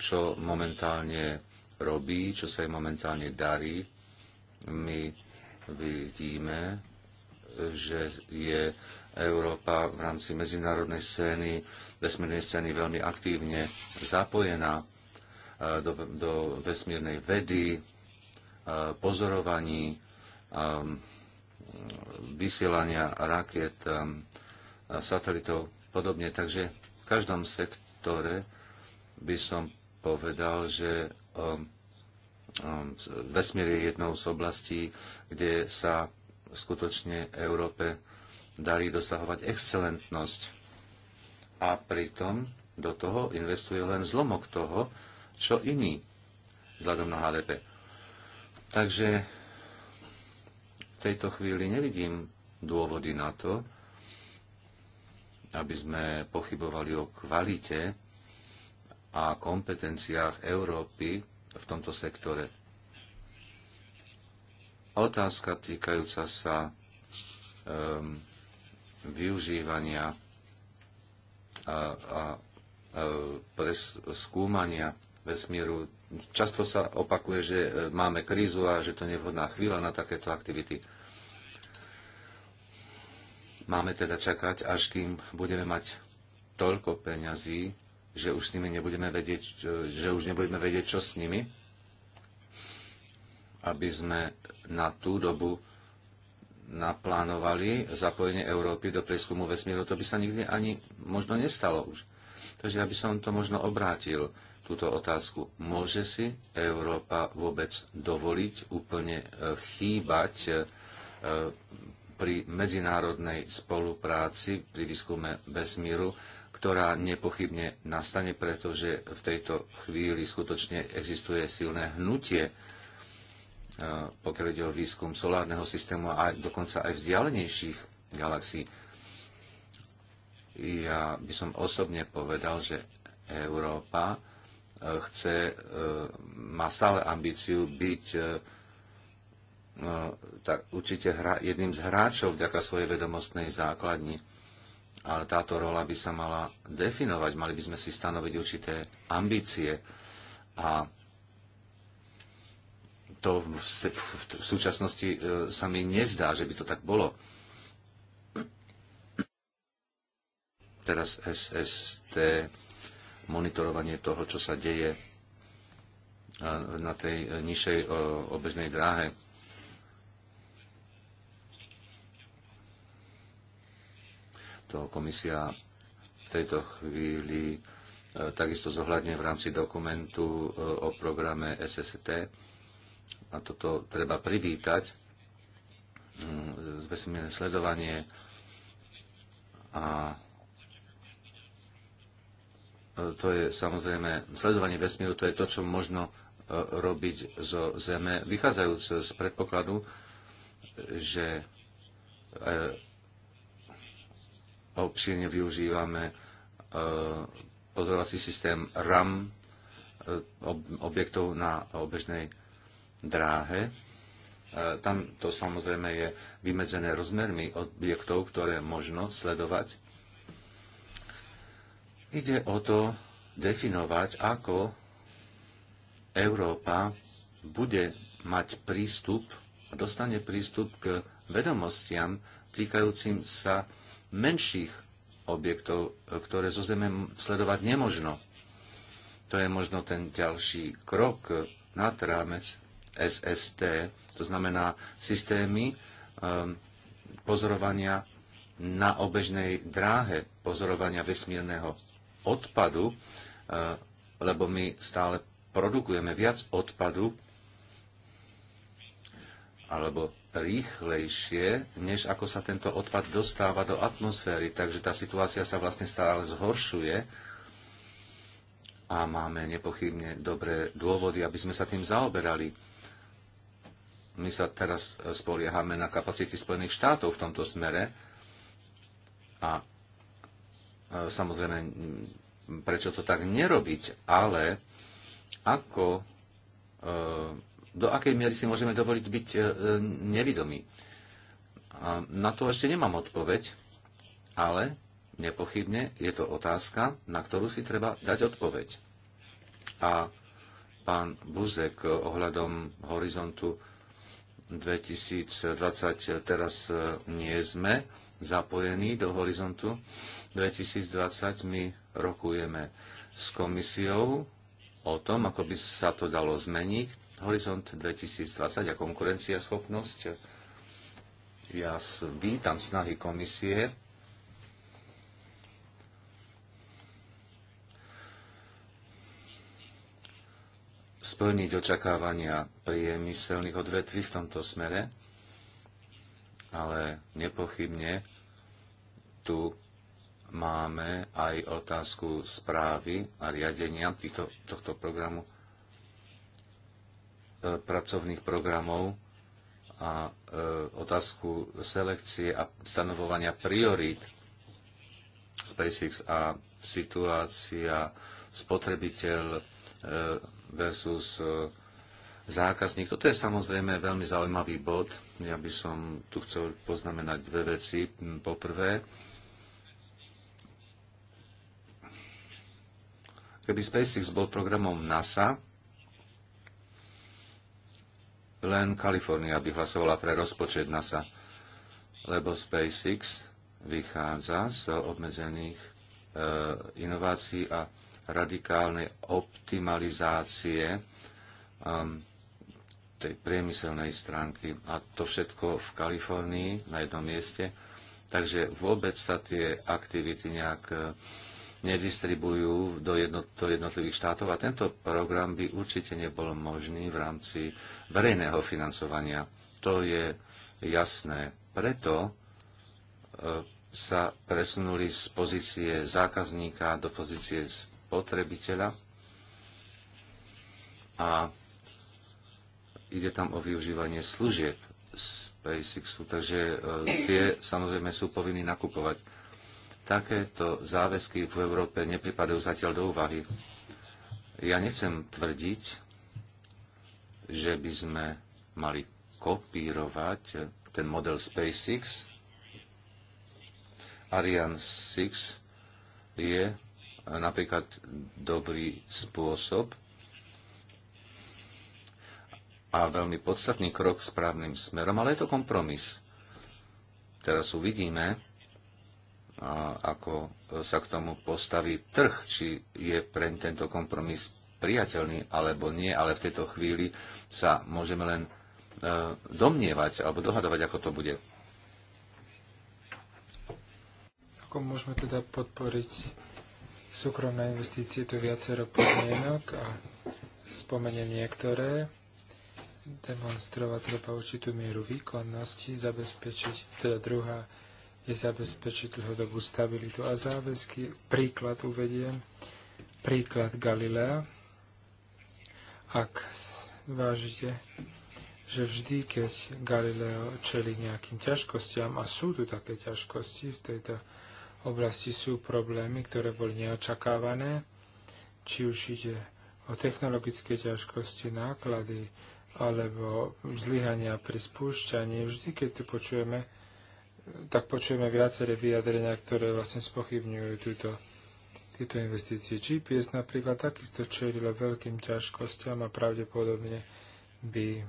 čo momentálne robí, čo sa jej momentálne darí. My vidíme, e, že je Európa v rámci medzinárodnej scény vesmírnej scény veľmi aktívne zapojená e, do, do vesmírnej vedy, e, pozorovaní, e, vysielania raket, satelitov podobne. Takže v každom sektore by som povedal, že vesmír je jednou z oblastí, kde sa skutočne Európe darí dosahovať excelentnosť a pritom do toho investuje len zlomok toho, čo iný vzhľadom na HDP. Takže v tejto chvíli nevidím dôvody na to, aby sme pochybovali o kvalite a kompetenciách Európy v tomto sektore. Otázka týkajúca sa um, využívania a e, skúmania vesmíru. Často sa opakuje, že e, máme krízu a že to je nevhodná chvíľa na takéto aktivity. Máme teda čakať, až kým budeme mať toľko peňazí, že už s nimi nebudeme vedieť, e, že už nebudeme vedieť, čo s nimi, aby sme na tú dobu naplánovali zapojenie Európy do prieskumu vesmíru, to by sa nikdy ani možno nestalo už. Takže ja by som to možno obrátil, túto otázku. Môže si Európa vôbec dovoliť úplne e, chýbať e, pri medzinárodnej spolupráci pri výskume vesmíru, ktorá nepochybne nastane, pretože v tejto chvíli skutočne existuje silné hnutie pokiaľ ide o výskum solárneho systému a dokonca aj vzdialenejších galaxií. Ja by som osobne povedal, že Európa e, chce, e, má stále ambíciu byť e, tak určite hra, jedným z hráčov vďaka svojej vedomostnej základni. Ale táto rola by sa mala definovať, mali by sme si stanoviť určité ambície a to v, v, v súčasnosti e, sa mi nezdá, že by to tak bolo. Teraz SST, monitorovanie toho, čo sa deje e, na tej e, nižšej obežnej dráhe. To komisia v tejto chvíli takisto zohľadne v rámci dokumentu o programe SST a toto treba privítať, hm, vesmírne sledovanie a to je samozrejme, sledovanie vesmíru to je to, čo možno e, robiť zo Zeme, vychádzajúc z predpokladu, že e, obšírne využívame e, pozorovací systém RAM objektov na obežnej dráhe. Tam to samozrejme je vymedzené rozmermi objektov, ktoré možno sledovať. Ide o to definovať, ako Európa bude mať prístup, dostane prístup k vedomostiam týkajúcim sa menších objektov, ktoré zo Zeme sledovať nemožno. To je možno ten ďalší krok nad rámec SST, to znamená systémy um, pozorovania na obežnej dráhe pozorovania vesmírneho odpadu, uh, lebo my stále produkujeme viac odpadu alebo rýchlejšie, než ako sa tento odpad dostáva do atmosféry. Takže tá situácia sa vlastne stále zhoršuje a máme nepochybne dobré dôvody, aby sme sa tým zaoberali. My sa teraz spoliehame na kapacity Spojených štátov v tomto smere a e, samozrejme, prečo to tak nerobiť, ale ako, e, do akej miery si môžeme dovoliť byť e, nevidomí. na to ešte nemám odpoveď, ale nepochybne je to otázka, na ktorú si treba dať odpoveď. A pán Buzek ohľadom horizontu 2020 teraz e, nie sme zapojení do horizontu 2020. My rokujeme s komisiou o tom, ako by sa to dalo zmeniť. Horizont 2020 a konkurencia schopnosť. Ja vítam snahy komisie splniť očakávania priemyselných odvetví v tomto smere, ale nepochybne tu máme aj otázku správy a riadenia týchto, tohto programu, e, pracovných programov a e, otázku selekcie a stanovovania priorít SpaceX a situácia spotrebiteľ e, versus e, zákazník. Toto je samozrejme veľmi zaujímavý bod. Ja by som tu chcel poznamenať dve veci. Poprvé, keby SpaceX bol programom NASA, len Kalifornia by hlasovala pre rozpočet NASA, lebo SpaceX vychádza z obmedzených e, inovácií a radikálnej optimalizácie um, tej priemyselnej stránky a to všetko v Kalifornii na jednom mieste. Takže vôbec sa tie aktivity nejak uh, nedistribujú do, jedno, do jednotlivých štátov a tento program by určite nebol možný v rámci verejného financovania. To je jasné. Preto uh, sa presunuli z pozície zákazníka do pozície z spotrebiteľa a ide tam o využívanie služieb SpaceXu, takže e, tie samozrejme sú povinní nakupovať. Takéto záväzky v Európe nepripadajú zatiaľ do úvahy. Ja nechcem tvrdiť, že by sme mali kopírovať ten model SpaceX. Ariane 6 je napríklad dobrý spôsob a veľmi podstatný krok správnym smerom, ale je to kompromis. Teraz uvidíme, ako sa k tomu postaví trh, či je pre tento kompromis priateľný alebo nie, ale v tejto chvíli sa môžeme len e, domnievať alebo dohadovať, ako to bude. Ako môžeme teda podporiť súkromné investície tu viacero podmienok a spomeniem niektoré. Demonstrovať treba určitú mieru výkonnosti, zabezpečiť, teda druhá je zabezpečiť dlhodobú stabilitu a záväzky. Príklad uvediem, príklad Galilea. Ak vážite, že vždy, keď Galileo čeli nejakým ťažkostiam, a sú tu také ťažkosti v tejto oblasti sú problémy, ktoré boli neočakávané, či už ide o technologické ťažkosti, náklady alebo zlyhania pri spúšťaní. Vždy, keď tu počujeme, tak počujeme viaceré vyjadrenia, ktoré vlastne spochybňujú túto, tieto investície. GPS napríklad takisto čerilo veľkým ťažkostiam a pravdepodobne by eh,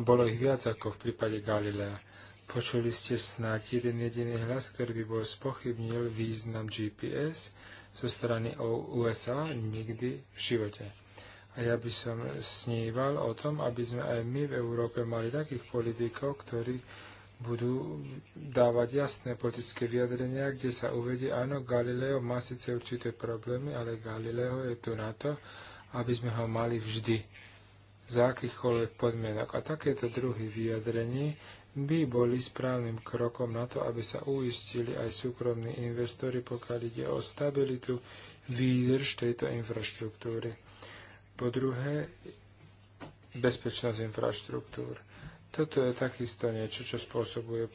bolo ich viac ako v prípade Galilea. Počuli ste snáď jeden jediný hlas, ktorý by bol spochybnil význam GPS zo strany USA nikdy v živote. A ja by som sníval o tom, aby sme aj my v Európe mali takých politikov, ktorí budú dávať jasné politické vyjadrenia, kde sa uvedie, áno, Galileo má síce určité problémy, ale Galileo je tu na to, aby sme ho mali vždy, za akýchkoľvek podmienok. A takéto druhy vyjadrení by boli správnym krokom na to, aby sa uistili aj súkromní investori, pokiaľ ide o stabilitu, výdrž tejto infraštruktúry. Po druhé, bezpečnosť infraštruktúr. Toto je takisto niečo, čo spôsobuje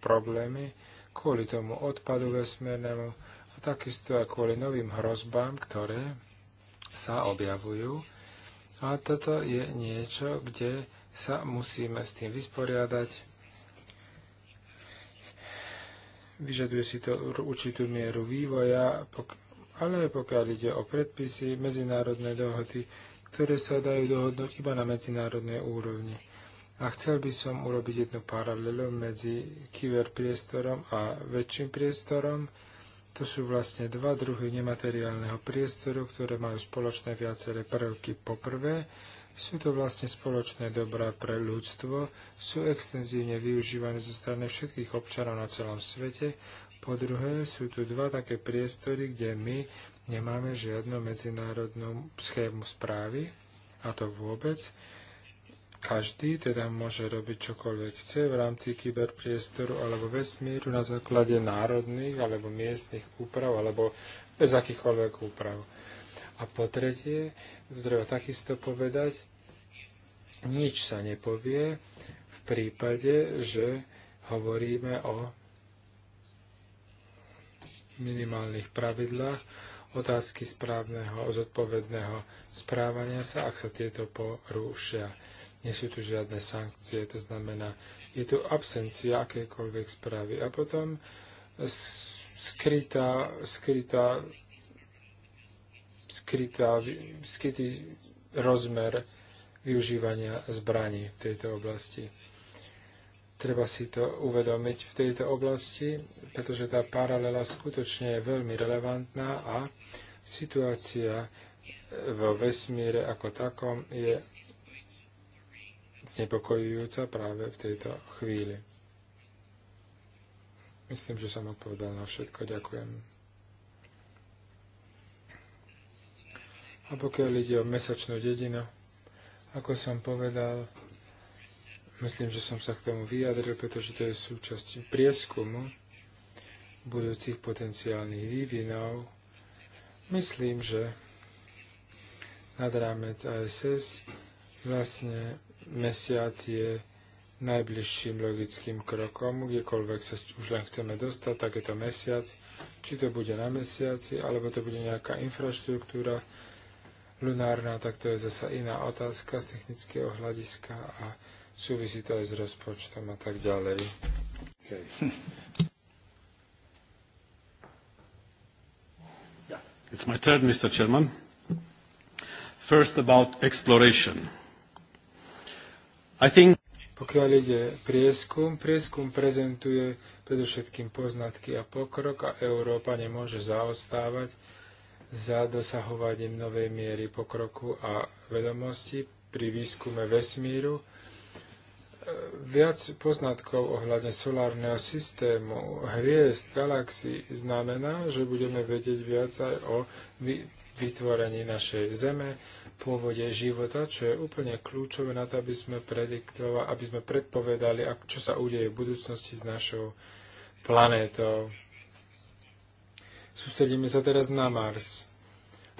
problémy kvôli tomu odpadu vesmérnemu a takisto aj kvôli novým hrozbám, ktoré sa objavujú. A toto je niečo, kde sa musíme s tým vysporiadať. Vyžaduje si to určitú mieru vývoja, ale aj pokiaľ ide o predpisy, medzinárodné dohody, ktoré sa dajú dohodnúť iba na medzinárodnej úrovni. A chcel by som urobiť jednu paralelu medzi kyberpriestorom a väčším priestorom. To sú vlastne dva druhy nemateriálneho priestoru, ktoré majú spoločné viaceré prvky. Poprvé, sú to vlastne spoločné dobrá pre ľudstvo, sú extenzívne využívané zo strany všetkých občanov na celom svete. Po druhé, sú tu dva také priestory, kde my nemáme žiadnu medzinárodnú schému správy, a to vôbec. Každý teda môže robiť čokoľvek chce v rámci kyberpriestoru alebo vesmíru na základe národných alebo miestnych úprav alebo bez akýchkoľvek úprav. A po tretie, to treba takisto povedať, nič sa nepovie v prípade, že hovoríme o minimálnych pravidlách otázky správneho, zodpovedného správania sa, ak sa tieto porúšia. Nie sú tu žiadne sankcie, to znamená, je tu absencia akékoľvek správy. A potom skrytá, skrytá skrytá, skrytý rozmer využívania zbraní v tejto oblasti. Treba si to uvedomiť v tejto oblasti, pretože tá paralela skutočne je veľmi relevantná a situácia vo vesmíre ako takom je znepokojujúca práve v tejto chvíli. Myslím, že som odpovedal na všetko. Ďakujem. A pokiaľ ide o mesačnú dedinu, ako som povedal, myslím, že som sa k tomu vyjadril, pretože to je súčasť prieskumu budúcich potenciálnych vývinov. Myslím, že nad rámec ASS vlastne mesiac je najbližším logickým krokom, kdekoľvek sa už len chceme dostať, tak je to mesiac. Či to bude na mesiaci, alebo to bude nejaká infraštruktúra, lunárna, tak to je zasa iná otázka z technického hľadiska a súvisí to aj s rozpočtom a tak ďalej. Okay. It's my turn, Mr. Chairman. First about exploration. I think pokiaľ ide prieskum, prieskum prezentuje predovšetkým poznatky a pokrok a Európa nemôže zaostávať za dosahovaním novej miery pokroku a vedomosti pri výskume vesmíru. E, viac poznatkov ohľadne solárneho systému, hviezd, galaxií znamená, že budeme vedieť viac aj o vytvorení našej Zeme, pôvode života, čo je úplne kľúčové na to, aby sme prediktovali, aby sme predpovedali, čo sa udeje v budúcnosti s našou planétou. Sústredíme sa teraz na Mars.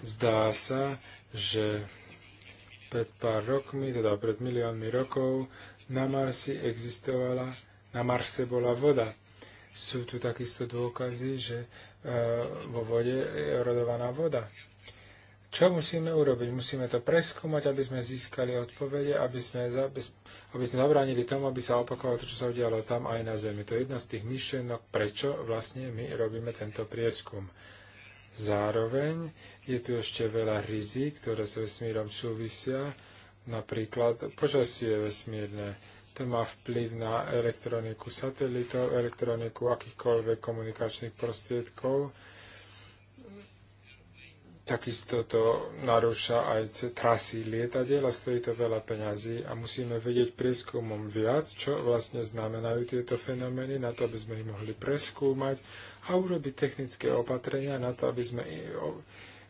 Zdá sa, že pred pár rokmi, teda pred miliónmi rokov, na Marsi existovala, na Marse bola voda. Sú tu takisto dôkazy, že e, vo vode je rodovaná voda. Čo musíme urobiť? Musíme to preskúmať, aby sme získali odpovede, aby sme, aby sme zabránili tomu, aby sa opakovalo to, čo sa udialo tam aj na Zemi. To je jedna z tých myšlienok, prečo vlastne my robíme tento prieskum. Zároveň je tu ešte veľa rizik, ktoré s vesmírom súvisia, napríklad počasie vesmírne. To má vplyv na elektroniku satelitov, elektroniku akýchkoľvek komunikačných prostriedkov, Takisto to narúša aj trasy lietadiel a stojí to veľa peňazí a musíme vedieť prieskumom viac, čo vlastne znamenajú tieto fenomény, na to, aby sme ich mohli preskúmať a urobiť technické opatrenia na to, aby sme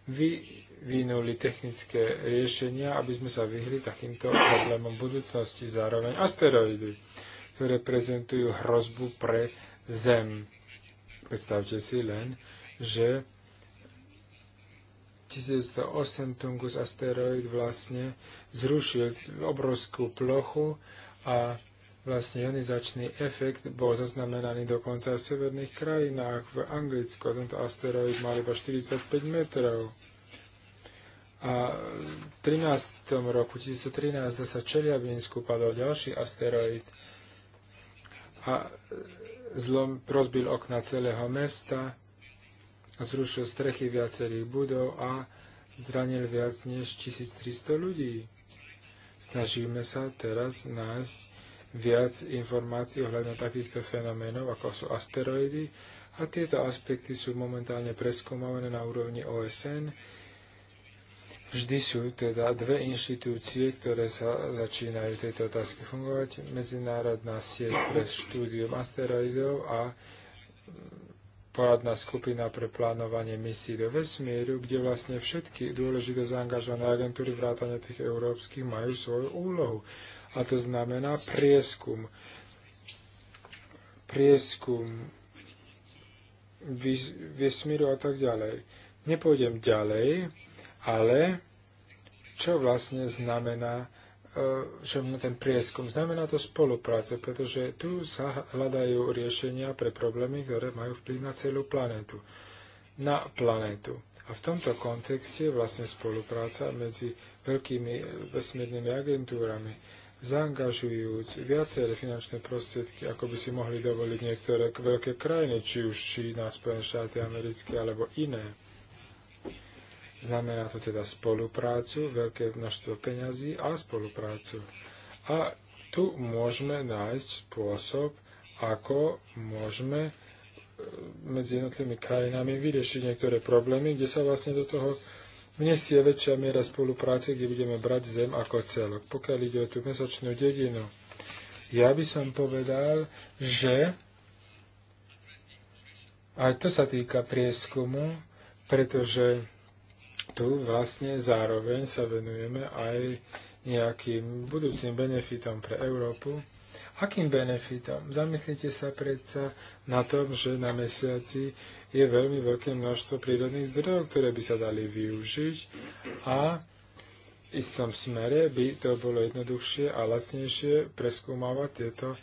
vyvinuli technické riešenia, aby sme sa vyhli takýmto problémom budúcnosti zároveň asteroidy, ktoré prezentujú hrozbu pre Zem. Predstavte si len, že 1908 Tungus asteroid vlastne zrušil obrovskú plochu a vlastne ionizačný efekt bol zaznamenaný dokonca v severných krajinách. V Anglicku tento asteroid mal iba 45 metrov. A v 13. roku 1913 zase Čeliabinsku padol ďalší asteroid a zlom rozbil okna celého mesta zrušil strechy viacerých budov a zranil viac než 1300 ľudí. Snažíme sa teraz nájsť viac informácií ohľadne takýchto fenoménov, ako sú asteroidy, a tieto aspekty sú momentálne preskúmované na úrovni OSN. Vždy sú teda dve inštitúcie, ktoré sa začínajú tejto otázky fungovať. Medzinárodná sieť pre štúdium asteroidov a poradná skupina pre plánovanie misií do vesmíru, kde vlastne všetky dôležité zaangažované agentúry vrátane tých európskych majú svoju úlohu. A to znamená prieskum. Prieskum vesmíru a tak ďalej. Nepôjdem ďalej, ale čo vlastne znamená čo e, na ten prieskum. Znamená to spoluprácu, pretože tu sa hľadajú riešenia pre problémy, ktoré majú vplyv na celú planetu. Na planetu. A v tomto kontexte je vlastne spolupráca medzi veľkými e, vesmírnymi agentúrami, zaangažujúc viaceré finančné prostriedky, ako by si mohli dovoliť niektoré veľké krajiny, či už Čína, Spojené štáty americké alebo iné. Znamená to teda spoluprácu, veľké množstvo peňazí a spoluprácu. A tu môžeme nájsť spôsob, ako môžeme e, medzi jednotlivými krajinami vyriešiť niektoré problémy, kde sa vlastne do toho vnesie väčšia miera spolupráce, kde budeme brať zem ako celok. Pokiaľ ide o tú mesačnú dedinu, ja by som povedal, že aj to sa týka prieskumu, pretože tu vlastne zároveň sa venujeme aj nejakým budúcim benefitom pre Európu. Akým benefitom? Zamyslite sa predsa na tom, že na mesiaci je veľmi veľké množstvo prírodných zdrojov, ktoré by sa dali využiť a v istom smere by to bolo jednoduchšie a lacnejšie preskúmavať tieto e,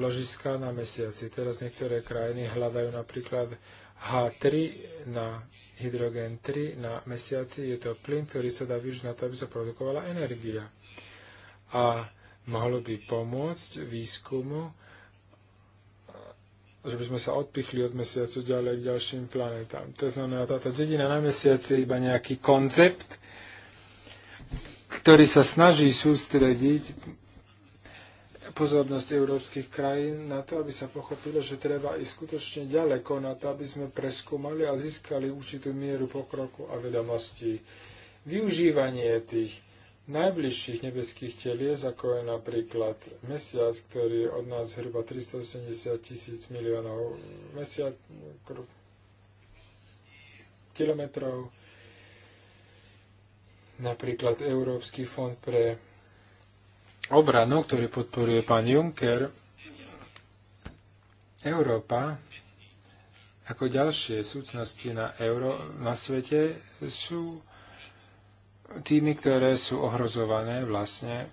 ložiska na mesiaci. Teraz niektoré krajiny hľadajú napríklad H3 na hydrogen 3 na mesiaci. Je to plyn, ktorý sa dá využiť na to, aby sa produkovala energia. A mohlo by pomôcť výskumu, že by sme sa odpichli od mesiacu ďalej k ďalším planetám. To znamená, táto dedina na mesiaci je iba nejaký koncept, ktorý sa snaží sústrediť pozornosť európskych krajín na to, aby sa pochopilo, že treba ísť skutočne ďaleko na to, aby sme preskúmali a získali určitú mieru pokroku a vedomostí. Využívanie tých najbližších nebeských telies, ako je napríklad mesiac, ktorý je od nás hruba 380 tisíc miliónov mesiac, kilometrov, napríklad Európsky fond pre obranu, ktorý podporuje pán Juncker, Európa ako ďalšie súcnosti na, euro, na svete sú tými, ktoré sú ohrozované vlastne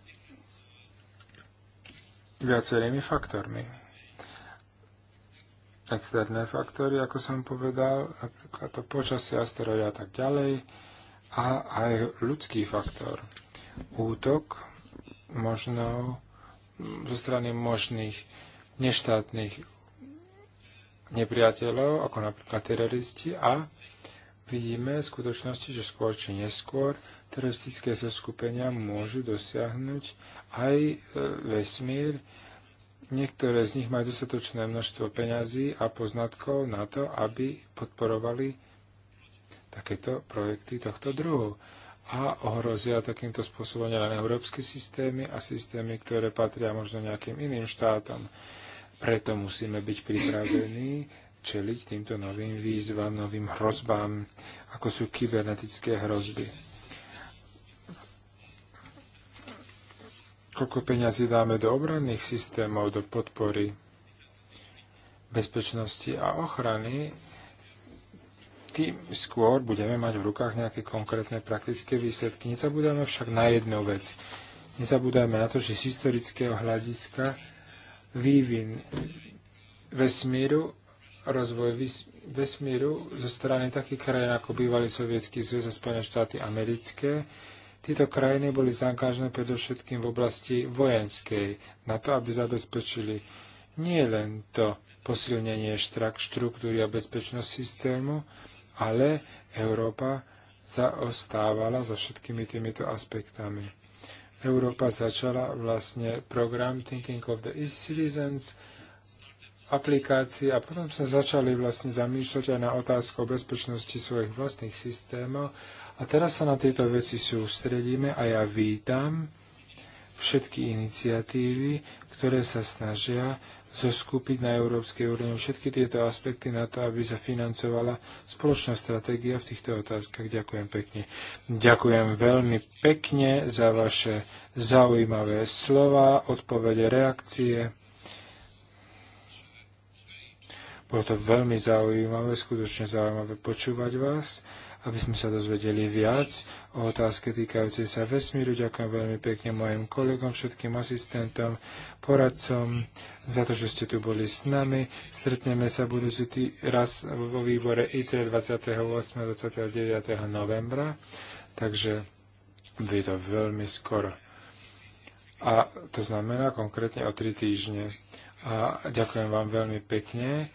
viacerými faktormi. Externé faktory, ako som povedal, napríklad to počasie, asteroid a tak ďalej, a aj ľudský faktor. Útok možno zo strany možných neštátnych nepriateľov, ako napríklad teroristi, a vidíme v skutočnosti, že skôr či neskôr teroristické zoskupenia môžu dosiahnuť aj e, vesmír. Niektoré z nich majú dostatočné množstvo peňazí a poznatkov na to, aby podporovali takéto projekty tohto druhu a ohrozia takýmto spôsobom nielen európske systémy a systémy, ktoré patria možno nejakým iným štátom. Preto musíme byť pripravení čeliť týmto novým výzvam, novým hrozbám, ako sú kybernetické hrozby. Koľko peňazí dáme do obranných systémov, do podpory bezpečnosti a ochrany, tým skôr budeme mať v rukách nejaké konkrétne praktické výsledky. Nezabúdame však na jednu vec. Nezabúdajme na to, že z historického hľadiska vývin vesmíru, rozvoj vesmíru zo strany takých krajín ako bývalý Sovietský zväz a Spojené štáty americké, tieto krajiny boli zaangážené predovšetkým v oblasti vojenskej, na to, aby zabezpečili nie len to posilnenie štruktúry a bezpečnosť systému, ale Európa zaostávala so všetkými týmito aspektami. Európa začala vlastne program Thinking of the Citizens, aplikácii a potom sa začali vlastne zamýšľať aj na otázku o bezpečnosti svojich vlastných systémov. A teraz sa na tieto veci sústredíme a ja vítam všetky iniciatívy, ktoré sa snažia zoskupiť na európskej úrovni všetky tieto aspekty na to, aby sa financovala spoločná stratégia v týchto otázkach. Ďakujem pekne. Ďakujem veľmi pekne za vaše zaujímavé slova, odpovede, reakcie. Bolo to veľmi zaujímavé, skutočne zaujímavé počúvať vás aby sme sa dozvedeli viac o otázke týkajúcej sa vesmíru. Ďakujem veľmi pekne mojim kolegom, všetkým asistentom, poradcom za to, že ste tu boli s nami. Stretneme sa budúci tý, raz vo výbore IT 28. 29. novembra, takže je to veľmi skoro. A to znamená konkrétne o tri týždne. A ďakujem vám veľmi pekne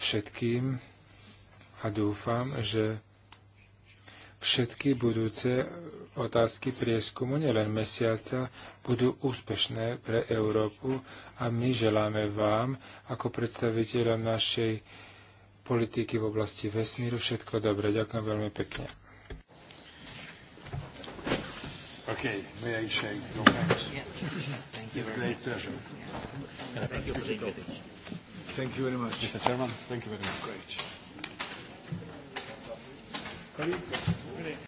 všetkým a dúfam, že všetky budúce otázky prieskumu, nielen mesiaca, budú úspešné pre Európu a my želáme vám, ako predstaviteľom našej politiky v oblasti vesmíru, všetko dobré. Ďakujem veľmi pekne. Okay, may I shake your hands? Yeah. Thank you. very much. great pleasure. Yeah. Thank you Thank you very much. Mr. Chairman, thank you very much. Great. Salut.